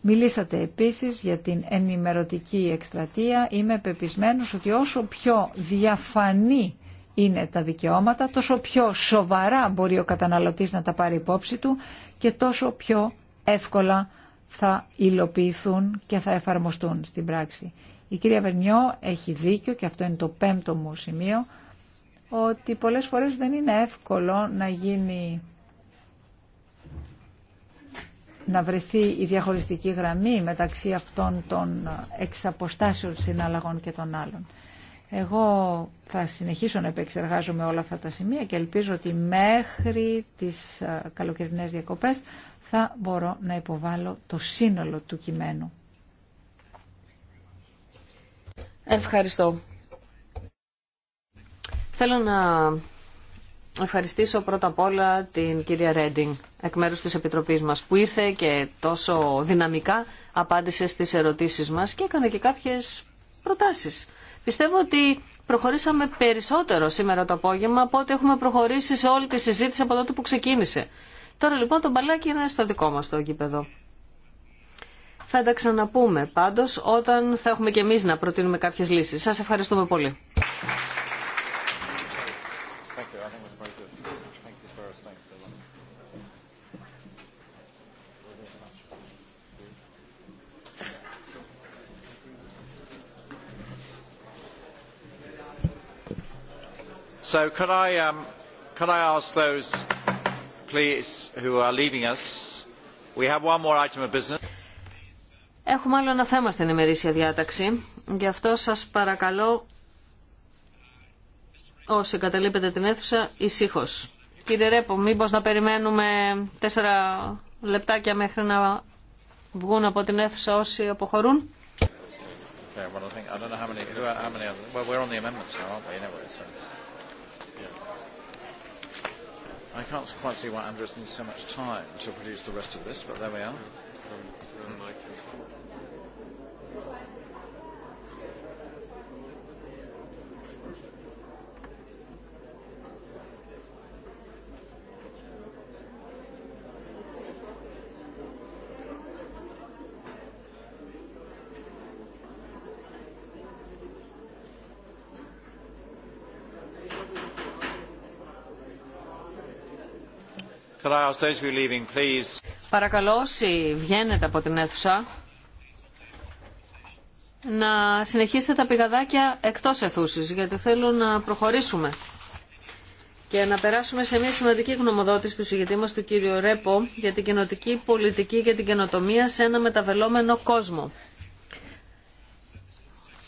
Μιλήσατε επίσης για την ενημερωτική εκστρατεία. Είμαι πεπισμένος ότι όσο πιο διαφανή είναι τα δικαιώματα, τόσο πιο σοβαρά μπορεί ο καταναλωτής να τα πάρει υπόψη του και τόσο πιο εύκολα θα υλοποιηθούν και θα εφαρμοστούν στην πράξη. Η κυρία Βερνιό έχει δίκιο και αυτό είναι το πέμπτο μου σημείο ότι πολλές φορές δεν είναι εύκολο να γίνει να βρεθεί η διαχωριστική γραμμή μεταξύ αυτών των εξαποστάσεων συναλλαγών και των άλλων. Εγώ θα συνεχίσω να επεξεργάζομαι όλα αυτά τα σημεία και ελπίζω ότι μέχρι τις καλοκαιρινές διακοπές θα μπορώ να υποβάλω το σύνολο του κειμένου. Ευχαριστώ. Θέλω να ευχαριστήσω πρώτα απ' όλα την κυρία Ρέντινγκ εκ μέρους της Επιτροπής μας που ήρθε και τόσο δυναμικά απάντησε στις ερωτήσεις μας και έκανε και κάποιες προτάσεις. Πιστεύω ότι προχωρήσαμε περισσότερο σήμερα το απόγευμα από ό,τι έχουμε προχωρήσει σε όλη τη συζήτηση από τότε που ξεκίνησε. Τώρα λοιπόν το μπαλάκι είναι στο δικό μας το γήπεδο. Θα τα ξαναπούμε πάντως όταν θα έχουμε και εμείς να προτείνουμε κάποιες λύσεις. Σας ευχαριστούμε πολύ. Έχουμε άλλο ένα θέμα στην ημερήσια διάταξη. Γι' αυτό σας παρακαλώ όσοι καταλείπετε την αίθουσα ησύχω. Κύριε Ρέπο, μήπως να περιμένουμε τέσσερα λεπτάκια μέχρι να βγουν από την αίθουσα όσοι αποχωρούν. I can't quite see why Andres needs so much time to produce the rest of this, but there we are. Παρακαλώ όσοι βγαίνετε από την αίθουσα να συνεχίσετε τα πηγαδάκια εκτός αιθούσης γιατί θέλω να προχωρήσουμε και να περάσουμε σε μια σημαντική γνωμοδότηση του συγγετή μας του κύριου Ρέπο για την κοινοτική πολιτική και την καινοτομία σε ένα μεταβελόμενο κόσμο.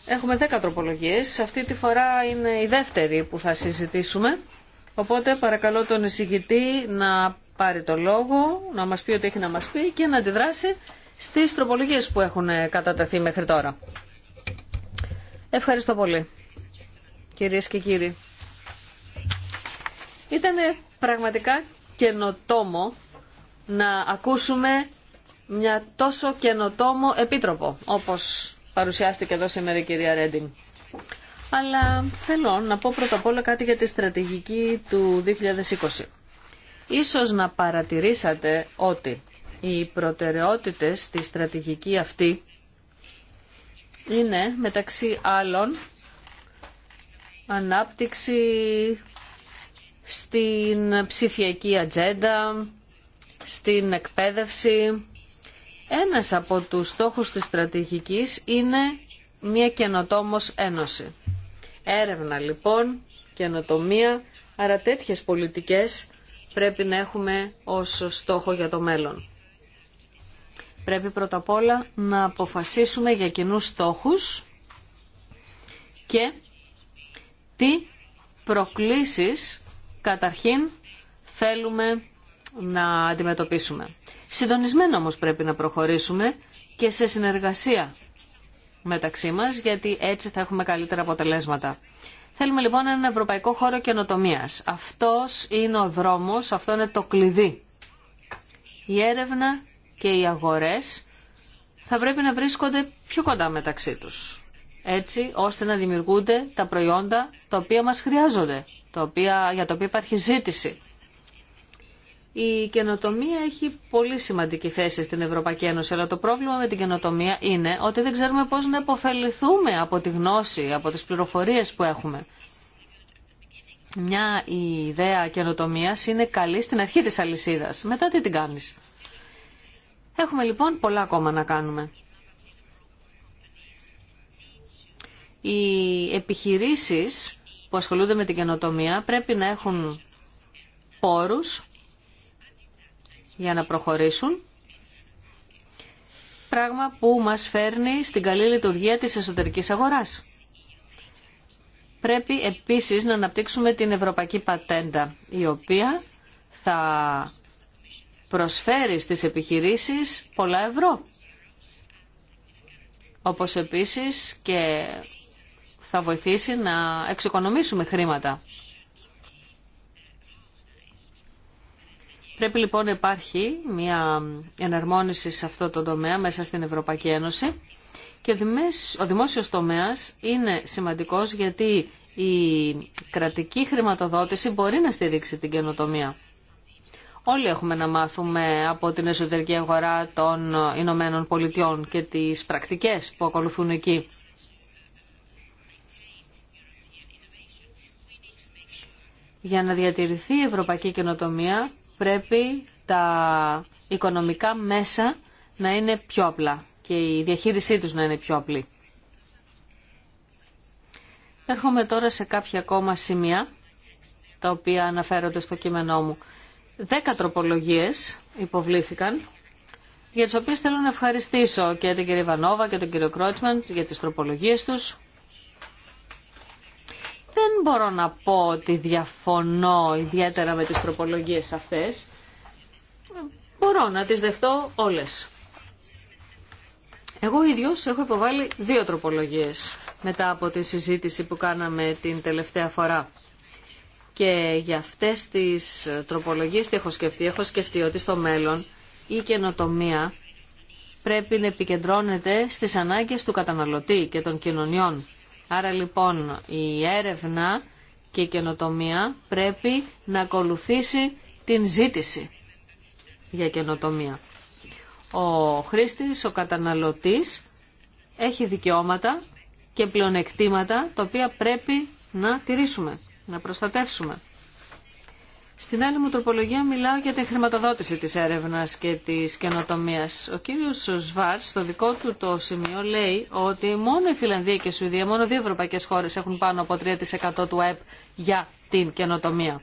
Έχουμε δέκα τροπολογίες, αυτή τη φορά είναι η δεύτερη που θα συζητήσουμε. Οπότε παρακαλώ τον εισηγητή να πάρει το λόγο, να μας πει ό,τι έχει να μας πει και να αντιδράσει στις τροπολογίες που έχουν ε, κατατεθεί μέχρι τώρα. Ευχαριστώ πολύ, κυρίες και κύριοι. Ήταν πραγματικά καινοτόμο να ακούσουμε μια τόσο καινοτόμο επίτροπο, όπως παρουσιάστηκε εδώ σήμερα η κυρία Ρέντιν. Αλλά θέλω να πω πρώτα απ' όλα κάτι για τη στρατηγική του 2020. Ίσως να παρατηρήσατε ότι οι προτεραιότητες στη στρατηγική αυτή είναι μεταξύ άλλων ανάπτυξη στην ψηφιακή ατζέντα, στην εκπαίδευση. Ένας από τους στόχους της στρατηγικής είναι μια καινοτόμος ένωση. Έρευνα λοιπόν, καινοτομία, άρα τέτοιες πολιτικές πρέπει να έχουμε ως στόχο για το μέλλον. Πρέπει πρώτα απ' όλα να αποφασίσουμε για κοινούς στόχους και τι προκλήσεις καταρχήν θέλουμε να αντιμετωπίσουμε. Συντονισμένο όμως πρέπει να προχωρήσουμε και σε συνεργασία μεταξύ μας, γιατί έτσι θα έχουμε καλύτερα αποτελέσματα. Θέλουμε λοιπόν έναν ευρωπαϊκό χώρο καινοτομία. Αυτός είναι ο δρόμος, αυτό είναι το κλειδί. Η έρευνα και οι αγορές θα πρέπει να βρίσκονται πιο κοντά μεταξύ τους. Έτσι ώστε να δημιουργούνται τα προϊόντα τα οποία μας χρειάζονται, τα οποία, για τα οποία υπάρχει ζήτηση. Η καινοτομία έχει πολύ σημαντική θέση στην Ευρωπαϊκή Ένωση, αλλά το πρόβλημα με την καινοτομία είναι ότι δεν ξέρουμε πώς να υποφεληθούμε από τη γνώση, από τις πληροφορίες που έχουμε. Μια ιδέα καινοτομία είναι καλή στην αρχή της αλυσίδας. Μετά τι την κάνεις. Έχουμε λοιπόν πολλά ακόμα να κάνουμε. Οι επιχειρήσεις που ασχολούνται με την καινοτομία πρέπει να έχουν πόρους για να προχωρήσουν. Πράγμα που μας φέρνει στην καλή λειτουργία της εσωτερικής αγοράς. Πρέπει επίσης να αναπτύξουμε την ευρωπαϊκή πατέντα, η οποία θα προσφέρει στις επιχειρήσεις πολλά ευρώ. Όπως επίσης και θα βοηθήσει να εξοικονομήσουμε χρήματα Πρέπει λοιπόν να υπάρχει μια εναρμόνιση σε αυτό το τομέα μέσα στην Ευρωπαϊκή Ένωση και ο δημόσιος τομέας είναι σημαντικός γιατί η κρατική χρηματοδότηση μπορεί να στηρίξει την καινοτομία. Όλοι έχουμε να μάθουμε από την εσωτερική αγορά των Ηνωμένων Πολιτειών και τις πρακτικές που ακολουθούν εκεί. Για να διατηρηθεί η ευρωπαϊκή καινοτομία πρέπει τα οικονομικά μέσα να είναι πιο απλά και η διαχείρισή τους να είναι πιο απλή. Έρχομαι τώρα σε κάποια ακόμα σημεία, τα οποία αναφέρονται στο κείμενό μου. Δέκα τροπολογίες υποβλήθηκαν, για τις οποίες θέλω να ευχαριστήσω και την κυρία Βανόβα και τον κύριο Κρότσμαντ για τις τροπολογίες τους δεν μπορώ να πω ότι διαφωνώ ιδιαίτερα με τις τροπολογίες αυτές. Μπορώ να τις δεχτώ όλες. Εγώ ίδιος έχω υποβάλει δύο τροπολογίες μετά από τη συζήτηση που κάναμε την τελευταία φορά. Και για αυτές τις τροπολογίες τι έχω σκεφτεί. Έχω σκεφτεί ότι στο μέλλον η καινοτομία πρέπει να επικεντρώνεται στις ανάγκες του καταναλωτή και των κοινωνιών. Άρα λοιπόν η έρευνα και η καινοτομία πρέπει να ακολουθήσει την ζήτηση για καινοτομία. Ο χρήστης, ο καταναλωτής έχει δικαιώματα και πλεονεκτήματα τα οποία πρέπει να τηρήσουμε, να προστατεύσουμε. Στην άλλη μου τροπολογία μιλάω για την χρηματοδότηση της έρευνας και της καινοτομίας. Ο κύριος Σβάρ στο δικό του το σημείο λέει ότι μόνο η Φιλανδία και η Σουηδία, μόνο δύο ευρωπαϊκές χώρες έχουν πάνω από 3% του ΑΕΠ για την καινοτομία.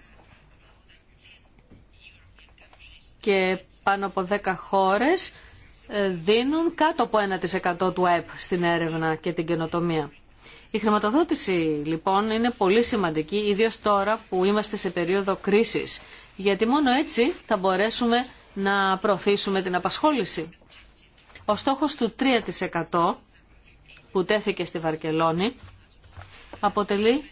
Και πάνω από 10 χώρες ε, δίνουν κάτω από 1% του ΑΕΠ στην έρευνα και την καινοτομία. Η χρηματοδότηση λοιπόν είναι πολύ σημαντική, ιδίω τώρα που είμαστε σε περίοδο κρίσης, γιατί μόνο έτσι θα μπορέσουμε να προωθήσουμε την απασχόληση. Ο στόχος του 3% που τέθηκε στη Βαρκελόνη αποτελεί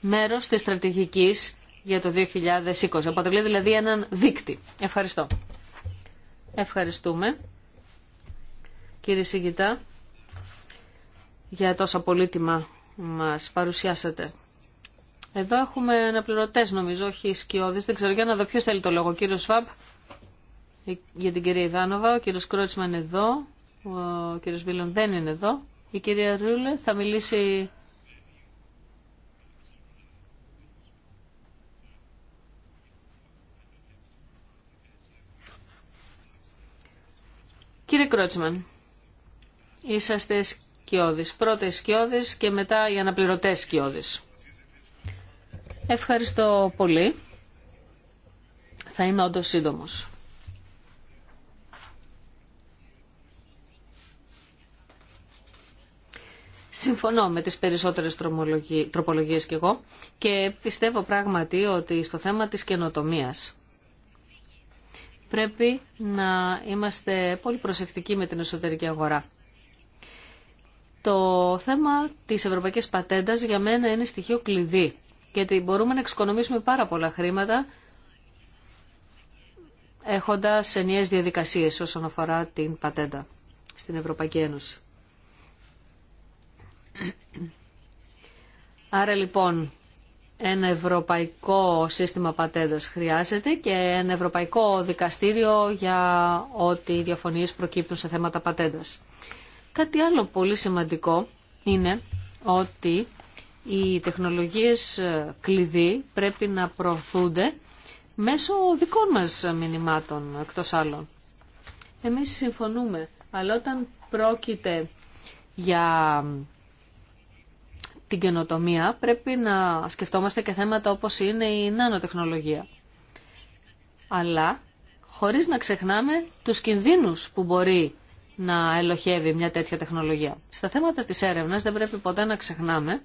μέρος της στρατηγικής για το 2020. Αποτελεί δηλαδή έναν δίκτυ. Ευχαριστώ. Ευχαριστούμε. Κύριε Σιγητά, για τόσα πολύτιμα μας παρουσιάσετε. Εδώ έχουμε αναπληρωτέ νομίζω, όχι σκιώδεις. Δεν ξέρω για να δω ποιο θέλει το λόγο. Ο κύριος Σφαμπ ε, για την κυρία Ιβάνοβα, ο κύριος Κρότσμαν εδώ, ο κύριος Βίλον δεν είναι εδώ. Η κυρία Ρούλε θα μιλήσει... Κύριε Κρότσμαν, είσαστε σκιώδης. Πρώτα οι και μετά οι αναπληρωτές σκιώδεις. Ευχαριστώ πολύ. Θα είμαι όντως σύντομος. Συμφωνώ με τις περισσότερες τροπολογίες και εγώ και πιστεύω πράγματι ότι στο θέμα της καινοτομίας πρέπει να είμαστε πολύ προσεκτικοί με την εσωτερική αγορά. Το θέμα της ευρωπαϊκής πατέντας για μένα είναι στοιχείο κλειδί, γιατί μπορούμε να εξοικονομήσουμε πάρα πολλά χρήματα έχοντας ενιαίες διαδικασίες όσον αφορά την πατέντα στην Ευρωπαϊκή Ένωση. Άρα λοιπόν ένα ευρωπαϊκό σύστημα πατέντας χρειάζεται και ένα ευρωπαϊκό δικαστήριο για ό,τι διαφωνίες προκύπτουν σε θέματα πατέντας. Κάτι άλλο πολύ σημαντικό είναι ότι οι τεχνολογίες ε, κλειδί πρέπει να προωθούνται μέσω δικών μας μηνυμάτων εκτός άλλων. Εμείς συμφωνούμε, αλλά όταν πρόκειται για την καινοτομία πρέπει να σκεφτόμαστε και θέματα όπως είναι η νανοτεχνολογία. Αλλά χωρίς να ξεχνάμε τους κινδύνους που μπορεί να ελοχεύει μια τέτοια τεχνολογία. Στα θέματα της έρευνας δεν πρέπει ποτέ να ξεχνάμε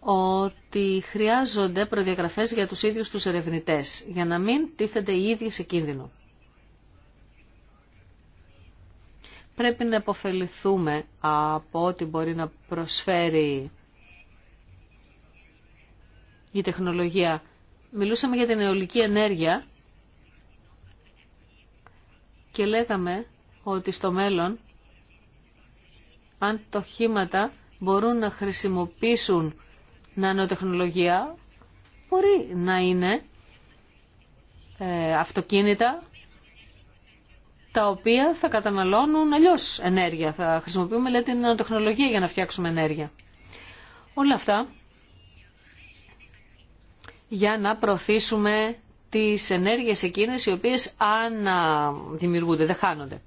ότι χρειάζονται προδιαγραφές για τους ίδιους τους ερευνητές, για να μην τίθενται οι ίδιοι σε κίνδυνο. Πρέπει να αποφεληθούμε από ό,τι μπορεί να προσφέρει η τεχνολογία. Μιλούσαμε για την αιωλική ενέργεια και λέγαμε ότι στο μέλλον αν τα μπορούν να χρησιμοποιήσουν νανοτεχνολογία μπορεί να είναι ε, αυτοκίνητα τα οποία θα καταναλώνουν αλλιώς ενέργεια. Θα χρησιμοποιούμε λέτε την νανοτεχνολογία για να φτιάξουμε ενέργεια. Όλα αυτά για να προωθήσουμε τις ενέργειες εκείνες οι οποίες αναδημιουργούνται, δεν χάνονται.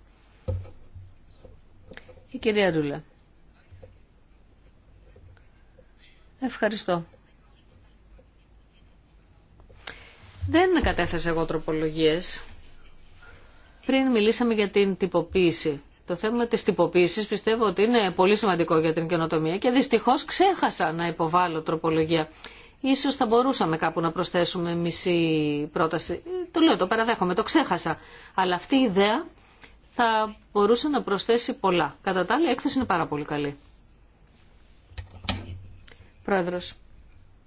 Η κυρία Ρούλα. Ευχαριστώ. Δεν κατέθεσα εγώ τροπολογίες. Πριν μιλήσαμε για την τυποποίηση. Το θέμα της τυποποίησης πιστεύω ότι είναι πολύ σημαντικό για την καινοτομία και δυστυχώς ξέχασα να υποβάλω τροπολογία. Ίσως θα μπορούσαμε κάπου να προσθέσουμε μισή πρόταση. Το λέω, το παραδέχομαι, το ξέχασα. Αλλά αυτή η ιδέα θα μπορούσε να προσθέσει πολλά. Κατά τα άλλα, η έκθεση είναι πάρα πολύ καλή. Πρόεδρος,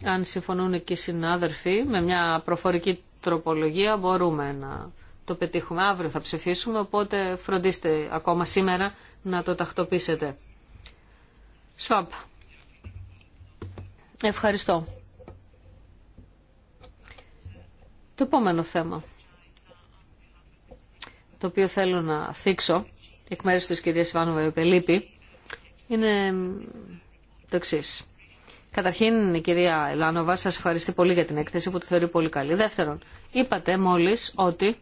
αν συμφωνούν και οι συνάδελφοι, με μια προφορική τροπολογία μπορούμε να το πετύχουμε. Αύριο θα ψηφίσουμε, οπότε φροντίστε ακόμα σήμερα να το τακτοποιήσετε. Σφαμπ. Ευχαριστώ. Το επόμενο θέμα, το οποίο θέλω να θίξω εκ μέρους της κυρίας Ιβάνοβα Ιωπελίπη, είναι το εξή. Καταρχήν, η κυρία Ιβάνοβα, σας ευχαριστεί πολύ για την έκθεση που τη θεωρεί πολύ καλή. Δεύτερον, είπατε μόλις ότι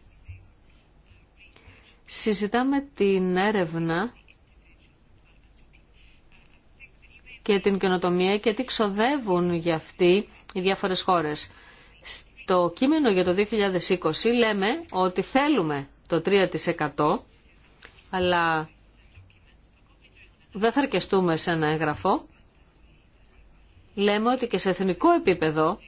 συζητάμε την έρευνα και την καινοτομία και τι ξοδεύουν για αυτή οι διάφορες χώρες το κείμενο για το 2020 λέμε ότι θέλουμε το 3% αλλά δεν θα αρκεστούμε σε ένα έγγραφο. Λέμε ότι και σε εθνικό επίπεδο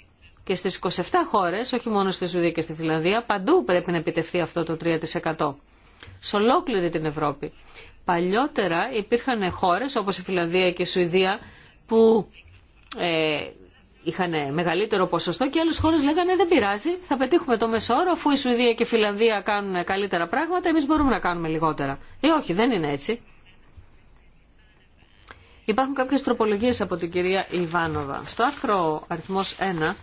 και στις 27 χώρες, όχι μόνο στη Σουηδία και στη Φιλανδία, παντού πρέπει να επιτευχθεί αυτό το 3%. Σε ολόκληρη την Ευρώπη. Παλιότερα υπήρχαν χώρες όπως η Φιλανδία και η Σουηδία που ε, είχαν μεγαλύτερο ποσοστό και άλλε χώρε λέγανε δεν πειράζει, θα πετύχουμε το μέσο όρο αφού η Σουηδία και η Φιλανδία κάνουν καλύτερα πράγματα, εμεί μπορούμε να κάνουμε λιγότερα. Ε, όχι, δεν είναι έτσι. Υπάρχουν κάποιε τροπολογίε από την κυρία Ιβάνοβα. Στο άρθρο αριθμό 1...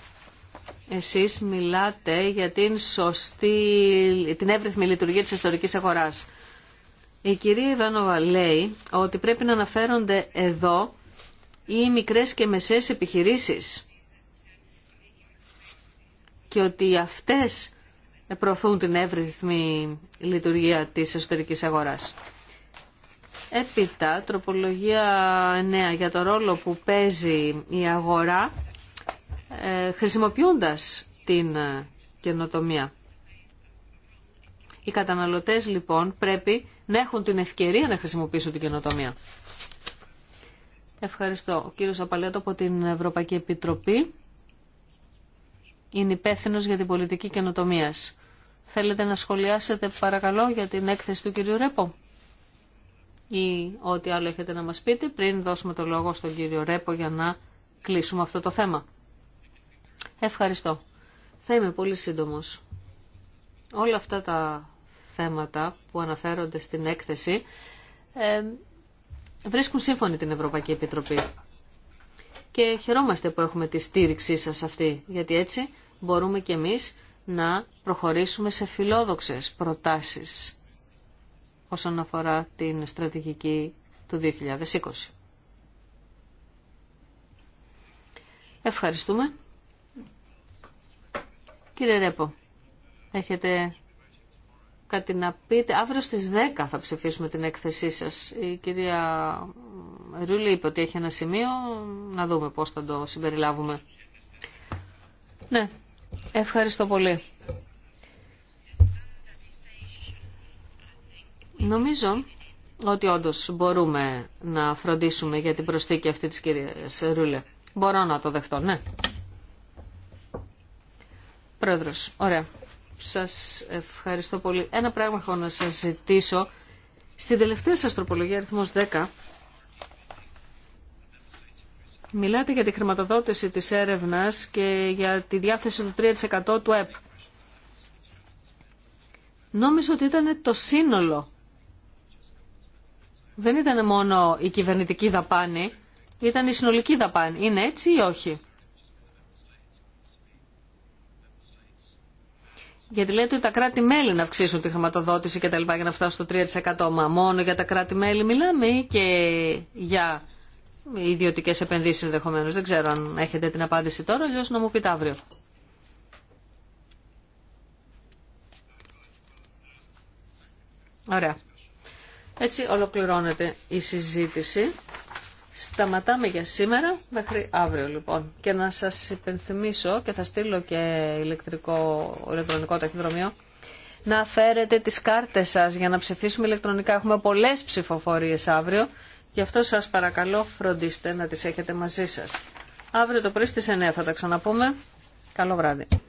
Εσείς μιλάτε για την σωστή, την εύρυθμη λειτουργία της ιστορικής αγοράς. Η κυρία Ιβάνοβα λέει ότι πρέπει να αναφέρονται εδώ οι μικρές και μεσέ επιχειρήσεις και ότι αυτές προωθούν την εύρυθμη λειτουργία της εσωτερικής αγοράς. Έπειτα, τροπολογία 9 για το ρόλο που παίζει η αγορά ε, χρησιμοποιώντας την ε, καινοτομία. Οι καταναλωτές λοιπόν πρέπει να έχουν την ευκαιρία να χρησιμοποιήσουν την καινοτομία. Ευχαριστώ. Ο κύριος Απαλέτο από την Ευρωπαϊκή Επιτροπή είναι υπεύθυνο για την πολιτική καινοτομία. Θέλετε να σχολιάσετε παρακαλώ για την έκθεση του κυρίου Ρέπο ή ό,τι άλλο έχετε να μας πείτε πριν δώσουμε το λόγο στον κύριο Ρέπο για να κλείσουμε αυτό το θέμα. Ευχαριστώ. Θα είμαι πολύ σύντομος. Όλα αυτά τα θέματα που αναφέρονται στην έκθεση ε, βρίσκουν σύμφωνη την Ευρωπαϊκή Επιτροπή και χαιρόμαστε που έχουμε τη στήριξή σας αυτή, γιατί έτσι μπορούμε κι εμείς να προχωρήσουμε σε φιλόδοξες προτάσεις όσον αφορά την στρατηγική του 2020. Ευχαριστούμε. Κύριε Ρέπο, έχετε κάτι να πείτε. Αύριο στις 10 θα ψηφίσουμε την έκθεσή σας. Η κυρία Ρούλη είπε ότι έχει ένα σημείο, να δούμε πώς θα το συμπεριλάβουμε. Ναι, ευχαριστώ πολύ. Νομίζω ότι όντως μπορούμε να φροντίσουμε για την προσθήκη αυτή της κυρίας Ρούλε. Μπορώ να το δεχτώ, ναι. Πρόεδρος, ωραία. Σας ευχαριστώ πολύ. Ένα πράγμα έχω να σας ζητήσω. Στην τελευταία σας τροπολογία, αριθμός 10, Μιλάτε για τη χρηματοδότηση της έρευνας και για τη διάθεση του 3% του ΕΠ. Νόμιζα ότι ήταν το σύνολο. Δεν ήταν μόνο η κυβερνητική δαπάνη, ήταν η συνολική δαπάνη. Είναι έτσι ή όχι. Γιατί λέτε ότι τα κράτη-μέλη να αυξήσουν τη χρηματοδότηση και τα λοιπά για να φτάσουν στο 3%. Μα μόνο για τα κράτη-μέλη μιλάμε ή και για ιδιωτικέ επενδύσει ενδεχομένω. Δεν ξέρω αν έχετε την απάντηση τώρα, αλλιώ να μου πείτε αύριο. Ωραία. Έτσι ολοκληρώνεται η συζήτηση. Σταματάμε για σήμερα μέχρι αύριο λοιπόν. Και να σας υπενθυμίσω και θα στείλω και ηλεκτρικό, ηλεκτρονικό ταχυδρομείο να φέρετε τις κάρτες σας για να ψηφίσουμε ηλεκτρονικά. Έχουμε πολλές ψηφοφορίες αύριο Γι' αυτό σας παρακαλώ φροντίστε να τις έχετε μαζί σας. Αύριο το πρωί στις 9 θα τα ξαναπούμε. Καλό βράδυ.